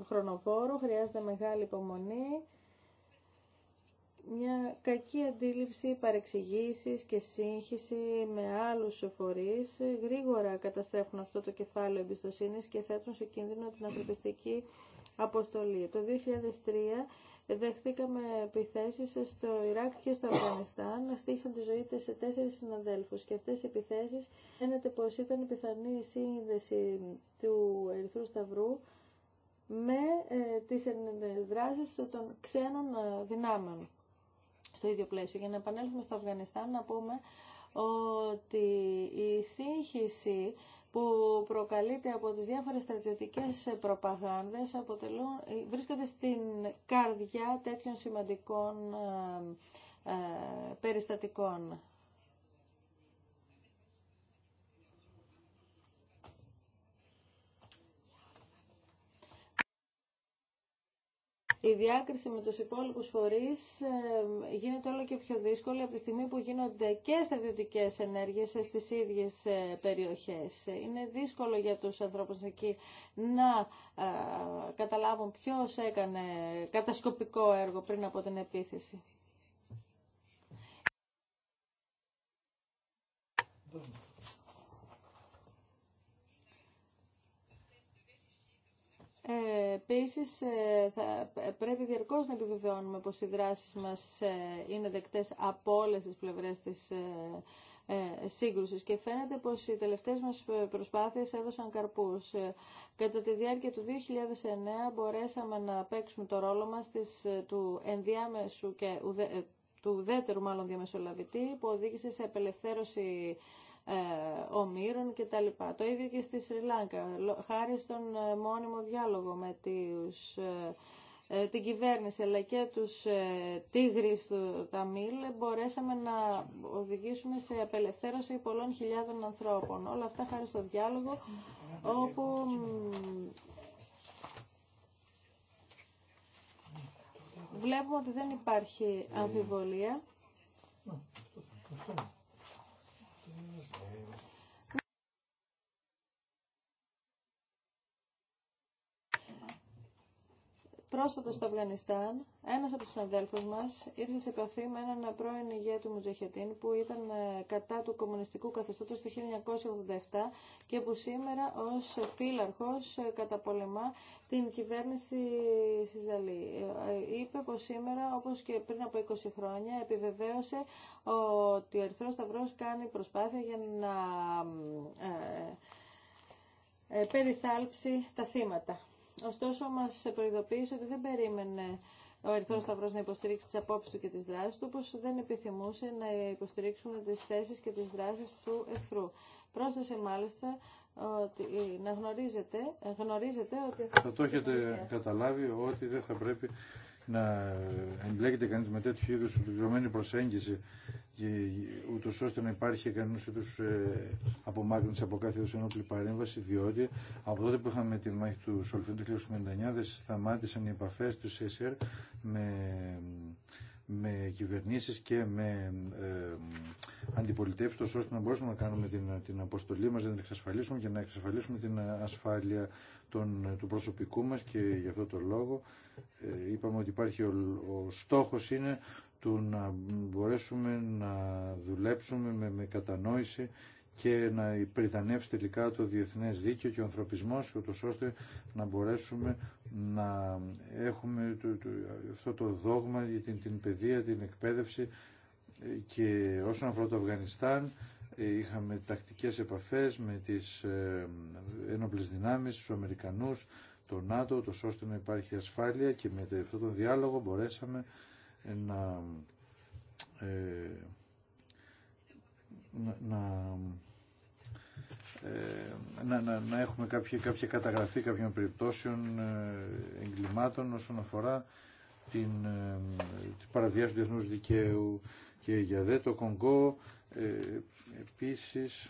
χρονοβόρο, χρειάζεται μεγάλη υπομονή, μια κακή αντίληψη παρεξηγήσεις και σύγχυση με άλλους φορείς γρήγορα καταστρέφουν αυτό το κεφάλαιο εμπιστοσύνης και θέτουν σε κίνδυνο την ανθρωπιστική αποστολή. Το 2003 δεχθήκαμε επιθέσεις στο Ιράκ και στο Αφγανιστάν, στήχησαν τη ζωή τη σε τέσσερι συναδέλφου. και αυτέ οι επιθέσεις φαίνεται πω ήταν η πιθανή σύνδεση του Ερυθρού Σταυρού με ε, τις δράσεις των ξένων ε, δυνάμεων στο ίδιο πλαίσιο. Για να επανέλθουμε στο Αφγανιστάν να πούμε ότι η σύγχυση που προκαλείται από τις διάφορες στρατιωτικές προπαγάνδες αποτελούν, ε, βρίσκονται στην καρδιά τέτοιων σημαντικών ε, ε, περιστατικών. Η διάκριση με τους υπόλοιπους φορείς ε, γίνεται όλο και πιο δύσκολη από τη στιγμή που γίνονται και στρατιωτικές ενέργειες στις ίδιες ε, περιοχές. Είναι δύσκολο για τους ανθρώπους εκεί να ε, καταλάβουν ποιος έκανε κατασκοπικό έργο πριν από την επίθεση. Ε, Επίση, ε, πρέπει διαρκώ να επιβεβαιώνουμε πω οι δράσει μα ε, είναι δεκτέ από όλε τι πλευρέ τη ε, σύγκρουση και φαίνεται πω οι τελευταίε μα προσπάθειε έδωσαν καρπού. Κατά τη διάρκεια του 2009 μπορέσαμε να παίξουμε το ρόλο μα του ενδιάμεσου και του ουδέτερου μάλλον διαμεσολαβητή που οδήγησε σε απελευθέρωση ε, ομήρων λοιπά Το ίδιο και στη Σρι Λάγκα, χάρη στον ε, μόνιμο διάλογο με τους ε, την κυβέρνηση αλλά και τους τίγρης τα Ταμίλ μπορέσαμε να οδηγήσουμε σε απελευθέρωση πολλών χιλιάδων ανθρώπων. Όλα αυτά χάρη στο διάλογο όπου βλέπουμε ότι δεν υπάρχει αμφιβολία Πρόσφατα στο Αφγανιστάν, ένας από τους αδέλφους μας ήρθε σε επαφή με έναν πρώην ηγέτη Μουτζαχετίν που ήταν ε, κατά του κομμουνιστικού καθεστώτος το 1987 και που σήμερα ως φύλαρχο ε, καταπολεμά την κυβέρνηση Σιζαλή. Ε, είπε πως σήμερα, όπως και πριν από 20 χρόνια, επιβεβαίωσε ότι ο Ερυθρό Σταυρό κάνει προσπάθεια για να περιθάλψει τα θύματα. Ωστόσο, μα προειδοποίησε ότι δεν περίμενε ο Ερυθρό Σταυρό να υποστηρίξει τι απόψει του και τι δράσει του, όπω δεν επιθυμούσε να υποστηρίξουν τι θέσει και τι δράσει του εχθρού. Πρόσθεσε μάλιστα ότι ε, να γνωρίζετε, ε, γνωρίζετε ότι. Θα το έχετε καταλάβει ότι δεν θα πρέπει να εμπλέκεται κανείς με τέτοιου είδου συμπληρωμένη προσέγγιση ούτω ώστε να υπάρχει κανένα είδου ε, απομάκρυνση από κάθε είδου ενόπλη παρέμβαση, διότι από τότε που είχαμε τη μάχη του Σολφίνου του 1999 δεν σταμάτησαν οι επαφέ του ΣΕΣΕΡ με με κυβερνήσεις και με ε, αντιπολιτεύσεις ώστε να μπορέσουμε να κάνουμε την, την αποστολή μας, να την εξασφαλίσουμε και να εξασφαλίσουμε την ασφάλεια των, του προσωπικού μας και γι' αυτό το λόγο ε, είπαμε ότι υπάρχει ο, ο στόχος είναι του να μπορέσουμε να δουλέψουμε με, με κατανόηση και να πριτανεύσει τελικά το διεθνές δίκαιο και ο ανθρωπισμός ώστε να μπορέσουμε να έχουμε αυτό το δόγμα για την, την παιδεία, την εκπαίδευση και όσον αφορά το Αφγανιστάν ε, είχαμε τακτικές επαφές με τις ε, ένοπλες δυνάμεις, τους Αμερικανούς, το ΝΑΤΟ, το ώστε να υπάρχει ασφάλεια και με αυτόν τον διάλογο μπορέσαμε να ε, να, ε, να, να, να, έχουμε κάποια, κάποια καταγραφή κάποιων περιπτώσεων ε, εγκλημάτων όσον αφορά την, ε, την παραβιάση του διεθνούς δικαίου και για δε το Κονγκό ε, επίσης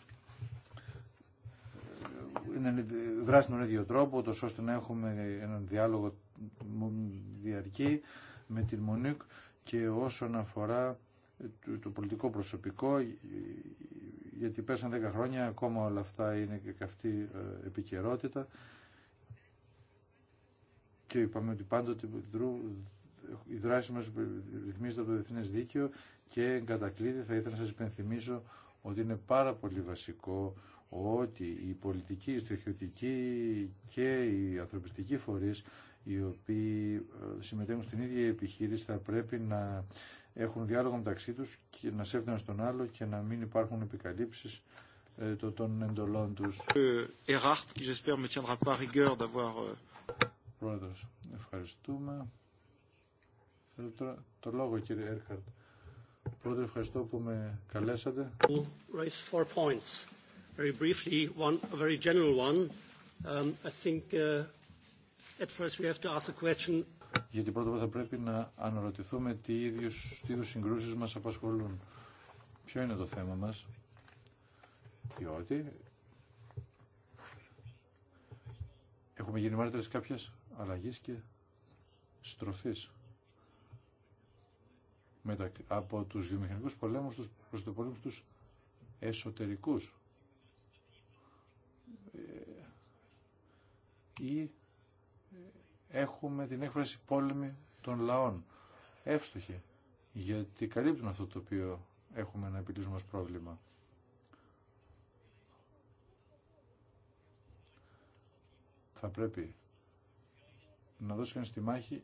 δράσει τον ίδιο τρόπο ώστε να έχουμε έναν διάλογο διαρκή με την Μονίκ και όσον αφορά το πολιτικό προσωπικό ε, γιατί πέσαν 10 χρόνια ακόμα όλα αυτά είναι και καυτή ε, επικαιρότητα και είπαμε ότι πάντοτε η δράση μας ρυθμίζεται από το διεθνές δίκαιο και εγκατακλείδη θα ήθελα να σας υπενθυμίσω ότι είναι πάρα πολύ βασικό ότι η πολιτική, η στρατιωτική και οι ανθρωπιστικοί φορείς οι οποίοι ε, συμμετέχουν στην ίδια επιχείρηση θα πρέπει να έχουν διάλογο μεταξύ τους και να σέβονται στον άλλο και να μην υπάρχουν επικαλύψεις ε, το, των εντολών τους. Εράχτ, qui j'espère me tiendra pas rigueur d'avoir... Euh, Πρόεδρος, ευχαριστούμε. Θέλω ε, τώρα το λόγο κύριε Έρχαρτ. Πρόεδρε, ευχαριστώ που με καλέσατε. Raise four points. Very briefly, one a very general one. Um, I think uh, at first we have to ask the question γιατί πρώτα θα πρέπει να αναρωτηθούμε τι ίδιους, τι συγκρούσεις μας απασχολούν. Ποιο είναι το θέμα μας, διότι έχουμε γίνει μάρτυρες κάποιας αλλαγής και στροφής μετα, από τους βιομηχανικούς πολέμους τους, προς το πολέμους τους εσωτερικούς ε, ή έχουμε την έκφραση πόλεμη των λαών. Εύστοχη, γιατί καλύπτουν αυτό το οποίο έχουμε να επιλύσουμε ως πρόβλημα. Θα πρέπει να δώσει στη τη μάχη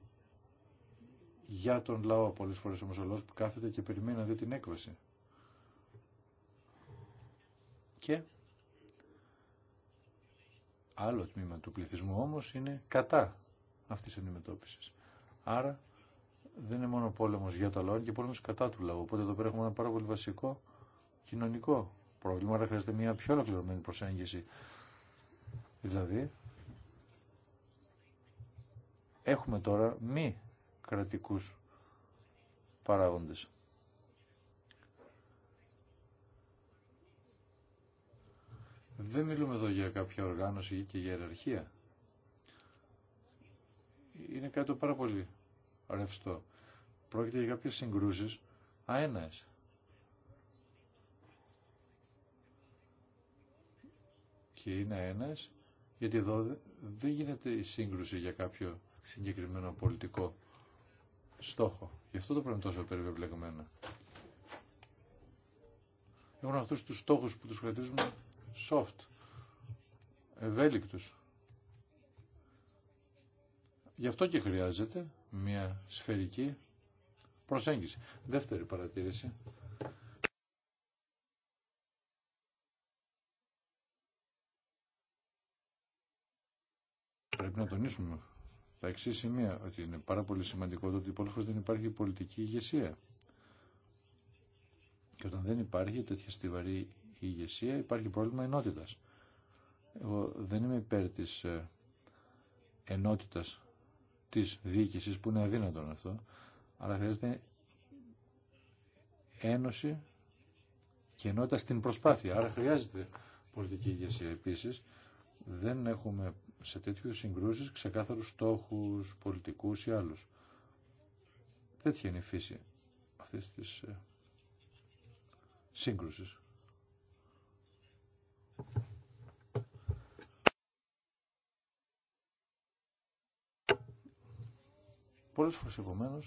για τον λαό πολλές φορές όμως ο λαός που κάθεται και περιμένει να δει την έκβαση. Και άλλο τμήμα του πληθυσμού όμως είναι κατά αυτής τη αντιμετώπισης. Άρα δεν είναι μόνο πόλεμος για το λαό, είναι και πόλεμος κατά του λαού. Οπότε εδώ πέρα έχουμε ένα πάρα πολύ βασικό κοινωνικό πρόβλημα, άρα χρειάζεται μια πιο ολοκληρωμένη προσέγγιση. Δηλαδή, έχουμε τώρα μη κρατικούς παράγοντες. Δεν μιλούμε εδώ για κάποια οργάνωση και για ιεραρχία είναι κάτι το πάρα πολύ ρευστό. Πρόκειται για κάποιες συγκρούσεις αέναες. Και είναι αέναες γιατί εδώ δεν γίνεται η σύγκρουση για κάποιο συγκεκριμένο πολιτικό στόχο. Γι' αυτό το πρέπει τόσο περιβεβλεγμένα. Έχουν αυτούς τους στόχους που τους χαρακτηρίζουμε soft, ευέλικτους. Γι' αυτό και χρειάζεται μια σφαιρική προσέγγιση. Δεύτερη παρατήρηση. Πρέπει να τονίσουμε τα εξή σημεία, ότι είναι πάρα πολύ σημαντικό το ότι πολλές δεν υπάρχει πολιτική ηγεσία. Και όταν δεν υπάρχει τέτοια στιβαρή ηγεσία, υπάρχει πρόβλημα ενότητας. Εγώ δεν είμαι υπέρ της ε, ενότητας της διοίκησης που είναι αδύνατον αυτό, αλλά χρειάζεται ένωση και ενότητα στην προσπάθεια. Άρα χρειάζεται πολιτική ηγεσία επίσης. Δεν έχουμε σε τέτοιου συγκρούσεις ξεκάθαρους στόχους πολιτικούς ή άλλους. Τέτοια είναι η φύση αυτής της ε, σύγκρουσης. Πολλές φορές επομένω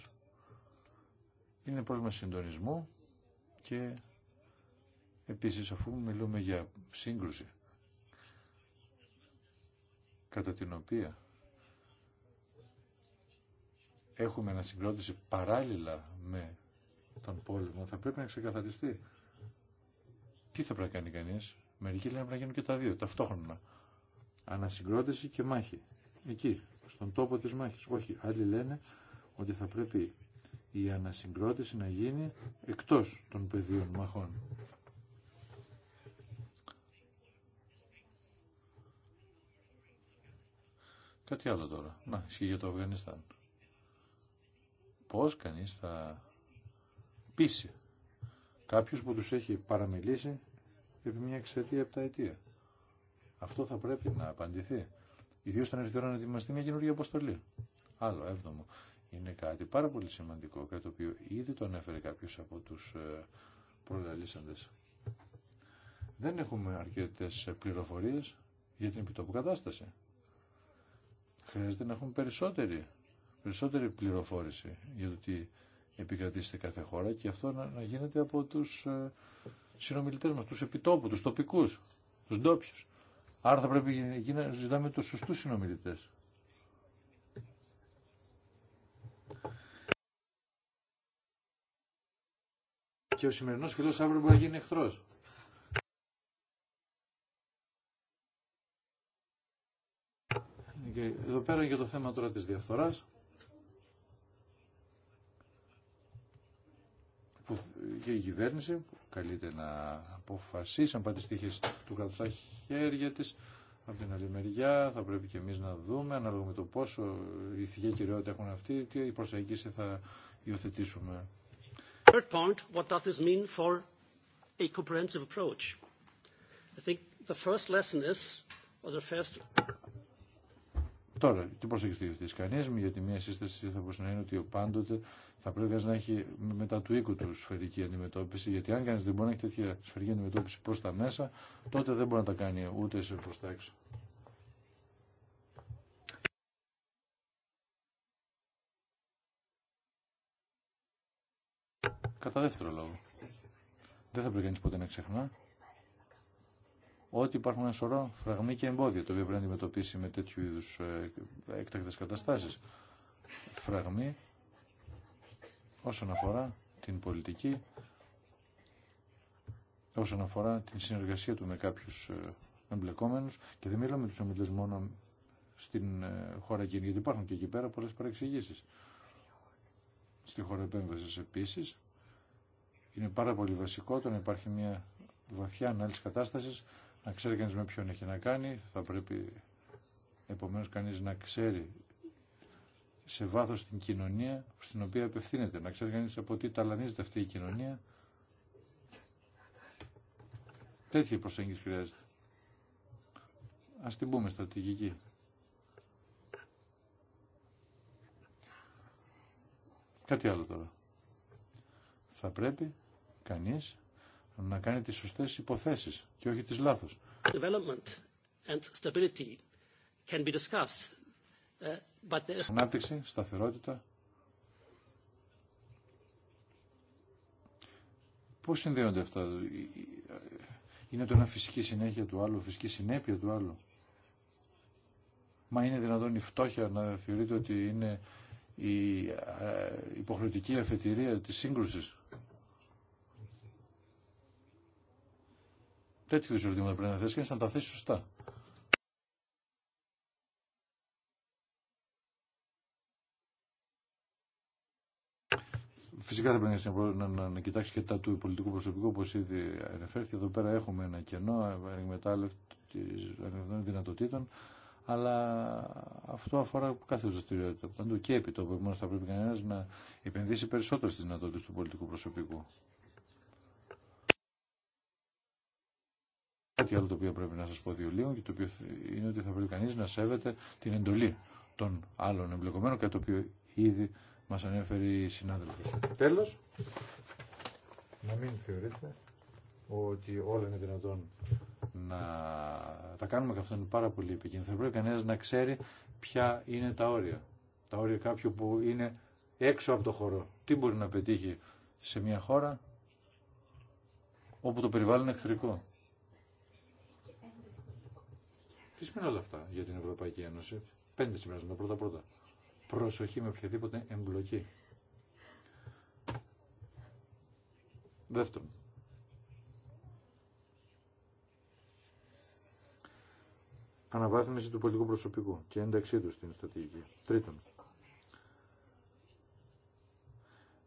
είναι πρόβλημα συντονισμού και επίσης αφού μιλούμε για σύγκρουση κατά την οποία έχουμε ανασυγκρότηση παράλληλα με τον πόλεμο, θα πρέπει να ξεκαθαριστεί. Τι θα πρέπει να κάνει κανείς. Μερικοί λένε να γίνουν και τα δύο, ταυτόχρονα. Ανασυγκρότηση και μάχη. Εκεί, στον τόπο της μάχης. Όχι, άλλοι λένε ότι θα πρέπει η ανασυγκρότηση να γίνει εκτός των πεδίων μαχών. Κάτι άλλο τώρα. Να, ισχύει για το Αφγανιστάν. Πώς κανείς θα πείσει κάποιους που τους έχει παραμιλήσει επί μια εξαιτία επτά αιτία. Αυτό θα πρέπει να απαντηθεί. Ιδίω όταν έρθει η ώρα να ετοιμαστεί μια καινούργια αποστολή. Άλλο, έβδομο είναι κάτι πάρα πολύ σημαντικό, κάτι το οποίο ήδη το ανέφερε κάποιος από τους ε, προλαλήσαντες. Δεν έχουμε αρκετές ε, πληροφορίες για την επιτόπου κατάσταση. Χρειάζεται να έχουμε περισσότερη, περισσότερη πληροφόρηση για το τι επικρατεί σε κάθε χώρα και αυτό να, γίνεται από τους ε, συνομιλητές μας, τους επιτόπου, τους τοπικούς, τους ντόπιου. Άρα θα πρέπει να ζητάμε τους σωστούς συνομιλητές. και ο σημερινό φιλός αύριο μπορεί να γίνει εχθρό. εδώ πέρα για το θέμα τώρα της διαφθοράς. και η κυβέρνηση που καλείται να αποφασίσει αν πάει τις του κράτους στα χέρια της. Από την άλλη μεριά θα πρέπει και εμείς να δούμε ανάλογα με το πόσο η ηθική κυριότητα έχουν αυτοί, τι προσέγγιση θα υιοθετήσουμε. Third point, what does this mean for a comprehensive approach? I think the first lesson is, or the first... Τώρα, τι πώς του διευθυντή κανείς, μου, γιατί μια σύσταση θα μπορούσε να είναι ότι ο πάντοτε θα πρέπει να έχει μετά του οίκου του σφαιρική αντιμετώπιση. Γιατί αν κανεί δεν μπορεί να έχει τέτοια σφαιρική αντιμετώπιση προ τα μέσα, τότε δεν μπορεί να τα κάνει ούτε σε προ τα έξω. Κατά δεύτερο λόγο. Δεν θα πρέπει κανεί ποτέ να ξεχνά ότι υπάρχουν ένα σωρό φραγμοί και εμπόδια, το οποίο πρέπει να αντιμετωπίσει με τέτοιου είδου ε, έκτακτε καταστάσει. Φραγμοί όσον αφορά την πολιτική, όσον αφορά την συνεργασία του με κάποιους ε, εμπλεκόμενους και δεν μιλάμε τους ομιλίε μόνο στην ε, χώρα εκείνη, γιατί υπάρχουν και εκεί πέρα πολλέ παρεξηγήσει. Στη χώρα επέμβαση επίση είναι πάρα πολύ βασικό το να υπάρχει μια βαθιά ανάλυση κατάστασης, να ξέρει κανείς με ποιον έχει να κάνει, θα πρέπει επομένως κανείς να ξέρει σε βάθος την κοινωνία στην οποία απευθύνεται, να ξέρει κανείς από τι ταλανίζεται αυτή η κοινωνία. Τέτοια προσέγγιση χρειάζεται. Ας την πούμε στρατηγική. Κάτι άλλο τώρα. Θα πρέπει κανείς να κάνει τις σωστές υποθέσεις και όχι τις λάθος. Ανάπτυξη, σταθερότητα. Πώς συνδέονται αυτά. Είναι το ένα φυσική συνέχεια του άλλου, φυσική συνέπεια του άλλου. Μα είναι δυνατόν η φτώχεια να θεωρείται ότι είναι η υποχρεωτική αφετηρία της σύγκρουσης. τέτοιου είδου ερωτήματα πρέπει να θέσει και να τα θέσει σωστά. Φυσικά θα πρέπει να, να, να κοιτάξει και τα του πολιτικού προσωπικού, όπω ήδη ενεφέρθηκε. Εδώ πέρα έχουμε ένα κενό ανεκμετάλλευτων δυνατοτήτων, αλλά αυτό αφορά κάθε δραστηριότητα. Παντού και επί το θα πρέπει κανένα να επενδύσει περισσότερο στι δυνατότητε του πολιτικού προσωπικού. και άλλο το οποίο πρέπει να σας πω δύο λίγο και το οποίο είναι ότι θα πρέπει κανείς να σέβεται την εντολή των άλλων εμπλεκομένων και το οποίο ήδη μας ανέφερε η συνάδελφος. Τέλος, να μην θεωρείτε ότι όλα είναι δυνατόν να τα κάνουμε και αυτό είναι πάρα πολύ επικίνδυνο. Θα πρέπει κανείς να ξέρει ποια είναι τα όρια. Τα όρια κάποιου που είναι έξω από το χώρο. Τι μπορεί να πετύχει σε μια χώρα όπου το περιβάλλον είναι εχθρικό. Τι σημαίνει όλα αυτά για την Ευρωπαϊκή Ένωση. Πέντε συμπεράσματα. Πρώτα πρώτα. Προσοχή με οποιαδήποτε εμπλοκή. Δεύτερον. Αναβάθμιση του πολιτικού προσωπικού και ένταξή του στην στρατηγική. Τρίτον.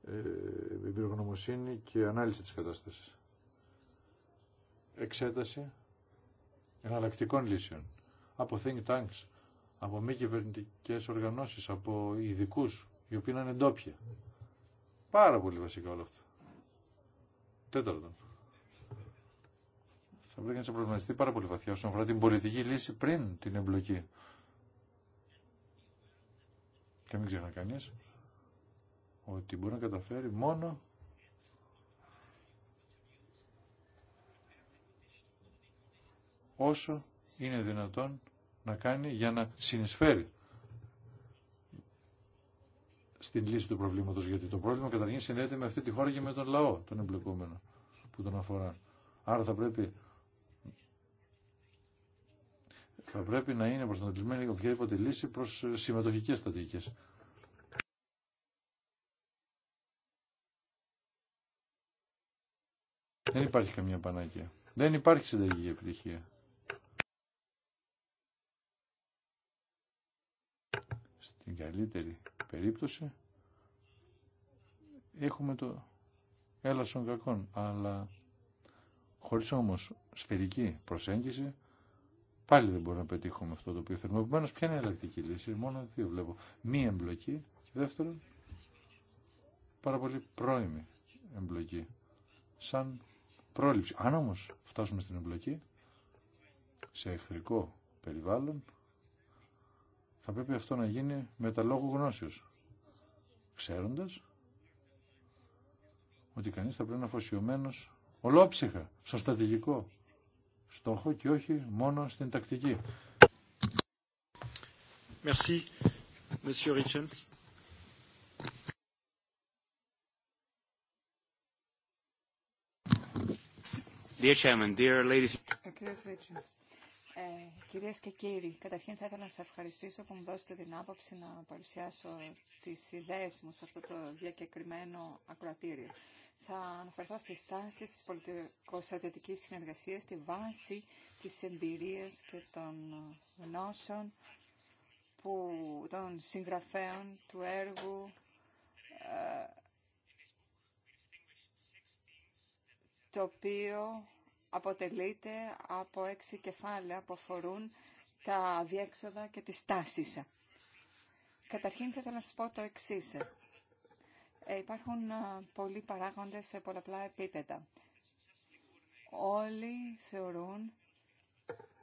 Ε, εμπειρογνωμοσύνη και ανάλυση της κατάστασης. Εξέταση εναλλακτικών λύσεων από think tanks, από μη κυβερνητικέ οργανώσεις, από ειδικού, οι οποίοι να είναι ντόπια. Πάρα πολύ βασικά όλο αυτό. Τέταρτον. Θα πρέπει να προβληματιστεί πάρα πολύ βαθιά όσον αφορά την πολιτική λύση πριν την εμπλοκή. Και μην ξεχνά κανεί ότι μπορεί να καταφέρει μόνο όσο είναι δυνατόν να κάνει για να συνεισφέρει στην λύση του προβλήματος, γιατί το πρόβλημα καταρχήν συνδέεται με αυτή τη χώρα και με τον λαό, τον εμπλεκόμενο που τον αφορά. Άρα θα πρέπει, θα πρέπει να είναι προσανατολισμένη οποιαδήποτε λύση προς συμμετοχικές στατικές. Δεν υπάρχει καμία πανάκια. Δεν υπάρχει συνταγή επιτυχία. Στην καλύτερη περίπτωση έχουμε το έλασον κακόν, αλλά χωρίς όμως σφαιρική προσέγγιση πάλι δεν μπορούμε να πετύχουμε αυτό το οποίο θέλουμε. Επομένως, ποια είναι η ελλακτική λύση, μόνο δύο βλέπω. Μη εμπλοκή και δεύτερον, πάρα πολύ πρώιμη εμπλοκή, σαν πρόληψη. Αν όμως φτάσουμε στην εμπλοκή, σε εχθρικό περιβάλλον, θα πρέπει αυτό να γίνει με τα λόγου γνώσεως, ξέροντας ότι κανείς θα πρέπει να αφοσιωμένος ολόψυχα, στο στρατηγικό στόχο και όχι μόνο στην τακτική. Merci, Monsieur Dear Chairman, dear ladies. Uh, ε, κυρίες και κύριοι, καταρχήν θα ήθελα να σας ευχαριστήσω που μου δώσετε την άποψη να παρουσιάσω τις ιδέες μου σε αυτό το διακεκριμένο ακροατήριο. Θα αναφερθώ στις τάσεις της πολιτικο-στρατιωτικής συνεργασίας, στη βάση της εμπειρίας και των γνώσεων που, των συγγραφέων του έργου ε, το οποίο αποτελείται από έξι κεφάλαια που αφορούν τα διέξοδα και τις τάσεις. Καταρχήν θα ήθελα να σας πω το εξής. Ε, υπάρχουν πολλοί παράγοντες σε πολλαπλά επίπεδα. Όλοι θεωρούν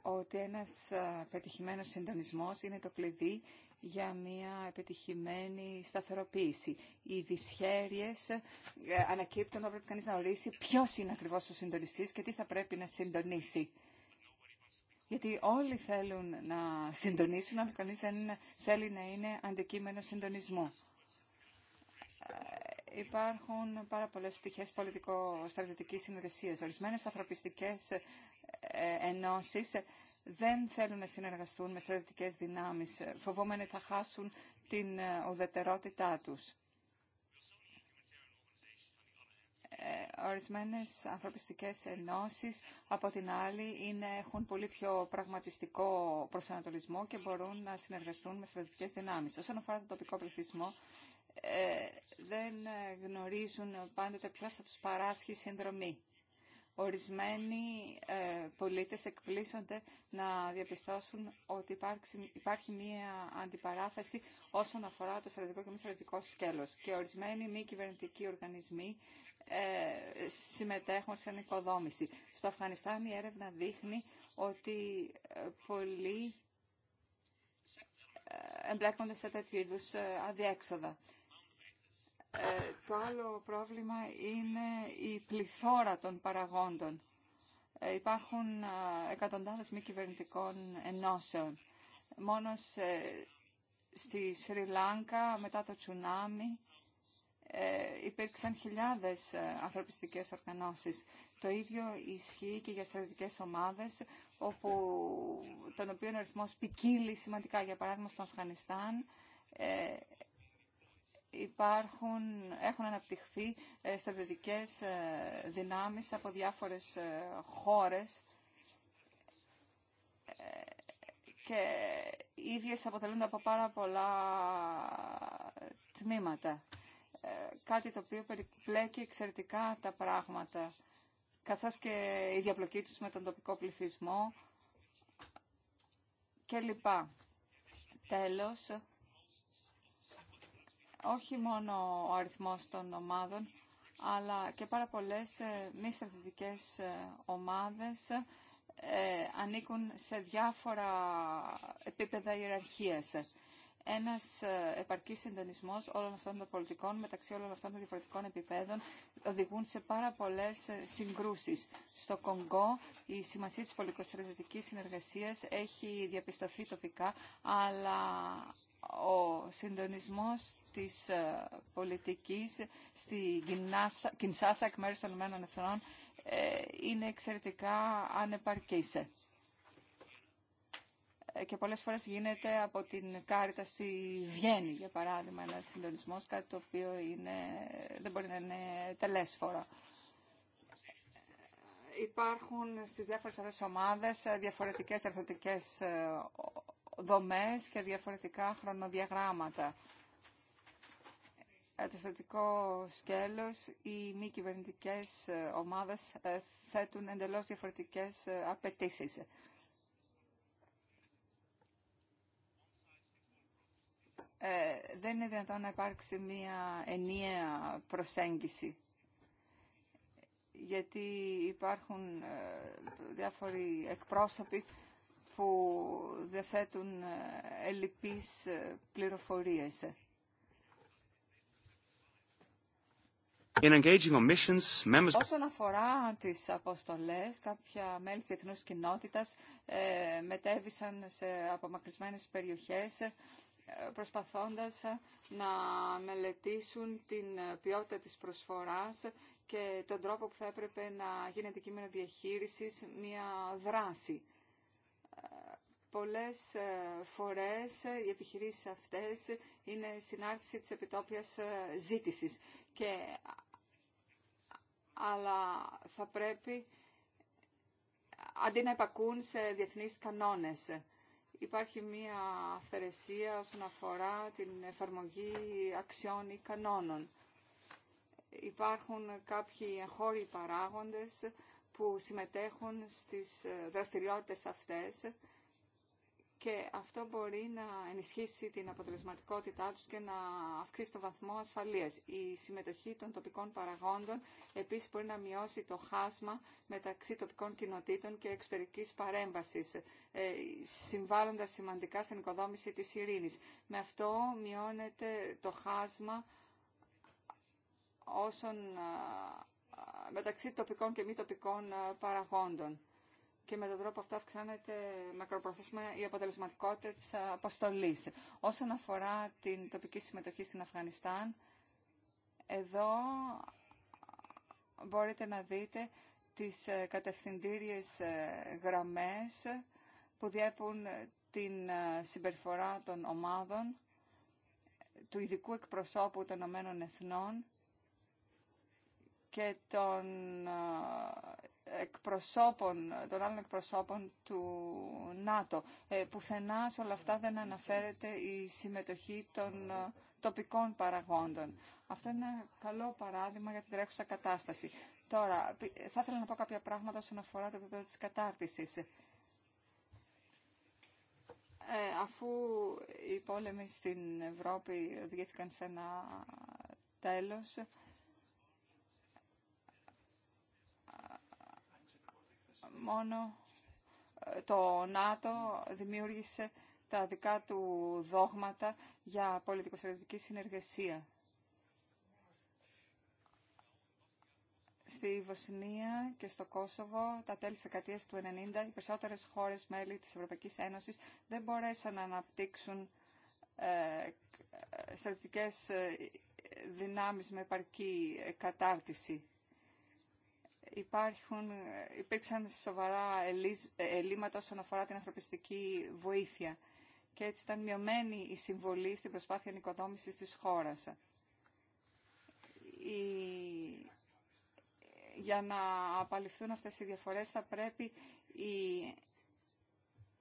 ότι ένας πετυχημένος συντονισμός είναι το κλειδί για μια επιτυχημένη σταθεροποίηση. Οι δυσχέρειες ε, ανακύπτουν όταν πρέπει κανείς να ορίσει ποιος είναι ακριβώς ο συντονιστής και τι θα πρέπει να συντονίσει. Γιατί όλοι θέλουν να συντονίσουν, αλλά κανείς δεν θέλει να είναι αντικείμενο συντονισμού. Ε, υπάρχουν πάρα πολλέ πτυχές πολιτικο-στρατιωτική συνεργασία, ορισμένε ανθρωπιστικέ ε, ενώσει δεν θέλουν να συνεργαστούν με στρατιωτικές δυνάμεις, φοβόμενοι θα χάσουν την ε, ουδετερότητά τους. Ε, ορισμένες ανθρωπιστικές ενώσεις, από την άλλη, είναι, έχουν πολύ πιο πραγματιστικό προσανατολισμό και μπορούν να συνεργαστούν με στρατιωτικές δυνάμεις. Όσον αφορά τον τοπικό πληθυσμό, ε, δεν γνωρίζουν πάντοτε ποιος θα τους παράσχει συνδρομή. Ορισμένοι ε, πολίτες εκπλήσονται να διαπιστώσουν ότι υπάρχει μία αντιπαράθεση όσον αφορά το στρατιωτικό και μη στρατιωτικό σκέλος και ορισμένοι μη κυβερνητικοί οργανισμοί ε, συμμετέχουν σε ανοικοδόμηση. Στο Αφγανιστάν η έρευνα δείχνει ότι ε, πολλοί ε, εμπλέκονται σε τέτοιου είδους αδιέξοδα. Ε, το άλλο πρόβλημα είναι η πληθώρα των παραγόντων. Ε, υπάρχουν ε, εκατοντάδες μη κυβερνητικών ενώσεων. Μόνο στη Σρι Λάνκα μετά το τσουνάμι ε, υπήρξαν χιλιάδες ανθρωπιστικές οργανώσεις. Το ίδιο ισχύει και για στρατιωτικές ομάδες, όπου, τον οποίο ο αριθμός ποικίλει σημαντικά. Για παράδειγμα, στο Αφγανιστάν υπάρχουν, έχουν αναπτυχθεί ε, στρατιωτικές ε, δυνάμεις από διάφορες ε, χώρες και οι ίδιες αποτελούνται από πάρα πολλά τμήματα. Κάτι το οποίο περιπλέκει εξαιρετικά τα πράγματα, καθώς και η διαπλοκή τους με τον τοπικό πληθυσμό και Τέλος, όχι μόνο ο αριθμός των ομάδων, αλλά και πάρα πολλές ε, μη στρατιωτικές ε, ομάδες ε, ανήκουν σε διάφορα επίπεδα ιεραρχίας. Ένας επαρκής συντονισμός όλων αυτών των πολιτικών μεταξύ όλων αυτών των διαφορετικών επιπέδων οδηγούν σε πάρα πολλές συγκρούσεις. Στο Κονγκό η σημασία της πολιτικοστρατιωτικής συνεργασίας έχει διαπιστωθεί τοπικά, αλλά ο συντονισμός της ε, πολιτικής στη Κινσάσα εκ μέρους των Ηνωμένων Εθνών ε, είναι εξαιρετικά ανεπαρκής. Ε, και πολλές φορές γίνεται από την κάρτα στη Βιέννη, για παράδειγμα, ένα συντονισμός, κάτι το οποίο είναι, δεν μπορεί να είναι τελέσφορο. Υπάρχουν στις διάφορες αυτές ομάδες διαφορετικές ερθωτικές δομές και διαφορετικά χρονοδιαγράμματα. Ε, το στατικό σκέλος, οι μη κυβερνητικέ ε, ομάδες ε, θέτουν εντελώς διαφορετικές απαιτήσει. δεν είναι δυνατόν να υπάρξει μία ενιαία προσέγγιση γιατί υπάρχουν ε, διάφοροι εκπρόσωποι που διαθέτουν ε, ελλειπείς ε, πληροφορίες. In engaging members... Όσον αφορά τις αποστολές, κάποια μέλη της Εθνούς Κοινότητας ε, μετέβησαν σε απομακρυσμένες περιοχές προσπαθώντας να μελετήσουν την ποιότητα της προσφοράς και τον τρόπο που θα έπρεπε να γίνεται κείμενο διαχείρισης μια δράση. Πολλές ε, φορές ε, οι επιχειρήσεις αυτές είναι συνάρτηση της επιτόπιας ε, ζήτησης. Και... Αλλά θα πρέπει αντί να υπακούν σε διεθνείς κανόνες. Υπάρχει μία αυθαιρεσία όσον αφορά την εφαρμογή αξιών ή κανόνων. Υπάρχουν κάποιοι εγχώροι παράγοντες που συμμετέχουν στις δραστηριότητες αυτές και αυτό μπορεί να ενισχύσει την αποτελεσματικότητά τους και να αυξήσει το βαθμό ασφαλείας. Η συμμετοχή των τοπικών παραγόντων επίσης μπορεί να μειώσει το χάσμα μεταξύ τοπικών κοινοτήτων και εξωτερικής παρέμβασης, ε, συμβάλλοντας σημαντικά στην οικοδόμηση της ειρήνης. Με αυτό μειώνεται το χάσμα όσων μεταξύ τοπικών και μη τοπικών παραγόντων και με τον τρόπο αυτό αυξάνεται μακροπρόθεσμα η αποτελεσματικότητα της αποστολής. Όσον αφορά την τοπική συμμετοχή στην Αφγανιστάν, εδώ μπορείτε να δείτε τις ε, κατευθυντήριες ε, γραμμές που διέπουν ε, την συμπεριφορά των ομάδων του ειδικού εκπροσώπου των Ηνωμένων Εθνών και των εκπροσώπων, των άλλων εκπροσώπων του ΝΑΤΟ. Ε, πουθενά σε όλα αυτά δεν αναφέρεται η συμμετοχή των ε, τοπικών παραγόντων. Αυτό είναι ένα καλό παράδειγμα για την τρέχουσα κατάσταση. Τώρα, θα ήθελα να πω κάποια πράγματα όσον αφορά το επίπεδο της κατάρτισης. Ε, αφού οι πόλεμοι στην Ευρώπη οδηγήθηκαν σε ένα τέλος, μόνο ε, το ΝΑΤΟ δημιούργησε τα δικά του δόγματα για πολιτικοστρατηγική συνεργασία. Στη Βοσνία και στο Κόσοβο, τα τέλη της δεκαετίας του 1990, οι περισσότερες χώρες μέλη της Ευρωπαϊκής Ένωσης δεν μπορέσαν να αναπτύξουν ε, ε δυνάμεις με επαρκή κατάρτιση υπάρχουν, υπήρξαν σοβαρά ε, ελλείμματα όσον αφορά την ανθρωπιστική βοήθεια και έτσι ήταν μειωμένη η συμβολή στην προσπάθεια νοικοδόμησης της χώρας. Για να απαλληφθούν αυτές οι διαφορές θα πρέπει η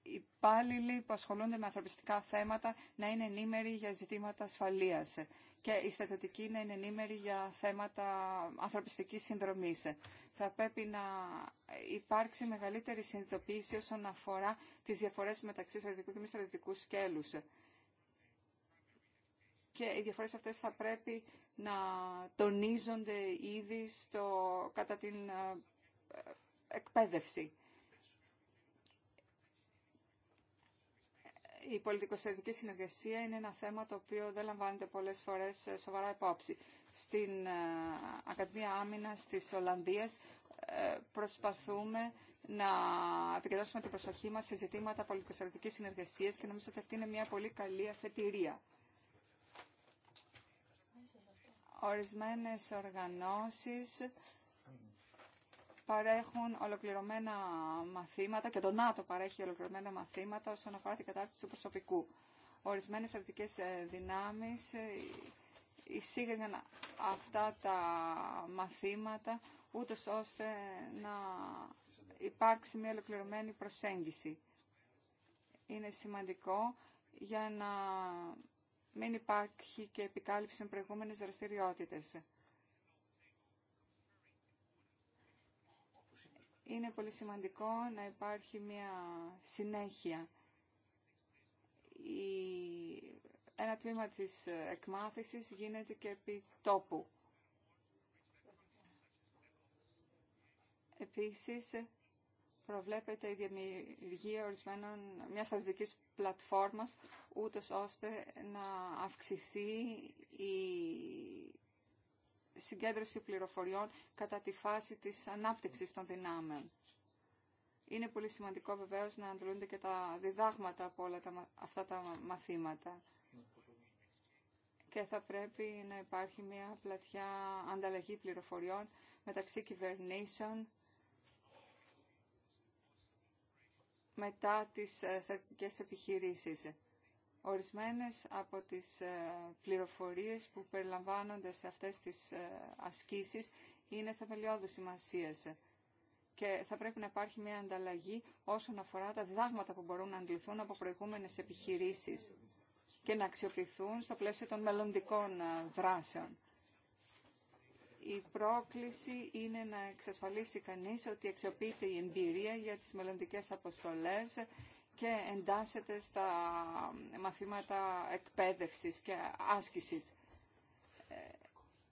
υπάλληλοι που ασχολούνται με ανθρωπιστικά θέματα να είναι ενήμεροι για ζητήματα ασφαλείας και οι στρατιωτικοί να είναι ενήμεροι για θέματα ανθρωπιστικής συνδρομής. Θα πρέπει να υπάρξει μεγαλύτερη συνειδητοποίηση όσον αφορά τις διαφορές μεταξύ στρατιωτικού και μη στρατιωτικού σκέλους. Και οι διαφορές αυτές θα πρέπει να τονίζονται ήδη κατά την ε, ε, εκπαίδευση. η πολιτικοστατική συνεργασία είναι ένα θέμα το οποίο δεν λαμβάνεται πολλές φορές ε, σοβαρά υπόψη. Στην ε, Ακαδημία Άμυνα, της Ολλανδίας ε, προσπαθούμε να επικεντρώσουμε την προσοχή μας σε ζητήματα πολιτικοστατικής συνεργασίας και νομίζω ότι αυτή είναι μια πολύ καλή αφετηρία. Ορισμένες οργανώσεις παρέχουν ολοκληρωμένα μαθήματα και το ΝΑΤΟ παρέχει ολοκληρωμένα μαθήματα όσον αφορά την κατάρτιση του προσωπικού. Ορισμένες στρατιωτικές ε, δυνάμεις ε, εισήγαγαν αυτά τα μαθήματα ούτω ώστε να υπάρξει μια ολοκληρωμένη προσέγγιση. Είναι σημαντικό για να μην υπάρχει και επικάλυψη με προηγούμενες δραστηριότητες. είναι πολύ σημαντικό να υπάρχει μια συνέχεια. Ένα τμήμα της εκμάθησης γίνεται και επί τόπου. Επίσης, προβλέπεται η δημιουργία ορισμένων μιας στρατιωτικής πλατφόρμας, ούτως ώστε να αυξηθεί η συγκέντρωση πληροφοριών κατά τη φάση της ανάπτυξης των δυνάμεων. Είναι πολύ σημαντικό βεβαίως να αντλούνται και τα διδάγματα από όλα τα, αυτά τα μαθήματα. Και θα πρέπει να υπάρχει μια πλατιά ανταλλαγή πληροφοριών μεταξύ κυβερνήσεων μετά τις ε, στρατιωτικές επιχειρήσεις. Ορισμένες από τις ε, πληροφορίες που περιλαμβάνονται σε αυτές τις ε, ασκήσεις είναι θεμελιώδη σημασία. Και θα πρέπει να υπάρχει μια ανταλλαγή όσον αφορά τα διδάγματα που μπορούν να αντιληφθούν από προηγούμενες επιχειρήσεις και να αξιοποιηθούν στο πλαίσιο των μελλοντικών ε, δράσεων. Η πρόκληση είναι να εξασφαλίσει κανείς ότι αξιοποιείται η εμπειρία για τις μελλοντικές αποστολές και εντάσσεται στα μαθήματα εκπαίδευσης και άσκησης. Ε,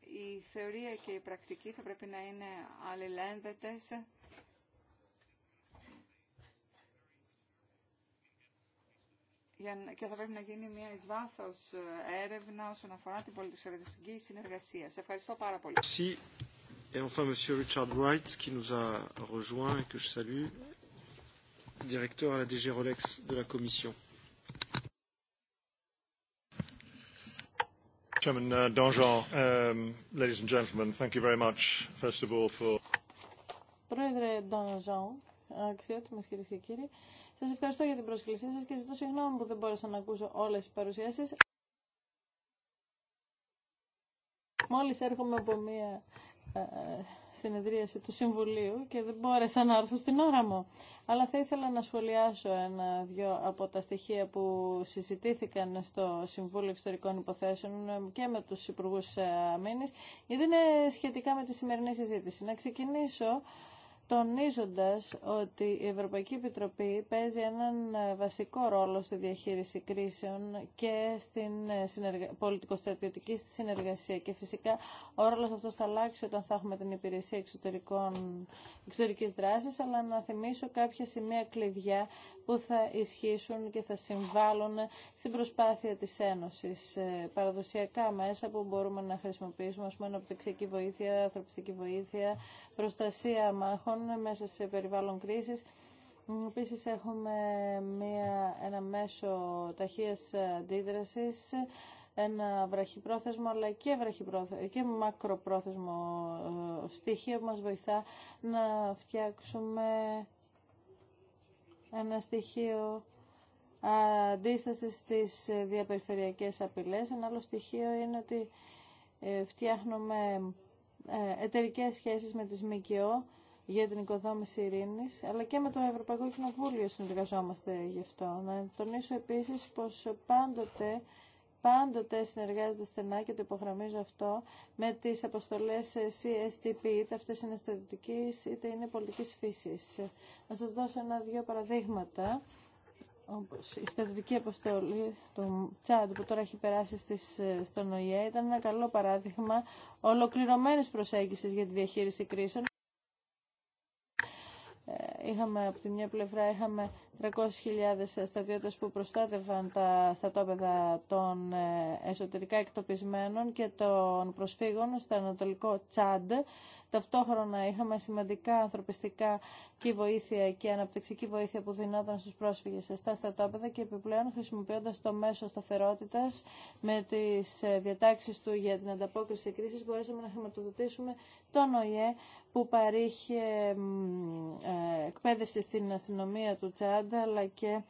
η θεωρία και η πρακτική θα πρέπει να είναι αλληλένδετες και θα πρέπει να γίνει μια εις ε, έρευνα όσον αφορά την πολιτιστική συνεργασία. Σε ευχαριστώ πάρα πολύ. Et enfin, Monsieur Richard Wright, qui nous a rejoint que je salue directeur à la DG Rolex de la Commission. Chairman uh, Donjon, um, ladies and gentlemen, thank you very much, first of all, for... Πρόεδρε Ντανζόν, αξιότιμε κυρίε και κύριοι, σα ευχαριστώ για την πρόσκλησή σα και ζητώ συγγνώμη που δεν μπόρεσα να ακούσω όλε τι παρουσιάσει. Μόλι έρχομαι από μια ε, συνεδρίαση του Συμβουλίου και δεν μπόρεσα να έρθω στην ώρα μου. Αλλά θα ήθελα να σχολιάσω ένα-δυο από τα στοιχεία που συζητήθηκαν στο Συμβούλιο Εξωτερικών Υποθέσεων και με τους Υπουργούς Αμήνης, γιατί είναι σχετικά με τη σημερινή συζήτηση. Να ξεκινήσω τονίζοντας ότι η Ευρωπαϊκή Επιτροπή παίζει έναν βασικό ρόλο στη διαχείριση κρίσεων και στην ε, συνεργα... πολιτικοστρατιωτική συνεργασία. Και φυσικά ο ρόλος αυτός θα αλλάξει όταν θα έχουμε την υπηρεσία εξωτερικών... εξωτερικής δράσης, αλλά να θυμίσω κάποια σημεία κλειδιά που θα ισχύσουν και θα συμβάλλουν στην προσπάθεια της Ένωσης. Ε, παραδοσιακά μέσα που μπορούμε να χρησιμοποιήσουμε, ας πούμε, αναπτυξιακή βοήθεια, ανθρωπιστική βοήθεια, προστασία μάχων μέσα σε περιβάλλον κρίσης. Επίσης έχουμε μια, ένα μέσο ταχείας αντίδρασης, ένα βραχυπρόθεσμο αλλά και, βραχυπρόθεσμο, και μακροπρόθεσμο ε, στοιχείο που μας βοηθά να φτιάξουμε ένα στοιχείο αντίσταση στις διαπεριφερειακές απειλές. Ένα άλλο στοιχείο είναι ότι ε, φτιάχνουμε ε, εταιρικέ σχέσεις με τις ΜΚΟ για την οικοδόμηση ειρήνης, αλλά και με το Ευρωπαϊκό Κοινοβούλιο συνεργαζόμαστε γι' αυτό. Να τονίσω επίσης πως πάντοτε πάντοτε συνεργάζεται στενά και το υπογραμμίζω αυτό με τις αποστολές CSTP, είτε αυτές είναι στρατιωτικής είτε είναι πολιτικής φύσης. Να σας δώσω ένα-δύο παραδείγματα. η στρατιωτική αποστολή του Τσάντ που τώρα έχει περάσει στις, στον ΟΗΕ ήταν ένα καλό παράδειγμα ολοκληρωμένης προσέγγισης για τη διαχείριση κρίσεων είχαμε από τη μια πλευρά είχαμε 300.000 στρατιώτες που προστάτευαν τα στρατόπεδα των ε, εσωτερικά εκτοπισμένων και των προσφύγων στο ανατολικό Τσάντ Ταυτόχρονα είχαμε σημαντικά ανθρωπιστικά και βοήθεια και αναπτυξική βοήθεια που δινόταν στους πρόσφυγες στα στρατόπεδα και επιπλέον χρησιμοποιώντας το μέσο σταθερότητας με τις ε, διατάξεις του για την ανταπόκριση σε μπορέσαμε να χρηματοδοτήσουμε τον ΟΗΕ που παρήχε ε, εκπαίδευση στην αστυνομία του Τσάντα αλλά και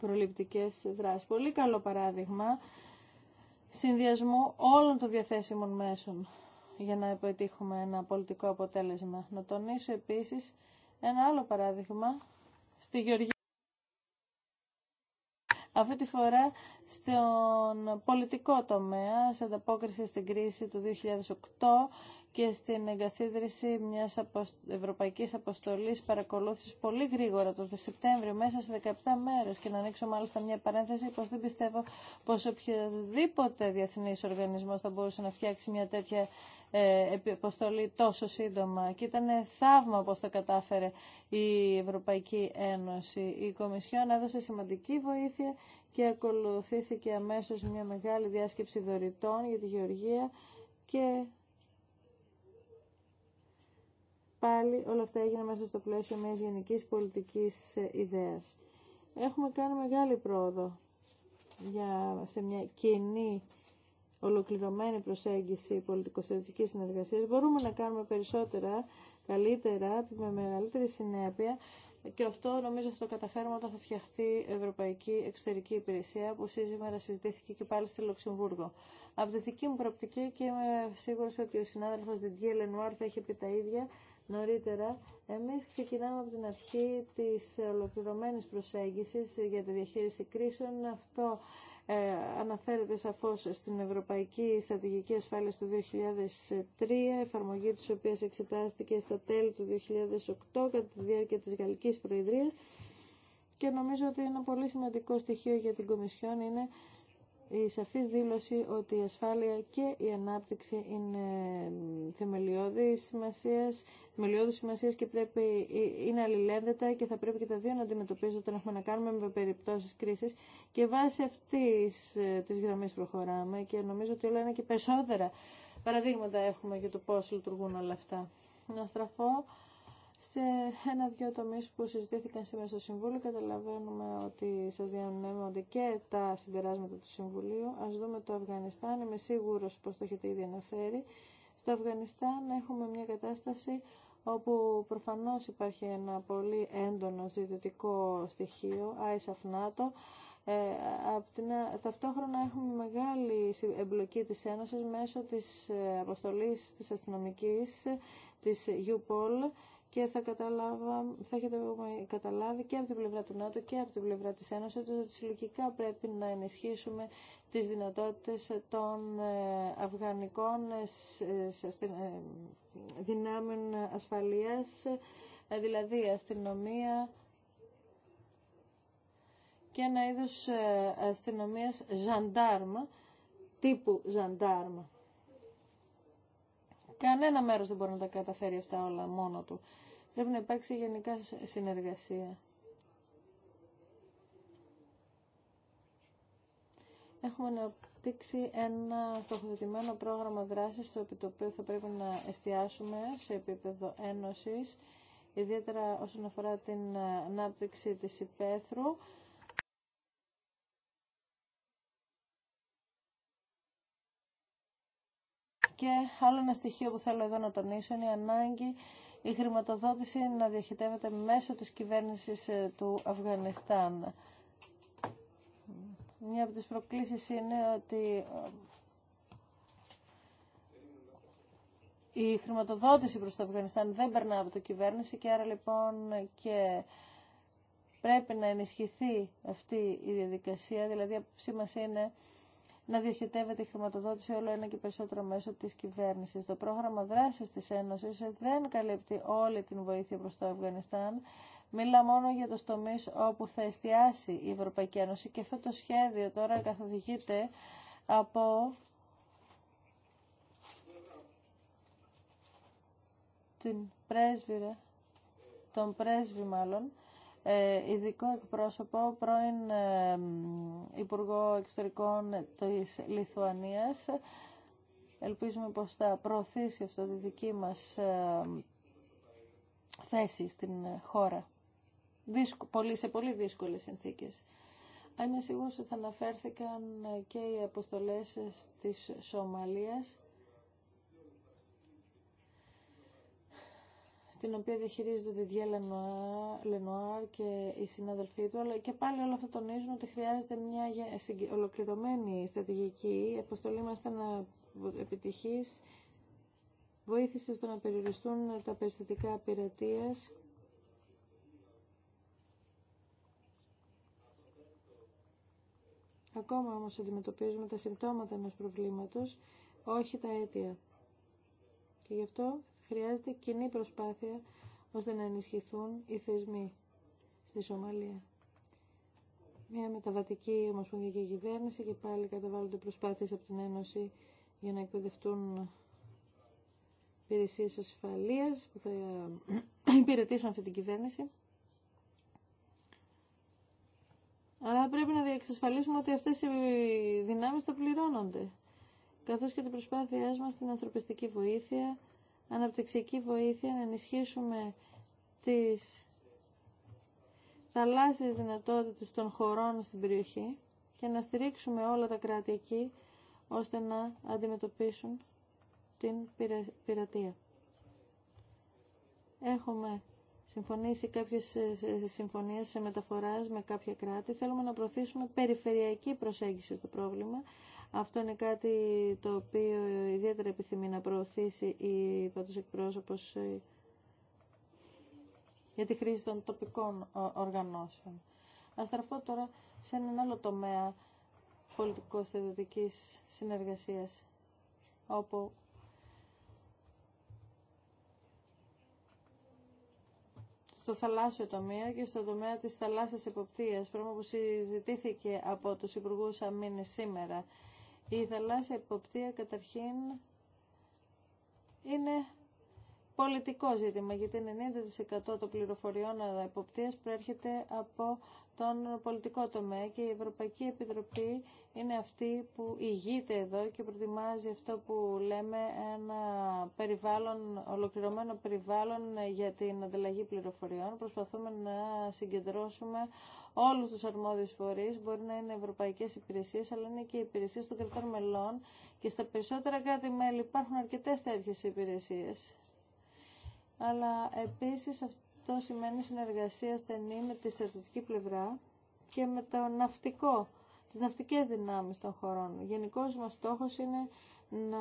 προληπτικές δράσεις. Πολύ καλό παράδειγμα συνδυασμού όλων των διαθέσιμων μέσων για να επιτύχουμε ένα πολιτικό αποτέλεσμα. Να τονίσω επίσης ένα άλλο παράδειγμα στη Γεωργία. Αυτή τη φορά στον πολιτικό τομέα, σε ανταπόκριση στην κρίση του 2008 και στην εγκαθίδρυση μιας ευρωπαϊκής αποστολής παρακολούθησης πολύ γρήγορα το Σεπτέμβριο, μέσα σε 17 μέρες. Και να ανοίξω μάλιστα μια παρένθεση, πως δεν πιστεύω πως οποιοδήποτε διεθνής οργανισμός θα μπορούσε να φτιάξει μια τέτοια ε, αποστολή τόσο σύντομα και ήταν θαύμα πώς τα κατάφερε η Ευρωπαϊκή Ένωση. Η Κομισιόν έδωσε σημαντική βοήθεια και ακολουθήθηκε αμέσως μια μεγάλη διάσκεψη δωρητών για τη Γεωργία και πάλι όλα αυτά έγιναν μέσα στο πλαίσιο μιας γενικής πολιτικής ιδέας. Έχουμε κάνει μεγάλη πρόοδο για, σε μια κοινή ολοκληρωμένη προσέγγιση πολιτικοστατικής συνεργασίας, μπορούμε να κάνουμε περισσότερα, καλύτερα, με μεγαλύτερη συνέπεια και αυτό νομίζω θα το καταφέρουμε όταν θα φτιαχτεί Ευρωπαϊκή Εξωτερική Υπηρεσία που σήμερα συζητήθηκε και πάλι στη Λουξεμβούργο. Από τη δική μου προοπτική και είμαι σίγουρο ότι ο συνάδελφο Διντιέ Λενουάρ θα έχει πει τα ίδια νωρίτερα. Εμεί ξεκινάμε από την αρχή τη ολοκληρωμένη προσέγγιση για τη διαχείριση κρίσεων. Αυτό ε, αναφέρεται σαφώς στην Ευρωπαϊκή Στρατηγική Ασφάλεια του 2003, εφαρμογή της οποίας εξετάστηκε στα τέλη του 2008 κατά τη διάρκεια της Γαλλικής Προεδρίας και νομίζω ότι ένα πολύ σημαντικό στοιχείο για την Κομισιόν είναι η σαφής δήλωση ότι η ασφάλεια και η ανάπτυξη είναι θεμελιώδης σημασίας, θεμελιώδης σημασίας και πρέπει, είναι αλληλένδετα και θα πρέπει και τα δύο να αντιμετωπίζονται όταν έχουμε να κάνουμε με περιπτώσεις κρίσης και βάσει αυτής ε, της γραμμής προχωράμε και νομίζω ότι όλα είναι και περισσότερα παραδείγματα έχουμε για το πώς λειτουργούν όλα αυτά. Να στραφώ σε ένα-δυο τομεί που συζητήθηκαν σήμερα στο Συμβούλιο. Καταλαβαίνουμε ότι σα διανέμονται και τα συμπεράσματα του Συμβουλίου. Α δούμε το Αφγανιστάν. Είμαι σίγουρο πως το έχετε ήδη αναφέρει. Στο Αφγανιστάν έχουμε μια κατάσταση όπου προφανώς υπάρχει ένα πολύ έντονο συντηρητικό στοιχείο, ISAF NATO, ε, την, ταυτόχρονα έχουμε μεγάλη εμπλοκή της Ένωσης μέσω της ε, αποστολής της αστυνομικής, της UPOL, και θα, καταλάβα, θα έχετε καταλάβει και από την πλευρά του ΝΑΤΟ και από την πλευρά της Ένωσης ότι συλλογικά πρέπει να ενισχύσουμε τις δυνατότητες των ε, αφγανικών ε, ε, δυνάμεων ασφαλείας, δηλαδή αστυνομία και ένα είδος αστυνομίας ζαντάρμα, τύπου ζαντάρμα. Κανένα μέρος δεν μπορεί να τα καταφέρει αυτά όλα μόνο του. Πρέπει να υπάρξει γενικά συνεργασία. Έχουμε να αναπτύξει ένα στοχοθετημένο πρόγραμμα δράσης στο οποίο θα πρέπει να εστιάσουμε σε επίπεδο ένωσης, ιδιαίτερα όσον αφορά την ανάπτυξη της υπαίθρου. Και άλλο ένα στοιχείο που θέλω εδώ να τονίσω είναι η ανάγκη η χρηματοδότηση να διαχειτεύεται μέσω της κυβέρνησης ε, του Αφγανιστάν. Μια από τις προκλήσεις είναι ότι ε, η χρηματοδότηση προς το Αφγανιστάν δεν περνά από το κυβέρνηση και άρα λοιπόν και πρέπει να ενισχυθεί αυτή η διαδικασία, δηλαδή η μας είναι να διοχετεύεται η χρηματοδότηση όλο ένα και περισσότερο μέσω τη κυβέρνηση. Το πρόγραμμα δράσης της Ένωση δεν καλύπτει όλη την βοήθεια προς το Αφγανιστάν. Μίλα μόνο για το τομεί όπου θα εστιάσει η Ευρωπαϊκή Ένωση και αυτό το σχέδιο τώρα καθοδηγείται από την πρέσβυρα, τον πρέσβη μάλλον, ε, ειδικό εκπρόσωπο, πρώην ε, Υπουργό Εξωτερικών της Λιθουανίας. Ελπίζουμε πως θα προωθήσει αυτό τη δική μας ε, θέση στην χώρα. πολύ, σε πολύ δύσκολες συνθήκες. είμαι σίγουρος ότι θα αναφέρθηκαν και οι αποστολές της Σομαλίας την οποία διαχειρίζεται τη Διέ Λενουάρ και οι συναδελφοί του, αλλά και πάλι όλα αυτά τονίζουν ότι χρειάζεται μια ολοκληρωμένη στρατηγική. Η αποστολή μας ήταν επιτυχής, βοήθησε στο να περιοριστούν τα περιστατικά πειρατείας. Ακόμα όμως αντιμετωπίζουμε τα συμπτώματα ενός προβλήματος, όχι τα αίτια. Και γι' αυτό χρειάζεται κοινή προσπάθεια ώστε να ενισχυθούν οι θεσμοί στη Σομαλία. Μια μεταβατική ομοσπονδιακή κυβέρνηση και πάλι καταβάλλονται προσπάθειες από την Ένωση για να εκπαιδευτούν υπηρεσίε ασφαλείας που θα <clears throat> υπηρετήσουν αυτή την κυβέρνηση. Αλλά πρέπει να διεξασφαλίσουμε ότι αυτές οι δυνάμεις θα πληρώνονται καθώς και την προσπάθειά μας στην ανθρωπιστική βοήθεια αναπτυξιακή βοήθεια, να ενισχύσουμε τις θαλάσσιες δυνατότητες των χωρών στην περιοχή και να στηρίξουμε όλα τα κράτη εκεί ώστε να αντιμετωπίσουν την πειρατεία. Έχουμε συμφωνήσει κάποιες ε, συμφωνίες σε μεταφοράς με κάποια κράτη. Θέλουμε να προωθήσουμε περιφερειακή προσέγγιση στο πρόβλημα, αυτό είναι κάτι το οποίο ιδιαίτερα επιθυμεί να προωθήσει η ΠΑΤΟΣ εκπρόσωπος ε, για τη χρήση των τοπικών ε, οργανώσεων. Ας στραφώ τώρα σε έναν άλλο τομέα πολιτικο-στρατιωτικής συνεργασίας, όπου στο θαλάσσιο τομέα και στο τομέα της θαλάσσιας εποπτείας, πράγμα που συζητήθηκε από τους Υπουργούς Αμήνες σήμερα. Η θαλάσσια εποπτεία καταρχήν είναι πολιτικό ζήτημα, γιατί 90% των πληροφοριών εποπτείας προέρχεται από τον πολιτικό τομέα και η Ευρωπαϊκή Επιτροπή είναι αυτή που ηγείται εδώ και προτιμάζει αυτό που λέμε ένα περιβάλλον, ολοκληρωμένο περιβάλλον για την ανταλλαγή πληροφοριών. Προσπαθούμε να συγκεντρώσουμε όλους τους αρμόδιους φορείς, μπορεί να είναι ευρωπαϊκές υπηρεσίες, αλλά είναι και υπηρεσίες των κρατών μελών και στα περισσότερα κράτη-μέλη υπάρχουν αρκετές τέτοιες υπηρεσίες. Αλλά επίσης αυτό σημαίνει συνεργασία στενή με τη στρατιωτική πλευρά και με το ναυτικό, τις ναυτικές δυνάμεις των χωρών. Γενικό γενικός μας στόχος είναι να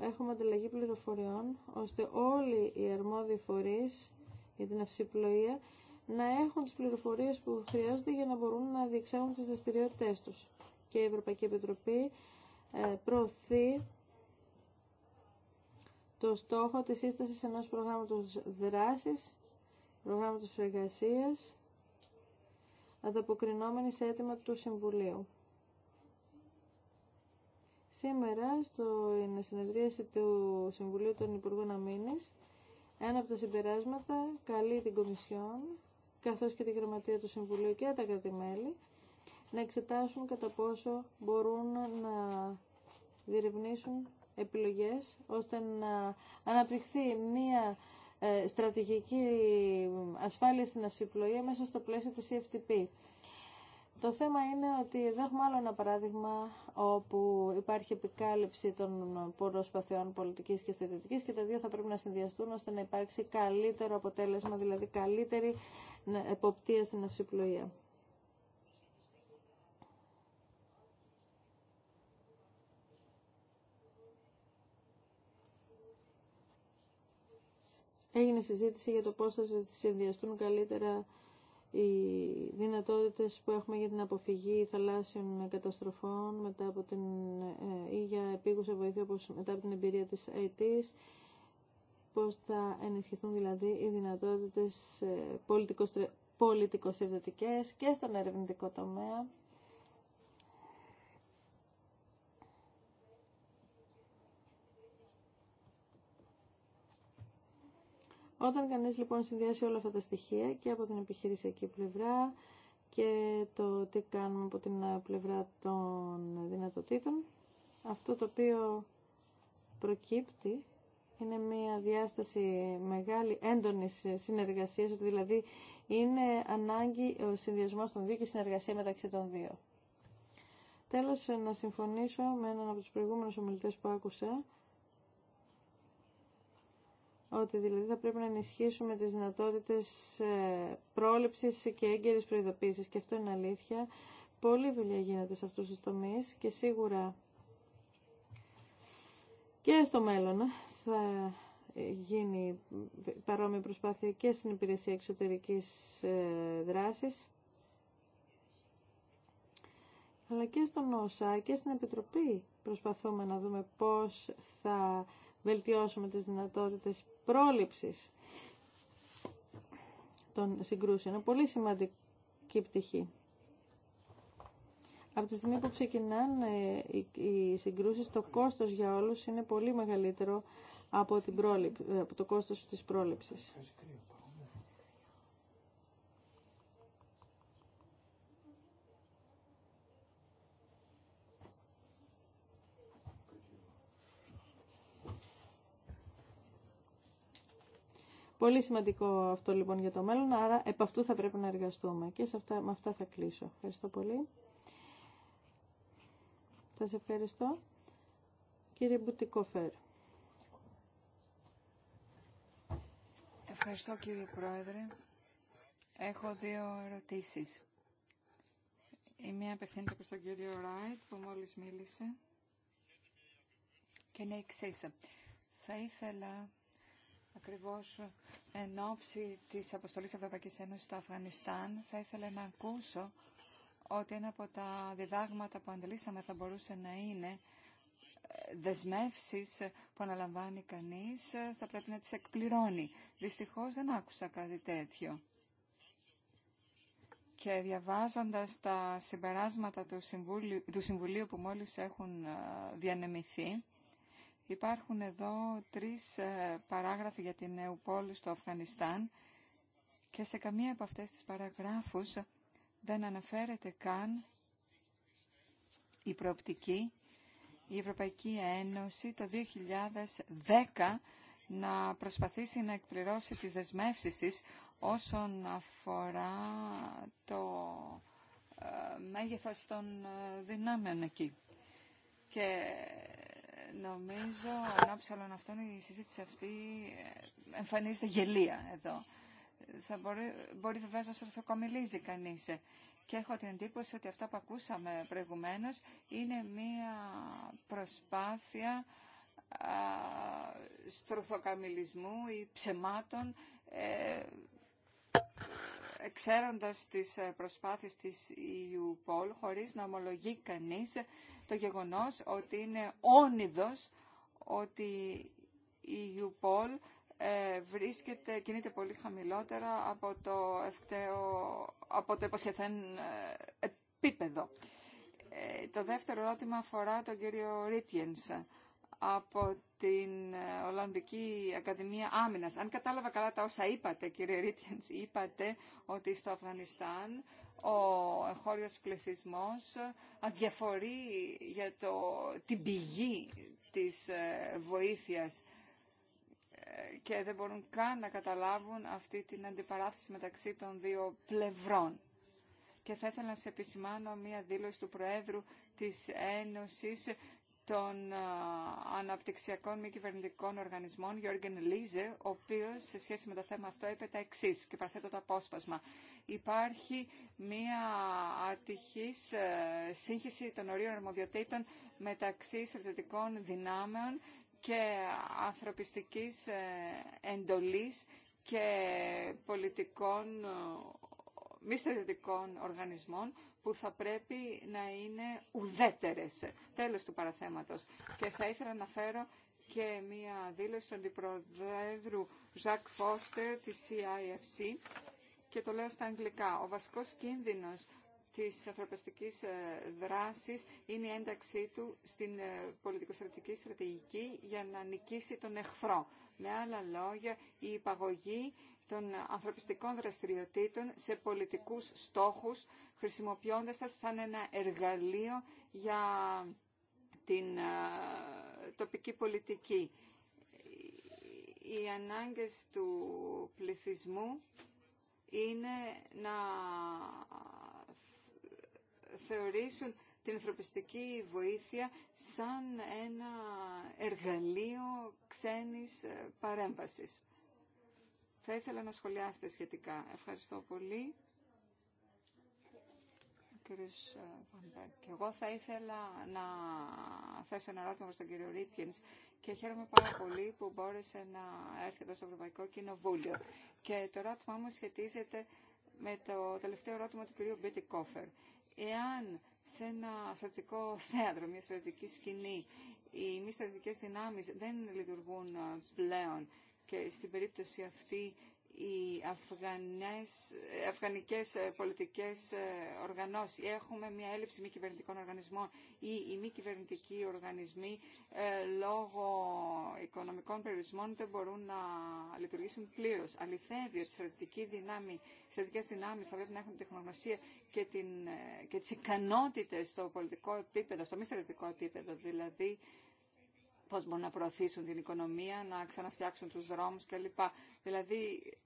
έχουμε ανταλλαγή πληροφοριών, ώστε όλοι οι αρμόδιοι φορείς για την αυσιπλοεία να έχουν τις πληροφορίες που χρειάζονται για να μπορούν να διεξάγουν τις δραστηριότητε τους. Και η Ευρωπαϊκή Επιτροπή ε, προωθεί το στόχο της σύστασης ενός προγράμματος δράσης, προγράμματος εργασίας, ανταποκρινόμενη σε αίτημα του Συμβουλίου. Σήμερα, στην συνεδρίαση του Συμβουλίου των Υπουργών Αμήνης, ένα από τα συμπεράσματα καλεί την Κομισιόν καθώς και τη Γραμματεία του Συμβουλίου και τα κράτη-μέλη, να εξετάσουν κατά πόσο μπορούν να διερευνήσουν επιλογές ώστε να αναπτυχθεί μία ε, στρατηγική ασφάλεια στην αυσιπλοεία μέσα στο πλαίσιο της CFTP. Το θέμα είναι ότι δεν έχουμε άλλο ένα παράδειγμα όπου υπάρχει επικάλυψη των προσπαθειών πολιτικής και στρατιωτική και τα δύο θα πρέπει να συνδυαστούν ώστε να υπάρξει καλύτερο αποτέλεσμα, δηλαδή καλύτερη ναι, εποπτεία στην αυσιπλοεία. Έγινε συζήτηση για το πώς θα συνδυαστούν καλύτερα οι δυνατότητες που έχουμε για την αποφυγή θαλάσσιων καταστροφών μετά από την, ε, ή για επίγουσα βοήθεια όπως μετά από την εμπειρία της ΑΕΤΗΣ, πώς θα ενισχυθούν δηλαδή οι δυνατότητες ε, πολιτικοσυνδετικές και στον ερευνητικό τομέα. Όταν κανείς λοιπόν συνδυάσει όλα αυτά τα στοιχεία και από την επιχειρησιακή πλευρά και το τι κάνουμε από την πλευρά των δυνατοτήτων, αυτό το οποίο προκύπτει είναι μια διάσταση μεγάλη έντονη συνεργασία, δηλαδή είναι ανάγκη ο συνδυασμό των δύο και η συνεργασία μεταξύ των δύο. Τέλος, να συμφωνήσω με έναν από τους προηγούμενους ομιλητές που άκουσα, ότι δηλαδή θα πρέπει να ενισχύσουμε τις δυνατότητες ε, πρόληψης και έγκαιρης προειδοποίησης και αυτό είναι αλήθεια. Πολύ δουλειά γίνεται σε αυτούς τους τομείς και σίγουρα και στο μέλλον θα γίνει παρόμοια προσπάθεια και στην υπηρεσία εξωτερικής ε, δράσης αλλά και στον ΩΣΑ και στην Επιτροπή προσπαθούμε να δούμε πώς θα βελτιώσουμε τις δυνατότητες πρόληψης των συγκρούσεων. Είναι πολύ σημαντική πτυχή. Από τη στιγμή που ξεκινάνε οι συγκρούσεις, το κόστος για όλους είναι πολύ μεγαλύτερο από, την πρόληψη, από το κόστος της πρόληψης. Πολύ σημαντικό αυτό λοιπόν για το μέλλον, άρα επ' αυτού θα πρέπει να εργαστούμε. Και σε αυτά, με αυτά θα κλείσω. Ευχαριστώ πολύ. Σας ευχαριστώ. Κύριε Μπουτικόφερ. Ευχαριστώ κύριε Πρόεδρε. Έχω δύο ερωτήσεις. Η μία απευθύνεται προς τον κύριο Ράιτ που μόλις μίλησε και είναι εξής. Θα ήθελα ακριβώς εν ώψη της αποστολής Ευρωπαϊκής Ένωσης στο Αφγανιστάν, θα ήθελα να ακούσω ότι ένα από τα διδάγματα που αντλήσαμε θα μπορούσε να είναι ε, δεσμεύσεις που αναλαμβάνει κανείς, ε, θα πρέπει να τις εκπληρώνει. Δυστυχώς δεν άκουσα κάτι τέτοιο. Και διαβάζοντας τα συμπεράσματα του Συμβουλίου, του Συμβουλίου που μόλις έχουν ε, διανεμηθεί, Υπάρχουν εδώ τρεις ε, παράγραφοι για την πόλη στο Αφγανιστάν και σε καμία από αυτές τις παραγράφους δεν αναφέρεται καν η προοπτική η Ευρωπαϊκή Ένωση το 2010 να προσπαθήσει να εκπληρώσει τις δεσμεύσεις της όσον αφορά το ε, μέγεθος των ε, δυνάμεων εκεί. Και νομίζω ανάψε όλων αυτών η συζήτηση αυτή ε, εμφανίζεται γελία εδώ. Θα μπορεί, μπορεί να σορθοκομιλίζει κανείς. Και έχω την εντύπωση ότι αυτά που ακούσαμε προηγουμένως είναι μία προσπάθεια α, στρουθοκαμιλισμού ή ψεμάτων ε, εξέροντας τις ε, προσπάθειες της Ιουπόλ e χωρίς να ομολογεί κανείς το γεγονός ότι είναι όνειδος ότι η UPOL ε, βρίσκεται, κινείται πολύ χαμηλότερα από το, ευκταίο, από το υποσχεθέν ε, επίπεδο. Ε, το δεύτερο ερώτημα αφορά τον κύριο Ρίτιενς από την Ολλανδική Ακαδημία Άμυνας. Αν κατάλαβα καλά τα όσα είπατε, κύριε Ρίτιενς, είπατε ότι στο Αφγανιστάν ο εγχώριος πληθυσμός αδιαφορεί για το, την πηγή της ε, βοήθειας ε, και δεν μπορούν καν να καταλάβουν αυτή την αντιπαράθεση μεταξύ των δύο πλευρών. Και θα ήθελα να σε επισημάνω μία δήλωση του Προέδρου της Ένωσης των αναπτυξιακών μη κυβερνητικών οργανισμών, Γιώργεν Λίζε, ο οποίος σε σχέση με το θέμα αυτό είπε τα εξή και παραθέτω το απόσπασμα. Υπάρχει μία ατυχής ε, σύγχυση των ορίων αρμοδιοτήτων μεταξύ στρατιωτικών δυνάμεων και ανθρωπιστικής ε, εντολής και πολιτικών ε, μη στρατιωτικών οργανισμών που θα πρέπει να είναι ουδέτερες. Τέλος του παραθέματος. Και θα ήθελα να φέρω και μία δήλωση του Αντιπροδέδρου Ζακ Φώστερ της CIFC και το λέω στα αγγλικά. Ο βασικός κίνδυνος της ανθρωπιστικής ε, δράσης είναι η ένταξή του στην ε, πολιτικοστρατηγική στρατηγική για να νικήσει τον εχθρό. Με άλλα λόγια, η υπαγωγή των ανθρωπιστικών δραστηριοτήτων σε πολιτικούς στόχους χρησιμοποιώντας τα σαν ένα εργαλείο για την ε, τοπική πολιτική. Οι ανάγκες του πληθυσμού είναι να θεωρήσουν την ανθρωπιστική βοήθεια σαν ένα εργαλείο ξένης ε, παρέμβασης. Θα ήθελα να σχολιάσετε σχετικά. Ευχαριστώ πολύ. Ε, και εγώ θα ήθελα να θέσω ένα ερώτημα προς τον κύριο Ρίτκινς και χαίρομαι πάρα πολύ που μπόρεσε να έρθει εδώ στο Ευρωπαϊκό Κοινοβούλιο. Και το ερώτημά μου σχετίζεται με το τελευταίο ερώτημα του κυρίου Μπίτι Κόφερ. Εάν σε ένα στρατικό θέατρο, μια στρατική σκηνή, οι μη στρατικές δυνάμεις δεν λειτουργούν πλέον και στην περίπτωση αυτή οι Αφγανές, αφγανικές ε, πολιτικές ε, οργανώσεις. Έχουμε μια έλλειψη μη κυβερνητικών οργανισμών ή οι μη κυβερνητικοί οργανισμοί ε, λόγω οικονομικών περιορισμών δεν μπορούν να λειτουργήσουν πλήρως. Αληθεύει ότι οι δυνάμη, δυνάμεις θα πρέπει να έχουν τεχνογνωσία και, την, και τις ικανότητες στο πολιτικό επίπεδο, στο μη στρατιωτικό επίπεδο, δηλαδή πώς μπορούν να προωθήσουν την οικονομία, να ξαναφτιάξουν τους δρόμους κλπ. Δηλαδή,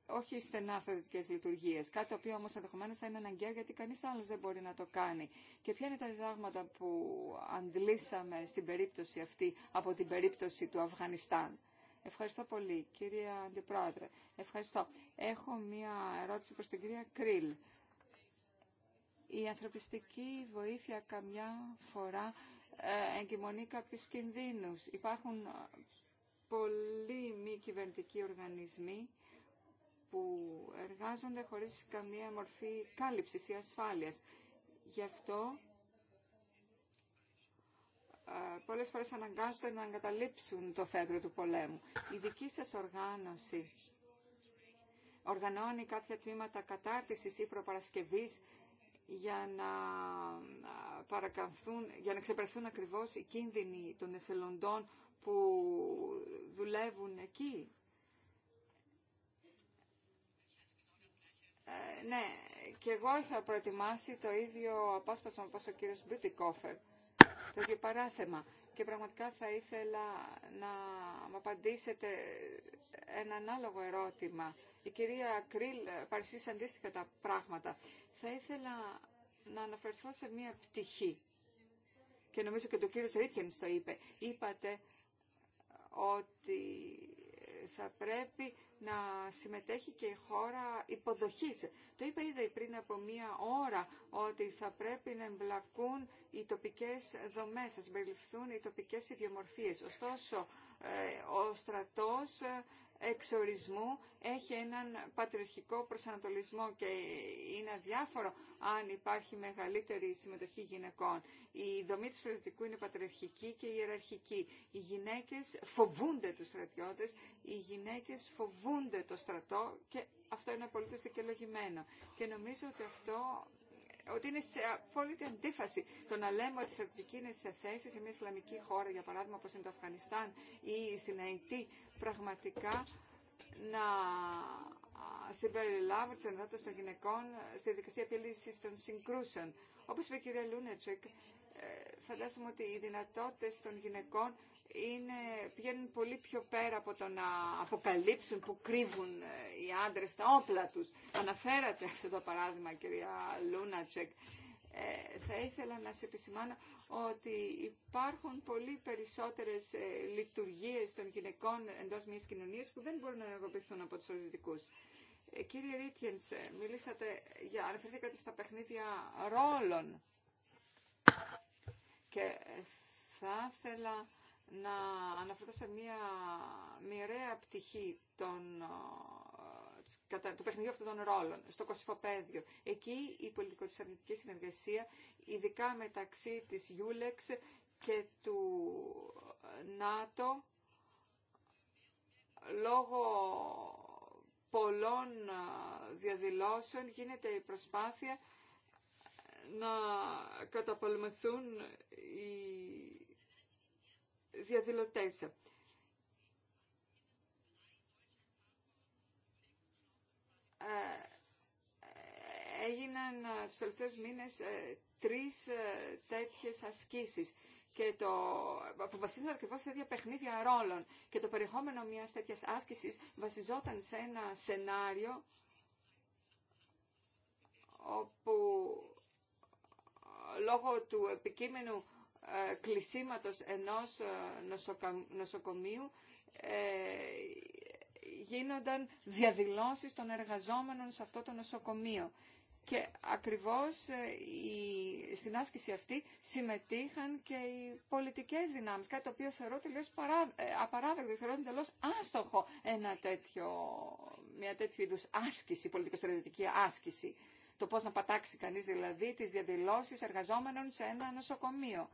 όχι στενά στρατιωτικέ λειτουργίες. Κάτι το οποίο όμως ενδεχομένω θα είναι αναγκαίο γιατί κανείς άλλος δεν μπορεί να το κάνει. Και ποια είναι τα διδάγματα που αντλήσαμε στην περίπτωση αυτή από την περίπτωση του Αφγανιστάν. Ευχαριστώ πολύ, κυρία Αντιπρόεδρε. Ευχαριστώ. Έχω μία ερώτηση προς την κυρία Κρίλ. Η ανθρωπιστική βοήθεια καμιά φορά ε, εγκυμονεί κάποιου κινδύνου. Υπάρχουν ε, πολλοί μη κυβερνητικοί οργανισμοί που εργάζονται χωρίς καμία μορφή κάλυψης ή ασφάλειας. Γι' αυτό ε, πολλές φορές αναγκάζονται να εγκαταλείψουν το φέδρο του πολέμου. Η δική σας οργάνωση οργανώνει κάποια τμήματα κατάρτισης ή προπαρασκευής για να παρακαμφθούν, για να ξεπεραστούν ακριβώς οι κίνδυνοι των εθελοντών που δουλεύουν εκεί. Ε, ναι, και εγώ είχα προετοιμάσει το ίδιο απόσπασμα όπω ο κύριος Μπιουτικόφερ, το ίδιο παράθεμα. Και πραγματικά θα ήθελα να μου απαντήσετε ένα ανάλογο ερώτημα. Η κυρία Κρίλ παρουσίασε αντίστοιχα τα πράγματα. Θα ήθελα να αναφερθώ σε μία πτυχή και νομίζω και το κύριο Ρίτχενς το είπε. Είπατε ότι θα πρέπει να συμμετέχει και η χώρα υποδοχής. Το είπα ήδη πριν από μία ώρα ότι θα πρέπει να εμπλακούν οι τοπικές δομές, να συμπεριληφθούν οι τοπικές ιδιομορφίες. Ωστόσο, ε, ο στρατός ε, εξορισμού έχει έναν πατριαρχικό προσανατολισμό και είναι αδιάφορο αν υπάρχει μεγαλύτερη συμμετοχή γυναικών. Η δομή του στρατιωτικού είναι πατριαρχική και ιεραρχική. Οι γυναίκες φοβούνται τους στρατιώτες, οι γυναίκες φοβούνται το στρατό και αυτό είναι απολύτως δικαιολογημένο. Και νομίζω ότι αυτό ότι είναι σε απόλυτη αντίφαση το να λέμε ότι οι στρατιωτικοί είναι σε θέση σε μια Ισλαμική χώρα, για παράδειγμα όπω είναι το Αφγανιστάν ή στην Αϊτή, πραγματικά να συμπεριλάβουν τι ενδότητε των γυναικών στη δικασία επίλυση των συγκρούσεων. Όπω είπε η κυρία Λούνετσεκ, ε, φαντάζομαι ότι οι δυνατότητε των γυναικών είναι, πηγαίνουν πολύ πιο πέρα από το να αποκαλύψουν που κρύβουν ε, οι άντρες τα όπλα τους. Αναφέρατε αυτό το παράδειγμα, κυρία Λούνατσεκ. Ε, θα ήθελα να σε επισημάνω ότι υπάρχουν πολύ περισσότερες ε, λειτουργίες των γυναικών εντός μιας κοινωνίας που δεν μπορούν να ενεργοποιηθούν από τους οδητικούς. Ε, κύριε Ρίτιενς, ε, μιλήσατε, για, αναφερθήκατε στα παιχνίδια ρόλων και θα ήθελα να αναφερθώ σε μια μοιραία πτυχή των, ε, του παιχνιδιού αυτών των ρόλων, στο Κωσφοπαίδιο. Εκεί η πολιτικο συνεργασία, ειδικά μεταξύ της Γιούλεξ και του ε, ΝΑΤΟ, λόγω πολλών ε, διαδηλώσεων γίνεται η προσπάθεια να καταπολεμηθούν οι διαδηλωτές. Ε, έγιναν ε, στους τελευταίους μήνες ε, τρεις τέτοιες ασκήσεις και το, που βασίζονται ακριβώς σε τέτοια παιχνίδια ρόλων και το περιεχόμενο μιας τέτοιας άσκησης βασιζόταν σε ένα σενάριο όπου λόγω του επικείμενου ε, κλεισίματος ενός ε, νοσοκομείου ε, γίνονταν διαδηλώσεις των εργαζόμενων σε αυτό το νοσοκομείο. Και ακριβώς η, στην άσκηση αυτή συμμετείχαν και οι πολιτικές δυνάμεις, κάτι το οποίο θεωρώ τελείως παρά, απαράδεκτο, θεωρώ άστοχο ένα τέτοιο, μια τέτοιου είδους άσκηση, πολιτικο-στρατιωτική άσκηση. Το πώς να πατάξει κανείς δηλαδή τις διαδηλώσεις εργαζόμενων σε ένα νοσοκομείο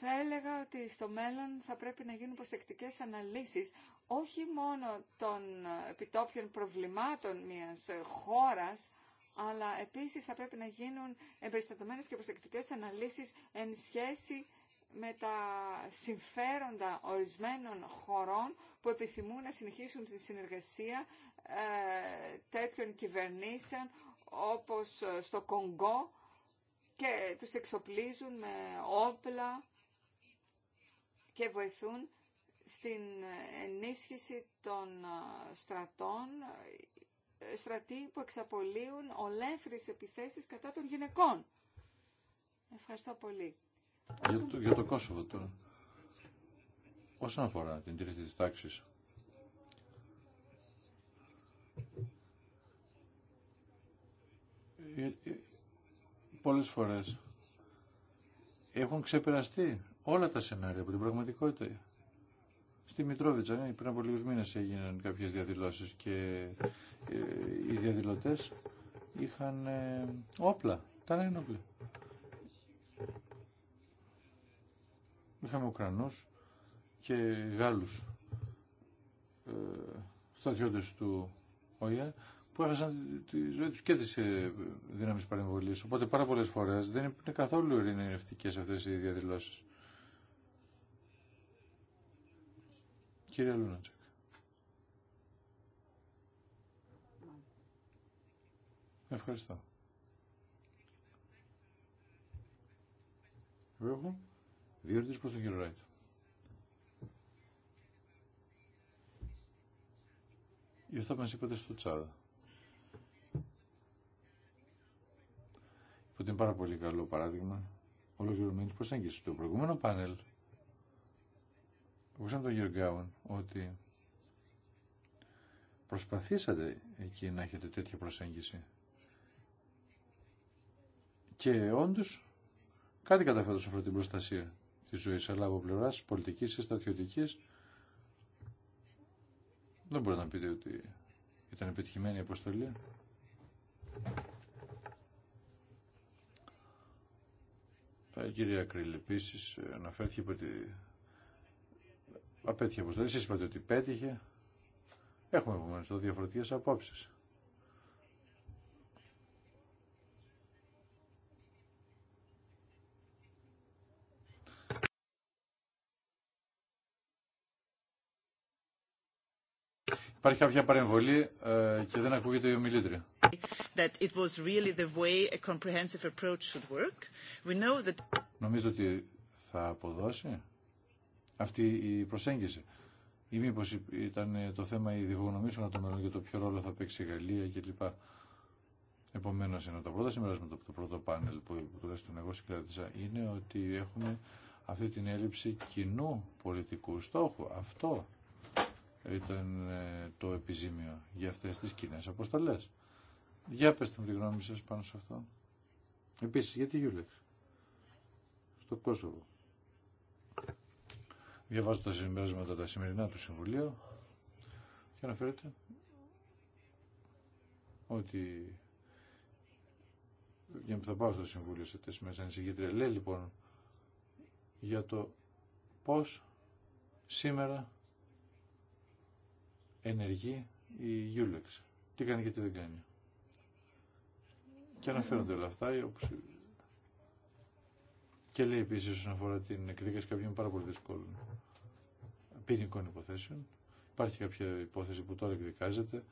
θα έλεγα ότι στο μέλλον θα πρέπει να γίνουν προσεκτικές αναλύσεις όχι μόνο των επιτόπιων προβλημάτων μιας χώρας, αλλά επίσης θα πρέπει να γίνουν εμπεριστατωμένες και προσεκτικές αναλύσεις εν σχέση με τα συμφέροντα ορισμένων χωρών που επιθυμούν να συνεχίσουν τη συνεργασία ε, τέτοιων κυβερνήσεων όπως στο Κονγκό και τους εξοπλίζουν με όπλα και βοηθούν στην ενίσχυση των ε, στρατών, ε, στρατοί που εξαπολύουν ολέφρεις επιθέσεις κατά των γυναικών. Ευχαριστώ πολύ. Για το, για το Κόσοβο τώρα. Όσον αφορά την τρίτη της τάξης, ε, πολλές φορές έχουν ξεπεραστεί όλα τα σενάρια από την πραγματικότητα. Στη Μητρόβιτσα, ε, πριν από λίγους μήνες έγιναν κάποιες διαδηλώσεις και ε, οι διαδηλωτές είχαν ε, όπλα, ήταν όπλα Είχαμε Ουκρανούς και Γάλλους στρατιώτες του ΟΙα, που έχασαν τη ζωή τους και τις δύναμεις παρεμβολής. Οπότε πάρα πολλές φορές δεν είναι καθόλου ειρηνευτικές αυτές οι διαδηλώσεις. Κύριε Λούνατσεκ. Ευχαριστώ. Εγώ έχω δύο ερωτήσεις προς τον κύριο Ράιτ. Ήρθα αυτό μας είπατε στο Τσάδα. Είπατε πάρα πολύ καλό παράδειγμα ολοκληρωμένης προσέγγισης. Το προηγούμενο πάνελ ακούσαμε τον κύριο ότι προσπαθήσατε εκεί να έχετε τέτοια προσέγγιση. Και όντω κάτι καταφέρατε σε αυτή την προστασία τη ζωή, αλλά από πλευρά πολιτική ή στρατιωτική δεν μπορείτε να πείτε ότι ήταν επιτυχημένη η αποστολή. Η ε, κυρία Κρύλ επίση αναφέρθηκε ότι απέτυχε αποστολή. Εσείς είπατε ότι πέτυχε. Έχουμε επομένω εδώ διαφορετικέ απόψεις. Υπάρχει κάποια παρεμβολή ε, και δεν ακούγεται η ομιλήτρια. Νομίζω ότι θα αποδώσει αυτή η προσέγγιση. Ή μήπω ήταν ε, το θέμα η μηπω ηταν το θεμα η να το μελλον για το ποιο ρόλο θα παίξει η Γαλλία κλπ. Επομένω, είναι τα πρώτα συμπεράσματα από το πρώτο πάνελ που τουλάχιστον εγώ συγκράτησα είναι ότι έχουμε αυτή την έλλειψη κοινού πολιτικού στόχου. Αυτό ήταν ε, το επιζήμιο για αυτές τις κοινέ αποστολέ. Για πέστε μου τη γνώμη σας πάνω σε αυτό. Επίσης, γιατί Γιούλεξ, στο Κόσοβο. Διαβάζω τα συμπεράσματα τα σημερινά του Συμβουλίου και αναφέρεται ότι για να θα πάω στο Συμβούλιο σε τέσσερις μέσα ανησυχήτρια. Λέει λοιπόν για το πώς σήμερα ενεργεί η Γιούλεξ. Τι κάνει και τι δεν κάνει. Και αναφέρονται όλα αυτά, όπως και λέει επίση όσον αφορά την εκδίκαση κάποιων πάρα πολύ δύσκολων ποινικών υποθέσεων. Υπάρχει κάποια υπόθεση που τώρα εκδικάζεται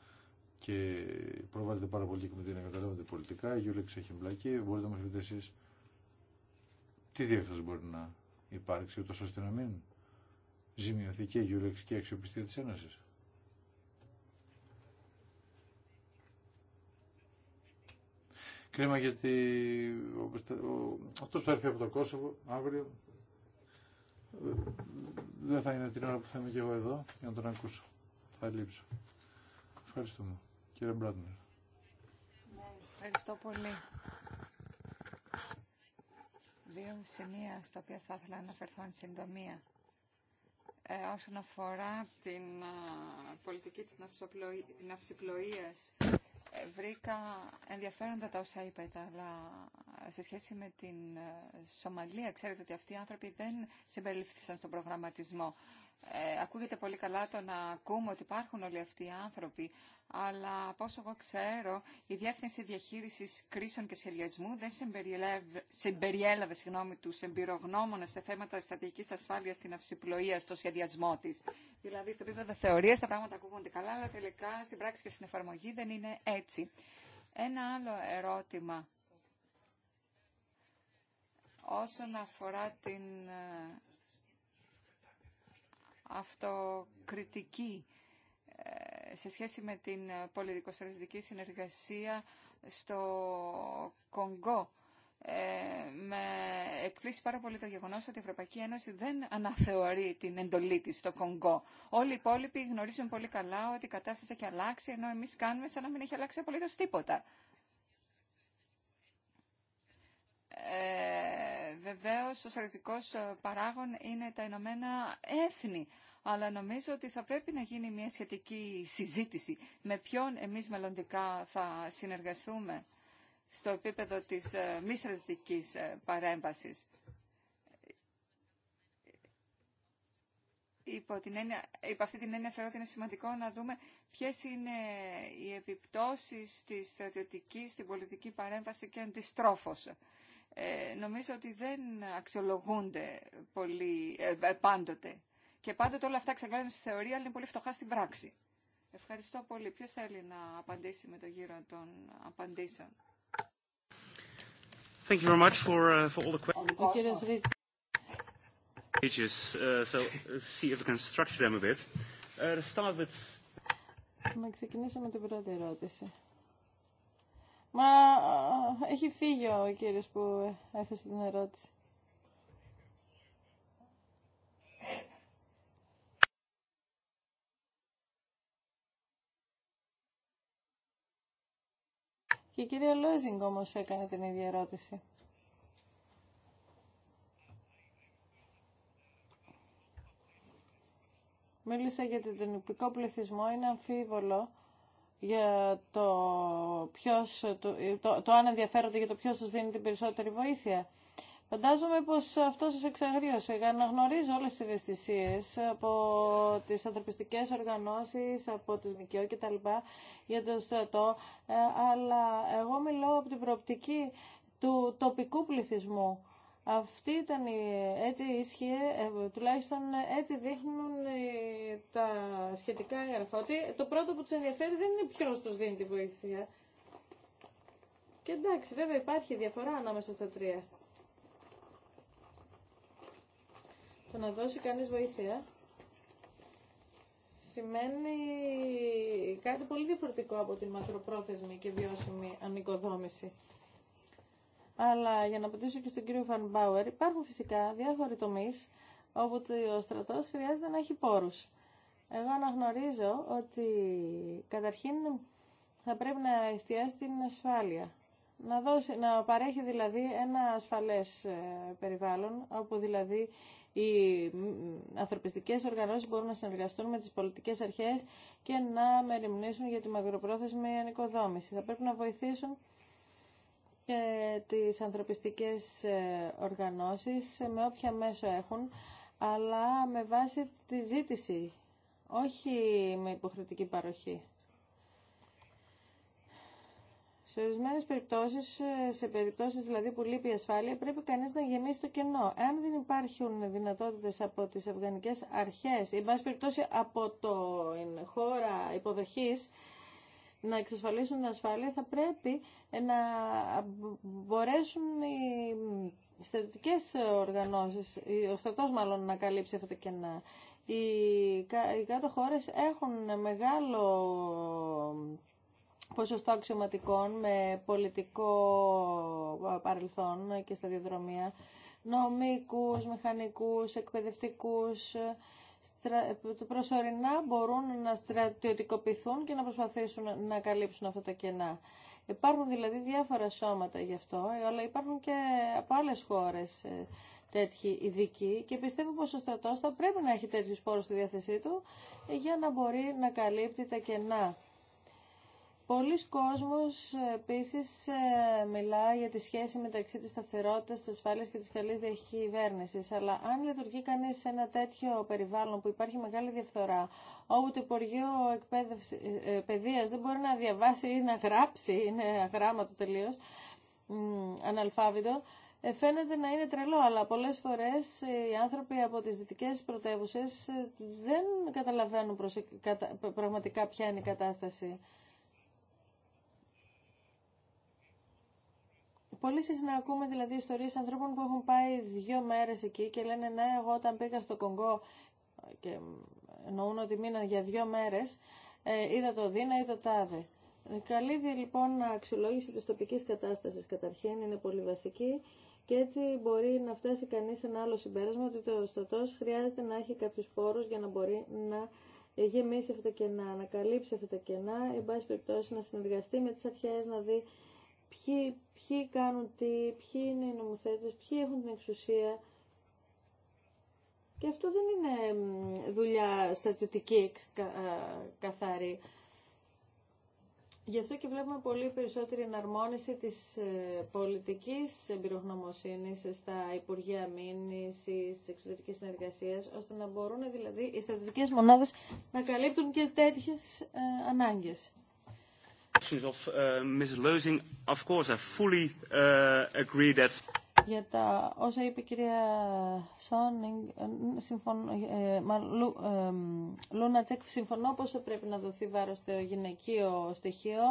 και προβάλλεται πάρα πολύ και με την καταλάβετε πολιτικά. Η Γιούλεξ έχει μπλακεί. Μπορείτε να μα πείτε εσεί τι διεύθυνση μπορεί να υπάρξει, ούτω ώστε να μην ζημιωθεί και η Γιούλεξ και η αξιοπιστία τη Ένωση. Κρίμα γιατί αυτός που έρθει από το Κόσοβο αύριο ε, δεν θα είναι την ώρα που θα είμαι και εγώ εδώ για να τον ακούσω. Θα λείψω. Ευχαριστούμε. Κύριε Μπράτνερ. Ευχαριστώ πολύ. Δύο σημεία στα οποία θα ήθελα να αναφερθώ εν συντομία. Ε, όσον αφορά την πολιτική της ναυσιπλοείας βρήκα ενδιαφέροντα τα όσα είπατε, αλλά σε σχέση με την ε, Σομαλία, ξέρετε ότι αυτοί οι άνθρωποι δεν συμπεριληφθήσαν στον προγραμματισμό. Ε, ακούγεται πολύ καλά το να ακούμε ότι υπάρχουν όλοι αυτοί οι άνθρωποι, αλλά από όσο εγώ ξέρω, η Διεύθυνση Διαχείρισης Κρίσεων και Σχεδιασμού δεν συμπεριέλαβε συγγνώμη, τους εμπειρογνώμονες σε θέματα στρατηγικής ασφάλειας στην αυσιπλοεία στο σχεδιασμό της. Δηλαδή, στο επίπεδο θεωρίας τα πράγματα ακούγονται καλά, αλλά τελικά στην πράξη και στην εφαρμογή δεν είναι έτσι. Ένα άλλο ερώτημα όσον αφορά την ε, αυτοκριτική ε, σε σχέση με την πολιτικοστρατηγική συνεργασία στο Κονγκό. Ε, με εκπλήσει πάρα πολύ το γεγονός ότι η Ευρωπαϊκή Ένωση δεν αναθεωρεί την εντολή της στο Κονγκό. Όλοι οι υπόλοιποι γνωρίζουν πολύ καλά ότι η κατάσταση έχει αλλάξει, ενώ εμείς κάνουμε σαν να μην έχει αλλάξει απολύτως τίποτα. Ε, βεβαίως ο στρατηγικός ε, παράγων είναι τα Ηνωμένα Έθνη. Αλλά νομίζω ότι θα πρέπει να γίνει μια σχετική συζήτηση με ποιον εμείς μελλοντικά θα συνεργαστούμε στο επίπεδο της ε, μη στρατηγικής ε, παρέμβασης. Υπό, την έννοια, αυτή την έννοια θεωρώ ότι είναι σημαντικό να δούμε ποιες είναι οι επιπτώσεις της στρατιωτικής στην πολιτική παρέμβαση και αντιστρόφως ε, νομίζω ότι δεν αξιολογούνται πολύ, ε, ε πάντοτε. Και πάντοτε όλα αυτά εξαγκράζουν στη θεωρία, αλλά είναι πολύ φτωχά στην πράξη. Ευχαριστώ πολύ. Ποιος θέλει να απαντήσει με το γύρο των απαντήσεων. Thank you very much for, uh, for all the questions. Uh, so see if we can structure them a bit. Uh, start with... Να ξεκινήσω με την πρώτη ερώτηση. Μα ε, έχει φύγει ο κύριος που έθεσε την ερώτηση. Και η κυρία Λόιζινγκ όμως έκανε την ίδια ερώτηση. Μίλησα για τον τοπικό πληθυσμό, είναι αμφίβολο για το, ποιος, το, το, το αν ενδιαφέρονται για το ποιος σας δίνει την περισσότερη βοήθεια. Φαντάζομαι πως αυτό σας εξαγρίωσε. Αναγνωρίζω όλες τις ευαισθησίες από τις ανθρωπιστικές οργανώσεις, από τις ΜΚΟ λοιπά για το στρατό, ε, αλλά εγώ μιλώ από την προοπτική του τοπικού πληθυσμού αυτή ήταν η, έτσι ίσχυε, ε, τουλάχιστον έτσι δείχνουν τα σχετικά έγγραφα, ότι το πρώτο που τους ενδιαφέρει δεν είναι ποιος τους δίνει τη βοήθεια. Και εντάξει, βέβαια υπάρχει διαφορά ανάμεσα στα τρία. Το να δώσει κανείς βοήθεια σημαίνει κάτι πολύ διαφορετικό από την μακροπρόθεσμη και βιώσιμη ανοικοδόμηση. Αλλά για να απαντήσω και στον κύριο Φαν Μπάουερ, υπάρχουν φυσικά διάφοροι τομεί όπου ο στρατό χρειάζεται να έχει πόρου. Εγώ αναγνωρίζω ότι καταρχήν θα πρέπει να εστιάσει την ασφάλεια. Να, δώσει, να παρέχει δηλαδή ένα ασφαλές ε, περιβάλλον, όπου δηλαδή οι ανθρωπιστικές οργανώσεις μπορούν να συνεργαστούν με τις πολιτικές αρχές και να μεριμνήσουν για τη μακροπρόθεσμη ανοικοδόμηση. Θα πρέπει να βοηθήσουν και ε, τις ανθρωπιστικές ε, οργανώσεις ε, με όποια μέσο έχουν, αλλά με βάση τη ζήτηση, όχι με υποχρεωτική παροχή. Σε ορισμένε περιπτώσει, σε περιπτώσει δηλαδή που λείπει η ασφάλεια, πρέπει κανεί να γεμίσει το κενό. Αν δεν υπάρχουν δυνατότητε από τι αφγανικέ αρχέ, ή εν περιπτώσει από το χώρα υποδοχή, να εξασφαλίσουν την ασφάλεια θα πρέπει ε, να μπορέσουν οι στρατιωτικές οργανώσεις, ο στρατό μάλλον να καλύψει αυτά τα κενά. Οι, οι κάτω χώρες έχουν μεγάλο ποσοστό αξιωματικών με πολιτικό ε, παρελθόν και στα σταδιοδρομία, νομικούς, μηχανικούς, εκπαιδευτικούς, προσωρινά μπορούν να στρατιωτικοποιηθούν και να προσπαθήσουν να καλύψουν αυτά τα κενά. Υπάρχουν δηλαδή διάφορα σώματα γι' αυτό, ε, αλλά υπάρχουν και από άλλε χώρε ε, τέτοιοι ειδικοί και πιστεύω πως ο στρατός θα πρέπει να έχει τέτοιους πόρους στη διάθεσή του για να μπορεί να καλύπτει τα κενά Πολλοί κόσμος ε, επίσης ε, μιλά για τη σχέση μεταξύ της σταθερότητας, της ασφάλειας και της καλής διακυβέρνησης. Αλλά αν λειτουργεί κανείς σε ένα τέτοιο περιβάλλον που υπάρχει μεγάλη διαφθορά, όπου το Υπουργείο ε, Παιδείας δεν μπορεί να διαβάσει ή να γράψει, είναι αγράμματο τελείως, αναλφάβητο, φαίνεται να είναι τρελό, αλλά πολλές φορές οι άνθρωποι από τις δυτικές πρωτεύουσες δεν καταλαβαίνουν πραγματικά ποια είναι η να γραψει ειναι αγραμματο τελειως αναλφαβητο φαινεται να ειναι τρελο αλλα πολλες φορες οι ανθρωποι απο τις δυτικε πρωτευουσες δεν καταλαβαινουν πραγματικα ποια ειναι η κατασταση Πολύ συχνά ακούμε δηλαδή ιστορίες ανθρώπων που έχουν πάει δύο μέρες εκεί και λένε ναι εγώ όταν πήγα στο Κονγκό και εννοούν ότι μείναν για δύο μέρες ε, είδα το Δίνα ή το Τάδε. Ε, καλή λοιπόν αξιολόγηση της τοπικής κατάστασης καταρχήν είναι πολύ βασική και έτσι μπορεί να φτάσει κανείς σε ένα άλλο συμπέρασμα ότι το στρατό χρειάζεται να έχει κάποιους πόρους για να μπορεί να γεμίσει αυτά τα κενά, να καλύψει αυτά τα κενά, εν πάση περιπτώσει να συνεργαστεί με τις αρχές, να δει ποιοι, ποιοι κάνουν τι, ποιοι είναι οι νομοθέτες, ποιοι έχουν την εξουσία. Και αυτό δεν είναι δουλειά στρατιωτική καθαρή. Γι' αυτό και βλέπουμε πολύ περισσότερη εναρμόνιση της ε, πολιτικής εμπειρογνωμοσύνης στα Υπουργεία Μήνης ή στις εξωτερικές συνεργασίες, ώστε να μπορούν δηλαδή οι στρατιωτικές μονάδες να καλύπτουν και τέτοιες ε, ανάγκες. Για τα όσα είπε η κυρία Σόνιγκ, ε, ε, ε, Λούνα Τσεκ, συμφωνώ πως πρέπει να δοθεί βάρος στο γυναικείο στοιχείο,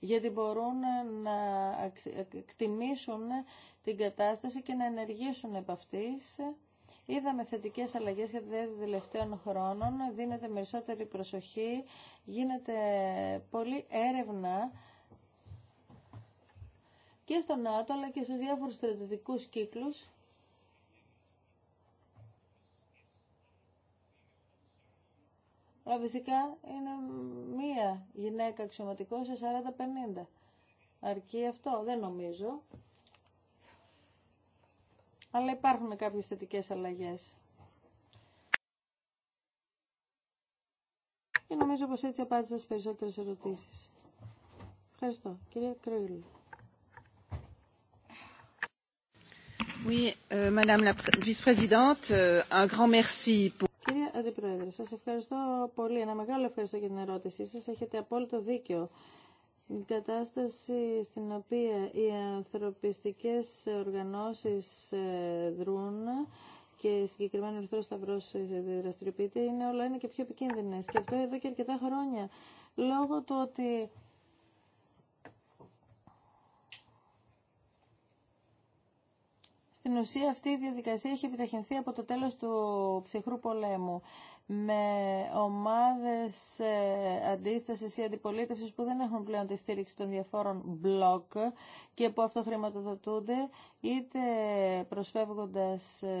γιατί μπορούν να εκτιμήσουν την κατάσταση και να ενεργήσουν επ' Είδαμε θετικές αλλαγές για τη των τελευταίων χρόνων, δίνεται περισσότερη προσοχή, γίνεται πολλή έρευνα και στο ΝΑΤΟ αλλά και στους διάφορους στρατιωτικούς κύκλους Αλλά φυσικά είναι μία γυναίκα αξιωματικό σε 40-50. Αρκεί αυτό, δεν νομίζω αλλά υπάρχουν κάποιες θετικές αλλαγές. Και νομίζω πως έτσι απάντησα στις περισσότερες ερωτήσεις. Ευχαριστώ. Κυρία Κρόιλ. Oui, euh, Madame euh, Αντιπρόεδρε, σας ευχαριστώ πολύ. Ένα μεγάλο ευχαριστώ για την ερώτησή σας. Έχετε απόλυτο δίκιο η κατάσταση στην οποία οι ανθρωπιστικές οργανώσεις ε, δρούν και συγκεκριμένα ο Ερυθρό Σταυρό ε, δραστηριοποιείται, είναι όλα είναι και πιο επικίνδυνε. Και αυτό εδώ και αρκετά χρόνια. Λόγω του ότι. Στην ουσία αυτή η διαδικασία έχει επιταχυνθεί από το τέλος του ψυχρού πολέμου με ομάδες ε, αντίστασης ή αντιπολίτευσης που δεν έχουν πλέον τη στήριξη των διαφόρων μπλοκ και που αυτοχρηματοδοτούνται είτε προσφεύγοντας ε,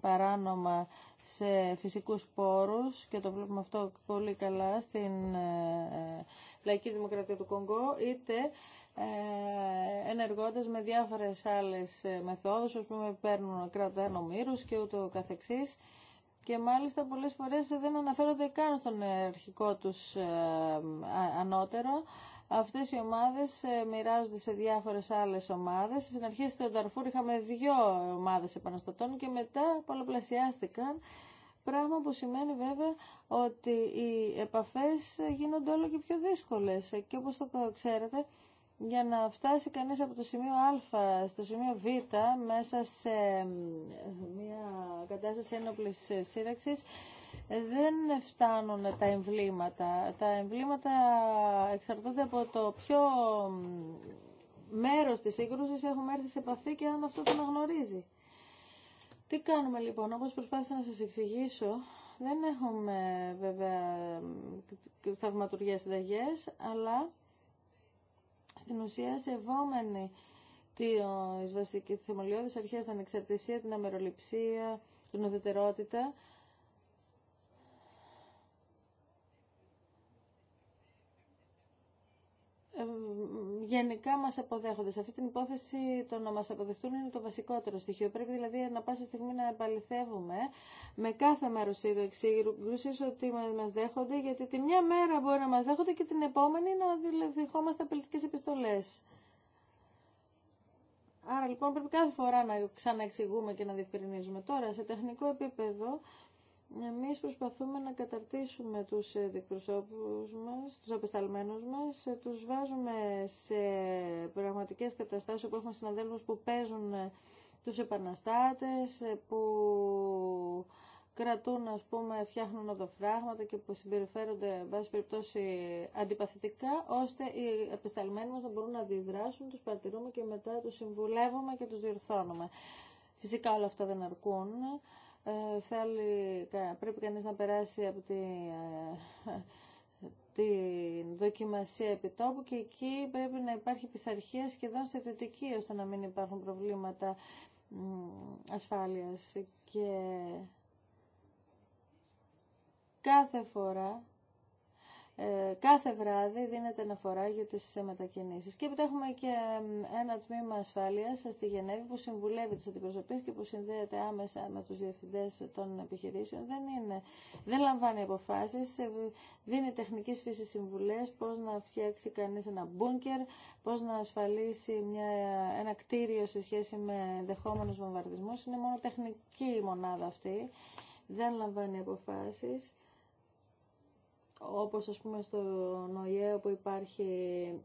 παράνομα σε φυσικούς πόρους και το βλέπουμε αυτό πολύ καλά στην ε, Λαϊκή Δημοκρατία του Κονγκό είτε ενεργώντας με διάφορες άλλες μεθόδους, που παίρνουν κρατάνο μύρους και ούτω καθεξής και μάλιστα πολλές φορές δεν αναφέρονται καν στον αρχικό τους ε, ανώτερο. Αυτές οι ομάδες ε, μοιράζονται σε διάφορες άλλες ομάδες. Στην αρχή στον Ταρφούρ είχαμε δύο ομάδες επαναστατών και μετά πολλαπλασιάστηκαν. Πράγμα που σημαίνει βέβαια ότι οι επαφές γίνονται όλο και πιο δύσκολες και όπως το ξέρετε για να φτάσει κανείς από το σημείο Α στο σημείο Β μέσα σε μια κατάσταση ένοπλης σύραξης δεν φτάνουν τα εμβλήματα. Τα εμβλήματα εξαρτώνται από το πιο μέρος της σύγκρουσης έχουμε έρθει σε επαφή και αν αυτό το αναγνωρίζει. Τι κάνουμε λοιπόν, όπως προσπάθησα να σας εξηγήσω, δεν έχουμε βέβαια θαυματουργές συνταγές, αλλά στην ουσία σεβόμενοι τις βασικές θεμελιώδεις αρχές, την ανεξαρτησία, την αμεροληψία, την οδετερότητα, γενικά μας αποδέχονται. Σε αυτή την υπόθεση το να μας αποδεχτούν είναι το βασικότερο στοιχείο. Πρέπει δηλαδή να πάσα στιγμή να επαληθεύουμε με κάθε μέρος εξήγηση ότι μας δέχονται, γιατί τη μια μέρα μπορεί να μας δέχονται και την επόμενη να δεχόμαστε απελητικές επιστολές. Άρα λοιπόν πρέπει κάθε φορά να ξαναεξηγούμε και να διευκρινίζουμε. Τώρα σε τεχνικό επίπεδο εμείς προσπαθούμε να καταρτήσουμε τους εκπροσώπους μας, τους απεσταλμένους μας, τους βάζουμε σε πραγματικές καταστάσεις όπου έχουμε συναδέλφους που παίζουν τους επαναστάτες, που κρατούν, ας πούμε, φτιάχνουν οδοφράγματα και που συμπεριφέρονται, εν περιπτώσει, αντιπαθητικά, ώστε οι απεσταλμένοι μας να μπορούν να αντιδράσουν, τους παρατηρούμε και μετά τους συμβουλεύουμε και τους διορθώνουμε. Φυσικά όλα αυτά δεν αρκούν. Ε, θέλει, πρέπει κανείς να περάσει από τη, ε, τη δοκιμασία επιτόπου και εκεί πρέπει να υπάρχει πειθαρχία σχεδόν θετική ώστε να μην υπάρχουν προβλήματα ασφάλειας και κάθε φορά ε, κάθε βράδυ δίνεται αναφορά για τις ε, μετακινήσεις. Και έπειτα και ένα τμήμα ασφάλειας ε, στη Γενέβη που συμβουλεύει τις αντιπροσωπείς και που συνδέεται άμεσα με τους διευθυντές των επιχειρήσεων. Δεν, είναι, δεν λαμβάνει αποφάσεις, δίνει τεχνικής φύσης συμβουλές, πώς να φτιάξει κανείς ένα μπούνκερ, πώς να ασφαλίσει μια, ένα κτίριο σε σχέση με δεχόμενους βομβαρδισμούς. Είναι μόνο τεχνική η μονάδα αυτή, δεν λαμβάνει αποφάσεις όπως ας πούμε στο ΝΟΙΕ που υπάρχει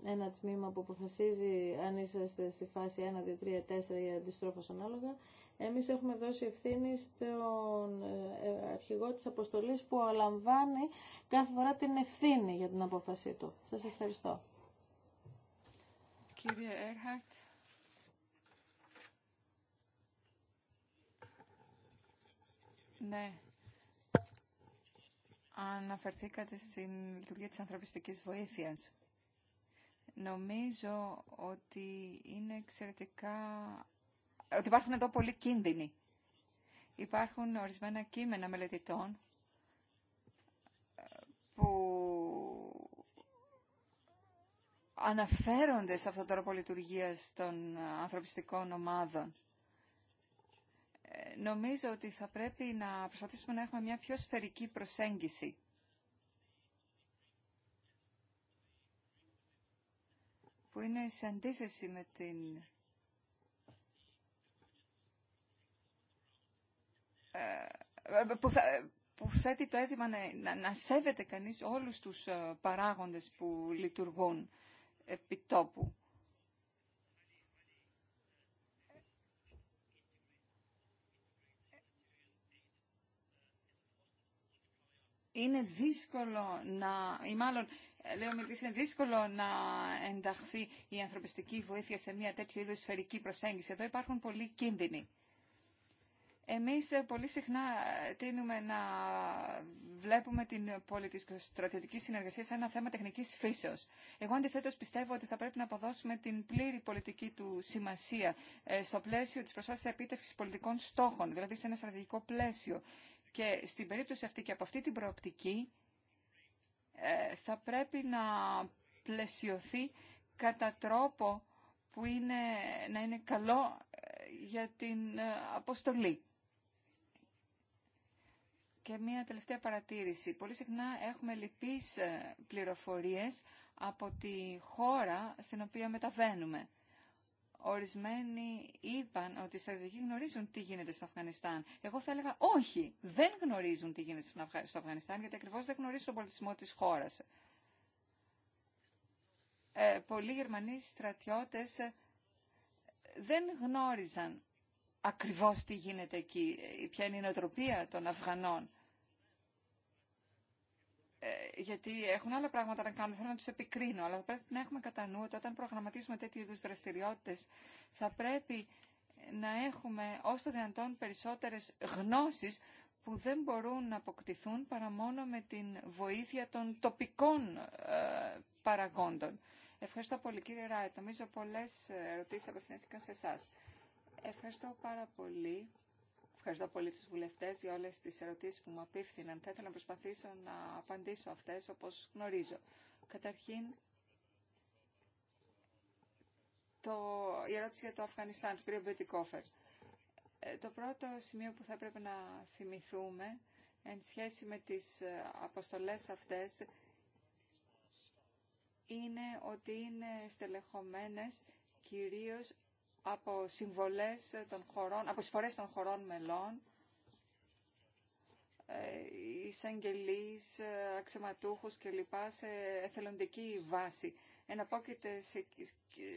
ένα τμήμα που αποφασίζει αν είσαστε στη φάση 1, 2, 3, 4 ή αντιστρόφως ανάλογα, εμείς έχουμε δώσει ευθύνη στον ε, αρχηγό της αποστολής που αλαμβάνει κάθε φορά την ευθύνη για την απόφασή του. Σας ευχαριστώ. Κύριε Έρχαρτ. Ναι. Αναφερθήκατε στην λειτουργία της ανθρωπιστικής βοήθειας. Νομίζω ότι είναι εξαιρετικά... ότι υπάρχουν εδώ πολλοί κίνδυνοι. Υπάρχουν ορισμένα κείμενα μελετητών ε, που αναφέρονται σε αυτό τον τρόπο λειτουργία των ανθρωπιστικών ομάδων νομίζω ότι θα πρέπει να προσπαθήσουμε να έχουμε μια πιο σφαιρική προσέγγιση. που είναι σε αντίθεση με την ε, που, θα, που θέτει το αίτημα να, να, σέβεται κανείς όλους τους ε, παράγοντες που λειτουργούν επί τόπου. είναι δύσκολο να, ή μάλλον λέω μιλής, είναι δύσκολο να ενταχθεί η μαλλον λεω με ειναι δυσκολο βοήθεια σε μια τέτοια είδους σφαιρική προσέγγιση. Εδώ υπάρχουν πολλοί κίνδυνοι. Εμείς πολύ συχνά ε, τίνουμε να βλέπουμε την στρατιωτική συνεργασία σαν ένα θέμα τεχνικής φύσεως. Εγώ αντιθέτως πιστεύω ότι θα πρέπει να αποδώσουμε την πλήρη πολιτική του σημασία ε, στο πλαίσιο της προσπάθειας επίτευξης πολιτικών στόχων, δηλαδή σε ένα στρατηγικό πλαίσιο και στην περίπτωση αυτή και από αυτή την προοπτική ε, θα πρέπει να πλαισιωθεί κατά τρόπο που είναι, να είναι καλό ε, για την ε, αποστολή. Και μία τελευταία παρατήρηση. Πολύ συχνά έχουμε λυπείς πληροφορίες από τη χώρα στην οποία μεταβαίνουμε. Ορισμένοι είπαν ότι οι στρατιωτικοί γνωρίζουν τι γίνεται στο Αφγανιστάν. Εγώ θα έλεγα όχι, δεν γνωρίζουν τι γίνεται στο Αφγανιστάν, γιατί ακριβώ δεν γνωρίζουν τον πολιτισμό τη χώρα. Ε, πολλοί Γερμανοί στρατιώτες ε, δεν γνώριζαν ακριβώς τι γίνεται εκεί, ε, ποια είναι η νοοτροπία των Αφγανών. Ε, γιατί έχουν άλλα πράγματα να κάνουν, θέλω να του επικρίνω, αλλά πρέπει να έχουμε κατά νου ότι όταν προγραμματίζουμε τέτοιου είδου δραστηριότητε, θα πρέπει να έχουμε όσο το δυνατόν περισσότερε γνώσει που δεν μπορούν να αποκτηθούν παρά μόνο με την βοήθεια των τοπικών ε, παραγόντων. Ευχαριστώ πολύ κύριε Ράιτ. Νομίζω πολλές ε, ερωτήσεις απευθυνθήκαν σε εσά. Ευχαριστώ πάρα πολύ. Ευχαριστώ πολύ τους βουλευτές για όλες τις ερωτήσεις που μου απίφθηναν. Θα ήθελα να προσπαθήσω να απαντήσω αυτές όπως γνωρίζω. Καταρχήν, το, η ερώτηση για το Αφγανιστάν, του κ. Μπετικόφερ. Ε, το πρώτο σημείο που θα έπρεπε να θυμηθούμε εν σχέση με τις ε, αποστολές αυτές είναι ότι είναι στελεχωμένες κυρίως από συμβολές των χωρών, από συμφορές των χωρών μελών, ε, εισαγγελείς, ε, αξιωματούχους κλπ. σε εθελοντική βάση. Εναπόκειται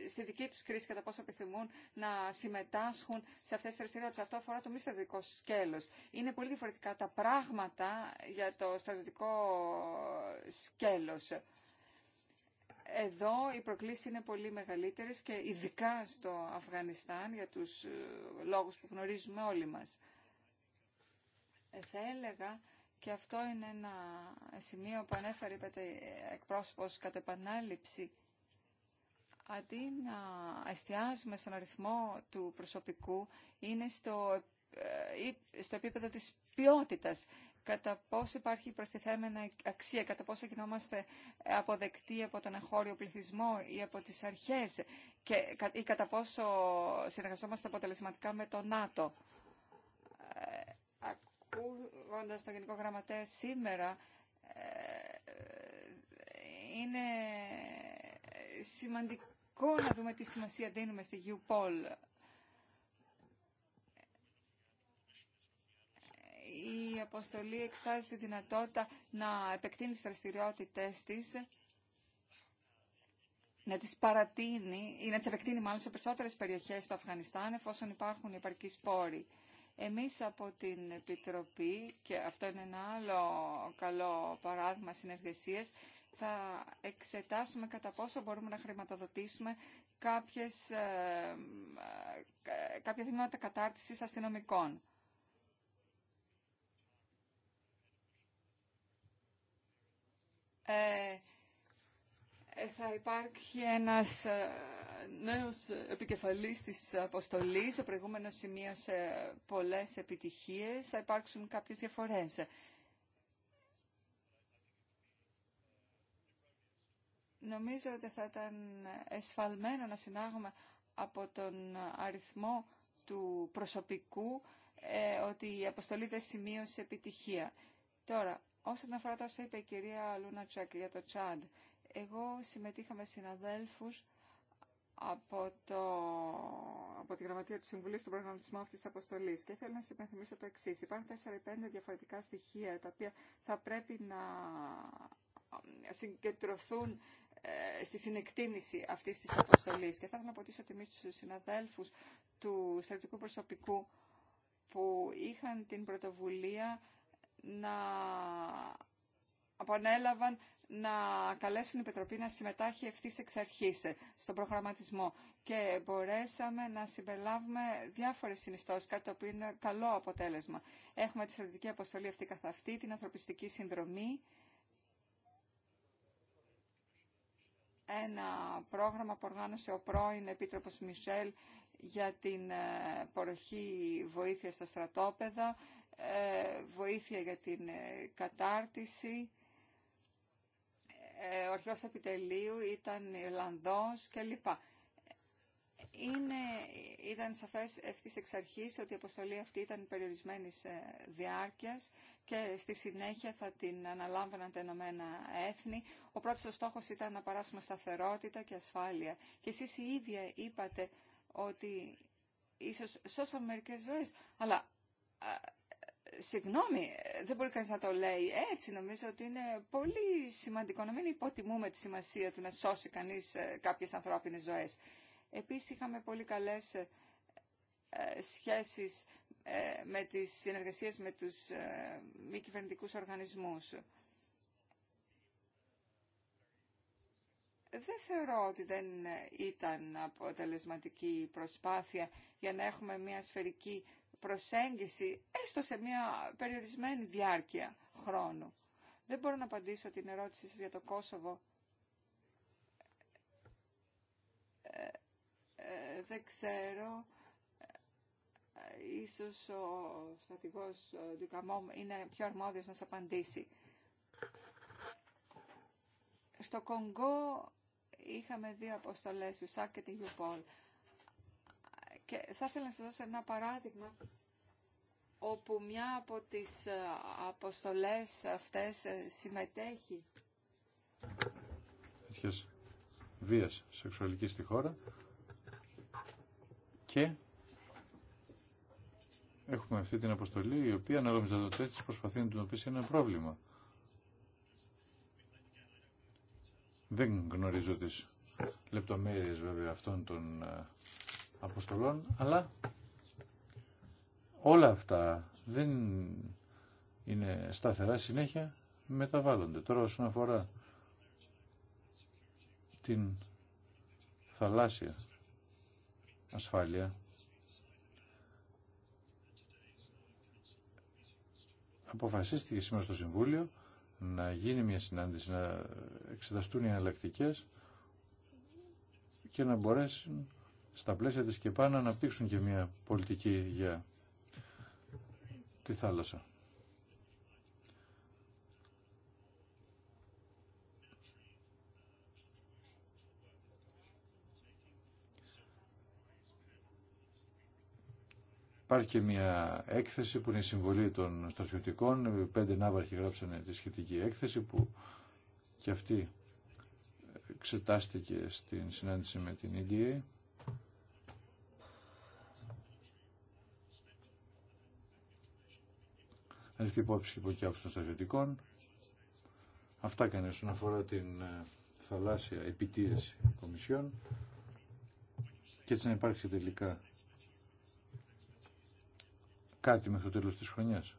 στη δική τους κρίση κατά πόσο επιθυμούν να συμμετάσχουν σε αυτές τις δραστηριότητες. Αυτό αφορά το μη στρατιωτικό σκέλος. Είναι πολύ διαφορετικά τα πράγματα για το στρατιωτικό σκέλος. Εδώ οι προκλήσει είναι πολύ μεγαλύτερες και ειδικά στο Αφγανιστάν για τους ε, λόγους που γνωρίζουμε όλοι μας. Ε, θα έλεγα και αυτό είναι ένα σημείο που ανέφερε, είπατε, ε, εκπρόσωπος κατά επανάληψη. Αντί να εστιάζουμε στον αριθμό του προσωπικού, είναι στο, στο επίπεδο της ποιότητας κατά πόσο υπάρχει προστιθέμενα αξία, κατά πόσο γινόμαστε αποδεκτοί από τον εγχώριο πληθυσμό ή από τις αρχές και, ή κατά πόσο συνεργαζόμαστε αποτελεσματικά με το ΝΑΤΟ. Ε, ακούγοντας τον Γενικό Γραμματέα σήμερα, ε, είναι σημαντικό να δούμε τι σημασία δίνουμε στη UPOL η αποστολή εξτάζει τη δυνατότητα να επεκτείνει τις δραστηριότητε της, να τις παρατείνει ή να τις επεκτείνει μάλλον σε περισσότερες περιοχές του Αφγανιστάν εφόσον υπάρχουν υπαρκή πόροι. Εμείς από την Επιτροπή, και αυτό είναι ένα άλλο καλό παράδειγμα συνεργασίας, θα εξετάσουμε κατά πόσο μπορούμε να χρηματοδοτήσουμε κάποιες, ε, ε, ε, κάποια δημιουργία κατάρτισης αστυνομικών. Ε, ε, θα υπάρχει ένας ε, νέος επικεφαλής της αποστολής. Ο προηγούμενος σημείωσε πολλές επιτυχίες. Θα υπάρξουν κάποιες διαφορές. Νομίζω ότι θα ήταν εσφαλμένο να συνάγουμε από τον αριθμό του προσωπικού ότι η αποστολή δεν σημείωσε επιτυχία. Τώρα, Όσον αφορά τόσο είπε η κυρία Λούνα Τσακ για το Τσάντ, εγώ συμμετείχα με συναδέλφους από, το, από τη Γραμματεία του Συμβουλίου στον προγραμματισμό αυτή τη αποστολή. Και θέλω να σα υπενθυμίσω το εξή. Υπάρχουν 4-5 διαφορετικά στοιχεία τα οποία θα πρέπει να συγκεντρωθούν ε, στη συνεκτίμηση αυτή τη αποστολή. Και θα ήθελα να αποτίσω τιμή στου συναδέλφου του στρατιωτικού προσωπικού που είχαν την πρωτοβουλία να επανέλαβαν να καλέσουν η Πετροπή να συμμετάχει ευθύ εξ αρχή στον προγραμματισμό. Και μπορέσαμε να συμπεριλάβουμε διάφορε συνιστώσει, κάτι το οποίο είναι καλό αποτέλεσμα. Έχουμε τη στρατιωτική αποστολή αυτή καθ' αυτή, την ανθρωπιστική συνδρομή, ένα πρόγραμμα που οργάνωσε ο πρώην Επίτροπος Μισελ για την ε, ποροχή βοήθεια στα στρατόπεδα, ε, βοήθεια για την ε, κατάρτιση. Ε, ο αρχαιός επιτελείου ήταν Ιρλανδός κλπ. Είναι, ήταν σαφές ευθύς εξ αρχής ότι η αποστολή αυτή ήταν περιορισμένης διάρκειας και στη συνέχεια θα την αναλάμβαναν τα Ηνωμένα Έθνη. Ο πρώτος στόχος ήταν να παράσουμε σταθερότητα και ασφάλεια. Και εσείς οι ίδια είπατε ότι ίσως σώσαμε μερικές ζωές, αλλά συγγνώμη, δεν μπορεί κανείς να το λέει έτσι. Νομίζω ότι είναι πολύ σημαντικό να μην υποτιμούμε τη σημασία του να σώσει κανείς ε, κάποιες ανθρώπινες ζωές. Επίσης είχαμε πολύ καλές ε, ε, σχέσεις με τις συνεργασίες με τους μη κυβερνητικού οργανισμούς. δεν θεωρώ ότι δεν ήταν αποτελεσματική προσπάθεια για να έχουμε μια σφαιρική προσέγγιση έστω σε μια περιορισμένη διάρκεια χρόνου. Δεν μπορώ να απαντήσω την ερώτηση σας για το Κόσοβο. Ε, ε, δεν ξέρω. Ε, ίσως ο στρατηγός Ντουκαμόμ είναι πιο αρμόδιος να σας απαντήσει. Στο Κονγκό είχαμε δύο αποστολές, Σάκ και την Γιουπόλ. Και θα ήθελα να σας δώσω ένα παράδειγμα όπου μια από τις ε, αποστολές αυτές ε, συμμετέχει. Έχεις βίας σεξουαλικής στη χώρα και έχουμε αυτή την αποστολή η οποία ανάλογα με τις προσπαθεί να αντιμετωπίσει ένα πρόβλημα. Δεν γνωρίζω τις λεπτομέρειες βέβαια αυτών των ε, αποστολών, αλλά όλα αυτά δεν είναι σταθερά συνέχεια, μεταβάλλονται. Τώρα όσον αφορά την θαλάσσια ασφάλεια, αποφασίστηκε σήμερα στο Συμβούλιο να γίνει μια συνάντηση, να εξεταστούν οι εναλλακτικέ και να μπορέσουν στα πλαίσια της ΚΕΠΑ να αναπτύξουν και μια πολιτική για τη θάλασσα. Υπάρχει και μια έκθεση που είναι η συμβολή των στρατιωτικών. Πέντε ναύαρχοι γράψανε τη σχετική έκθεση που και αυτή εξετάστηκε στην συνάντηση με την EDA. ληφθεί υπόψη και από των στρατιωτικών. Αυτά έκανε όσον αφορά την ε, θαλάσσια επιτήρηση κομισιών και έτσι να υπάρξει τελικά κάτι μέχρι το τέλος της χρονιάς.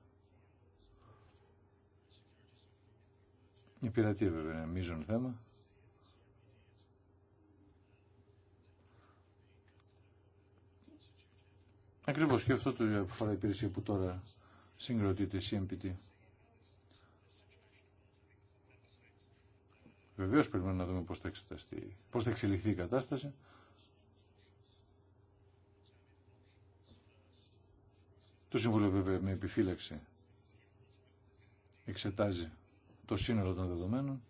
Η πειρατεία βέβαια είναι μείζον θέμα. Ακριβώς και αυτό το αφορά η υπηρεσία που τώρα συγκροτείται η CMPT. Βεβαίω περιμένουμε να δούμε πώς θα, εξεταστεί, πώς θα εξελιχθεί η κατάσταση. Το Συμβούλιο βέβαια με επιφύλαξη εξετάζει το σύνολο των δεδομένων.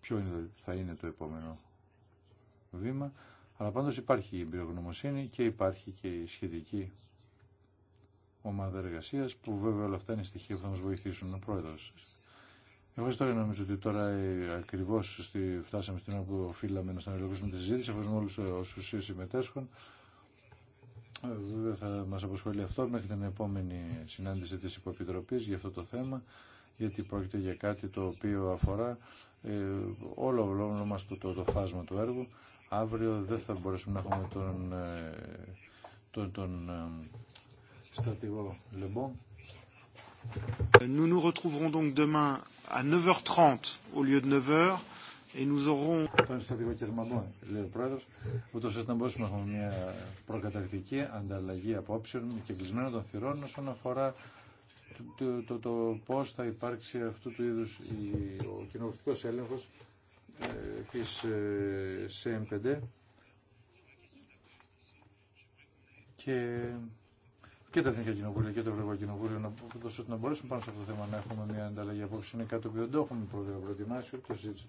Ποιο είναι, θα είναι το επόμενο βήμα. Αλλά πάντως υπάρχει η εμπειρογνωμοσύνη και υπάρχει και η σχετική ομάδα εργασία που βέβαια όλα αυτά είναι στοιχεία που θα μα βοηθήσουν ο πρόεδρο. Ευχαριστώ και νομίζω ότι τώρα ε, ακριβώ φτάσαμε στην ώρα που οφείλαμε να σταματήσουμε τη συζήτηση. Ευχαριστούμε όλου ε, όσου συμμετέσχουν. Ε, βέβαια θα μα απασχολεί αυτό μέχρι την επόμενη συνάντηση τη Υποπιτροπή για αυτό το θέμα, γιατί πρόκειται για κάτι το οποίο αφορά ε, όλο, όλο μας το, το, το φάσμα του έργου αύριο δεν θα μπορέσουμε να έχουμε τον, ε, τον, τον ε, στρατηγό Λεμπόν. Nous nous retrouverons donc demain à h 9h et Τον στρατηγό Κερμαντών, λέει ο πρόεδρος, ούτως ώστε να μπορέσουμε να έχουμε μια προκαταρκτική ανταλλαγή απόψεων και κλεισμένο των θυρών όσον αφορά το, το, πώς θα υπάρξει αυτού του είδους ο κοινοβουλευτικός έλεγχος ε, της ε, ΣΕΜ5 και, και τα Εθνικά Κοινοβούλια και το Ευρωπαϊκό Κοινοβούλιο να, ώστε να μπορέσουμε πάνω σε αυτό το θέμα να έχουμε μια ανταλλαγή απόψη. Είναι κάτι που δεν το έχουμε προετοιμάσει, ούτε το το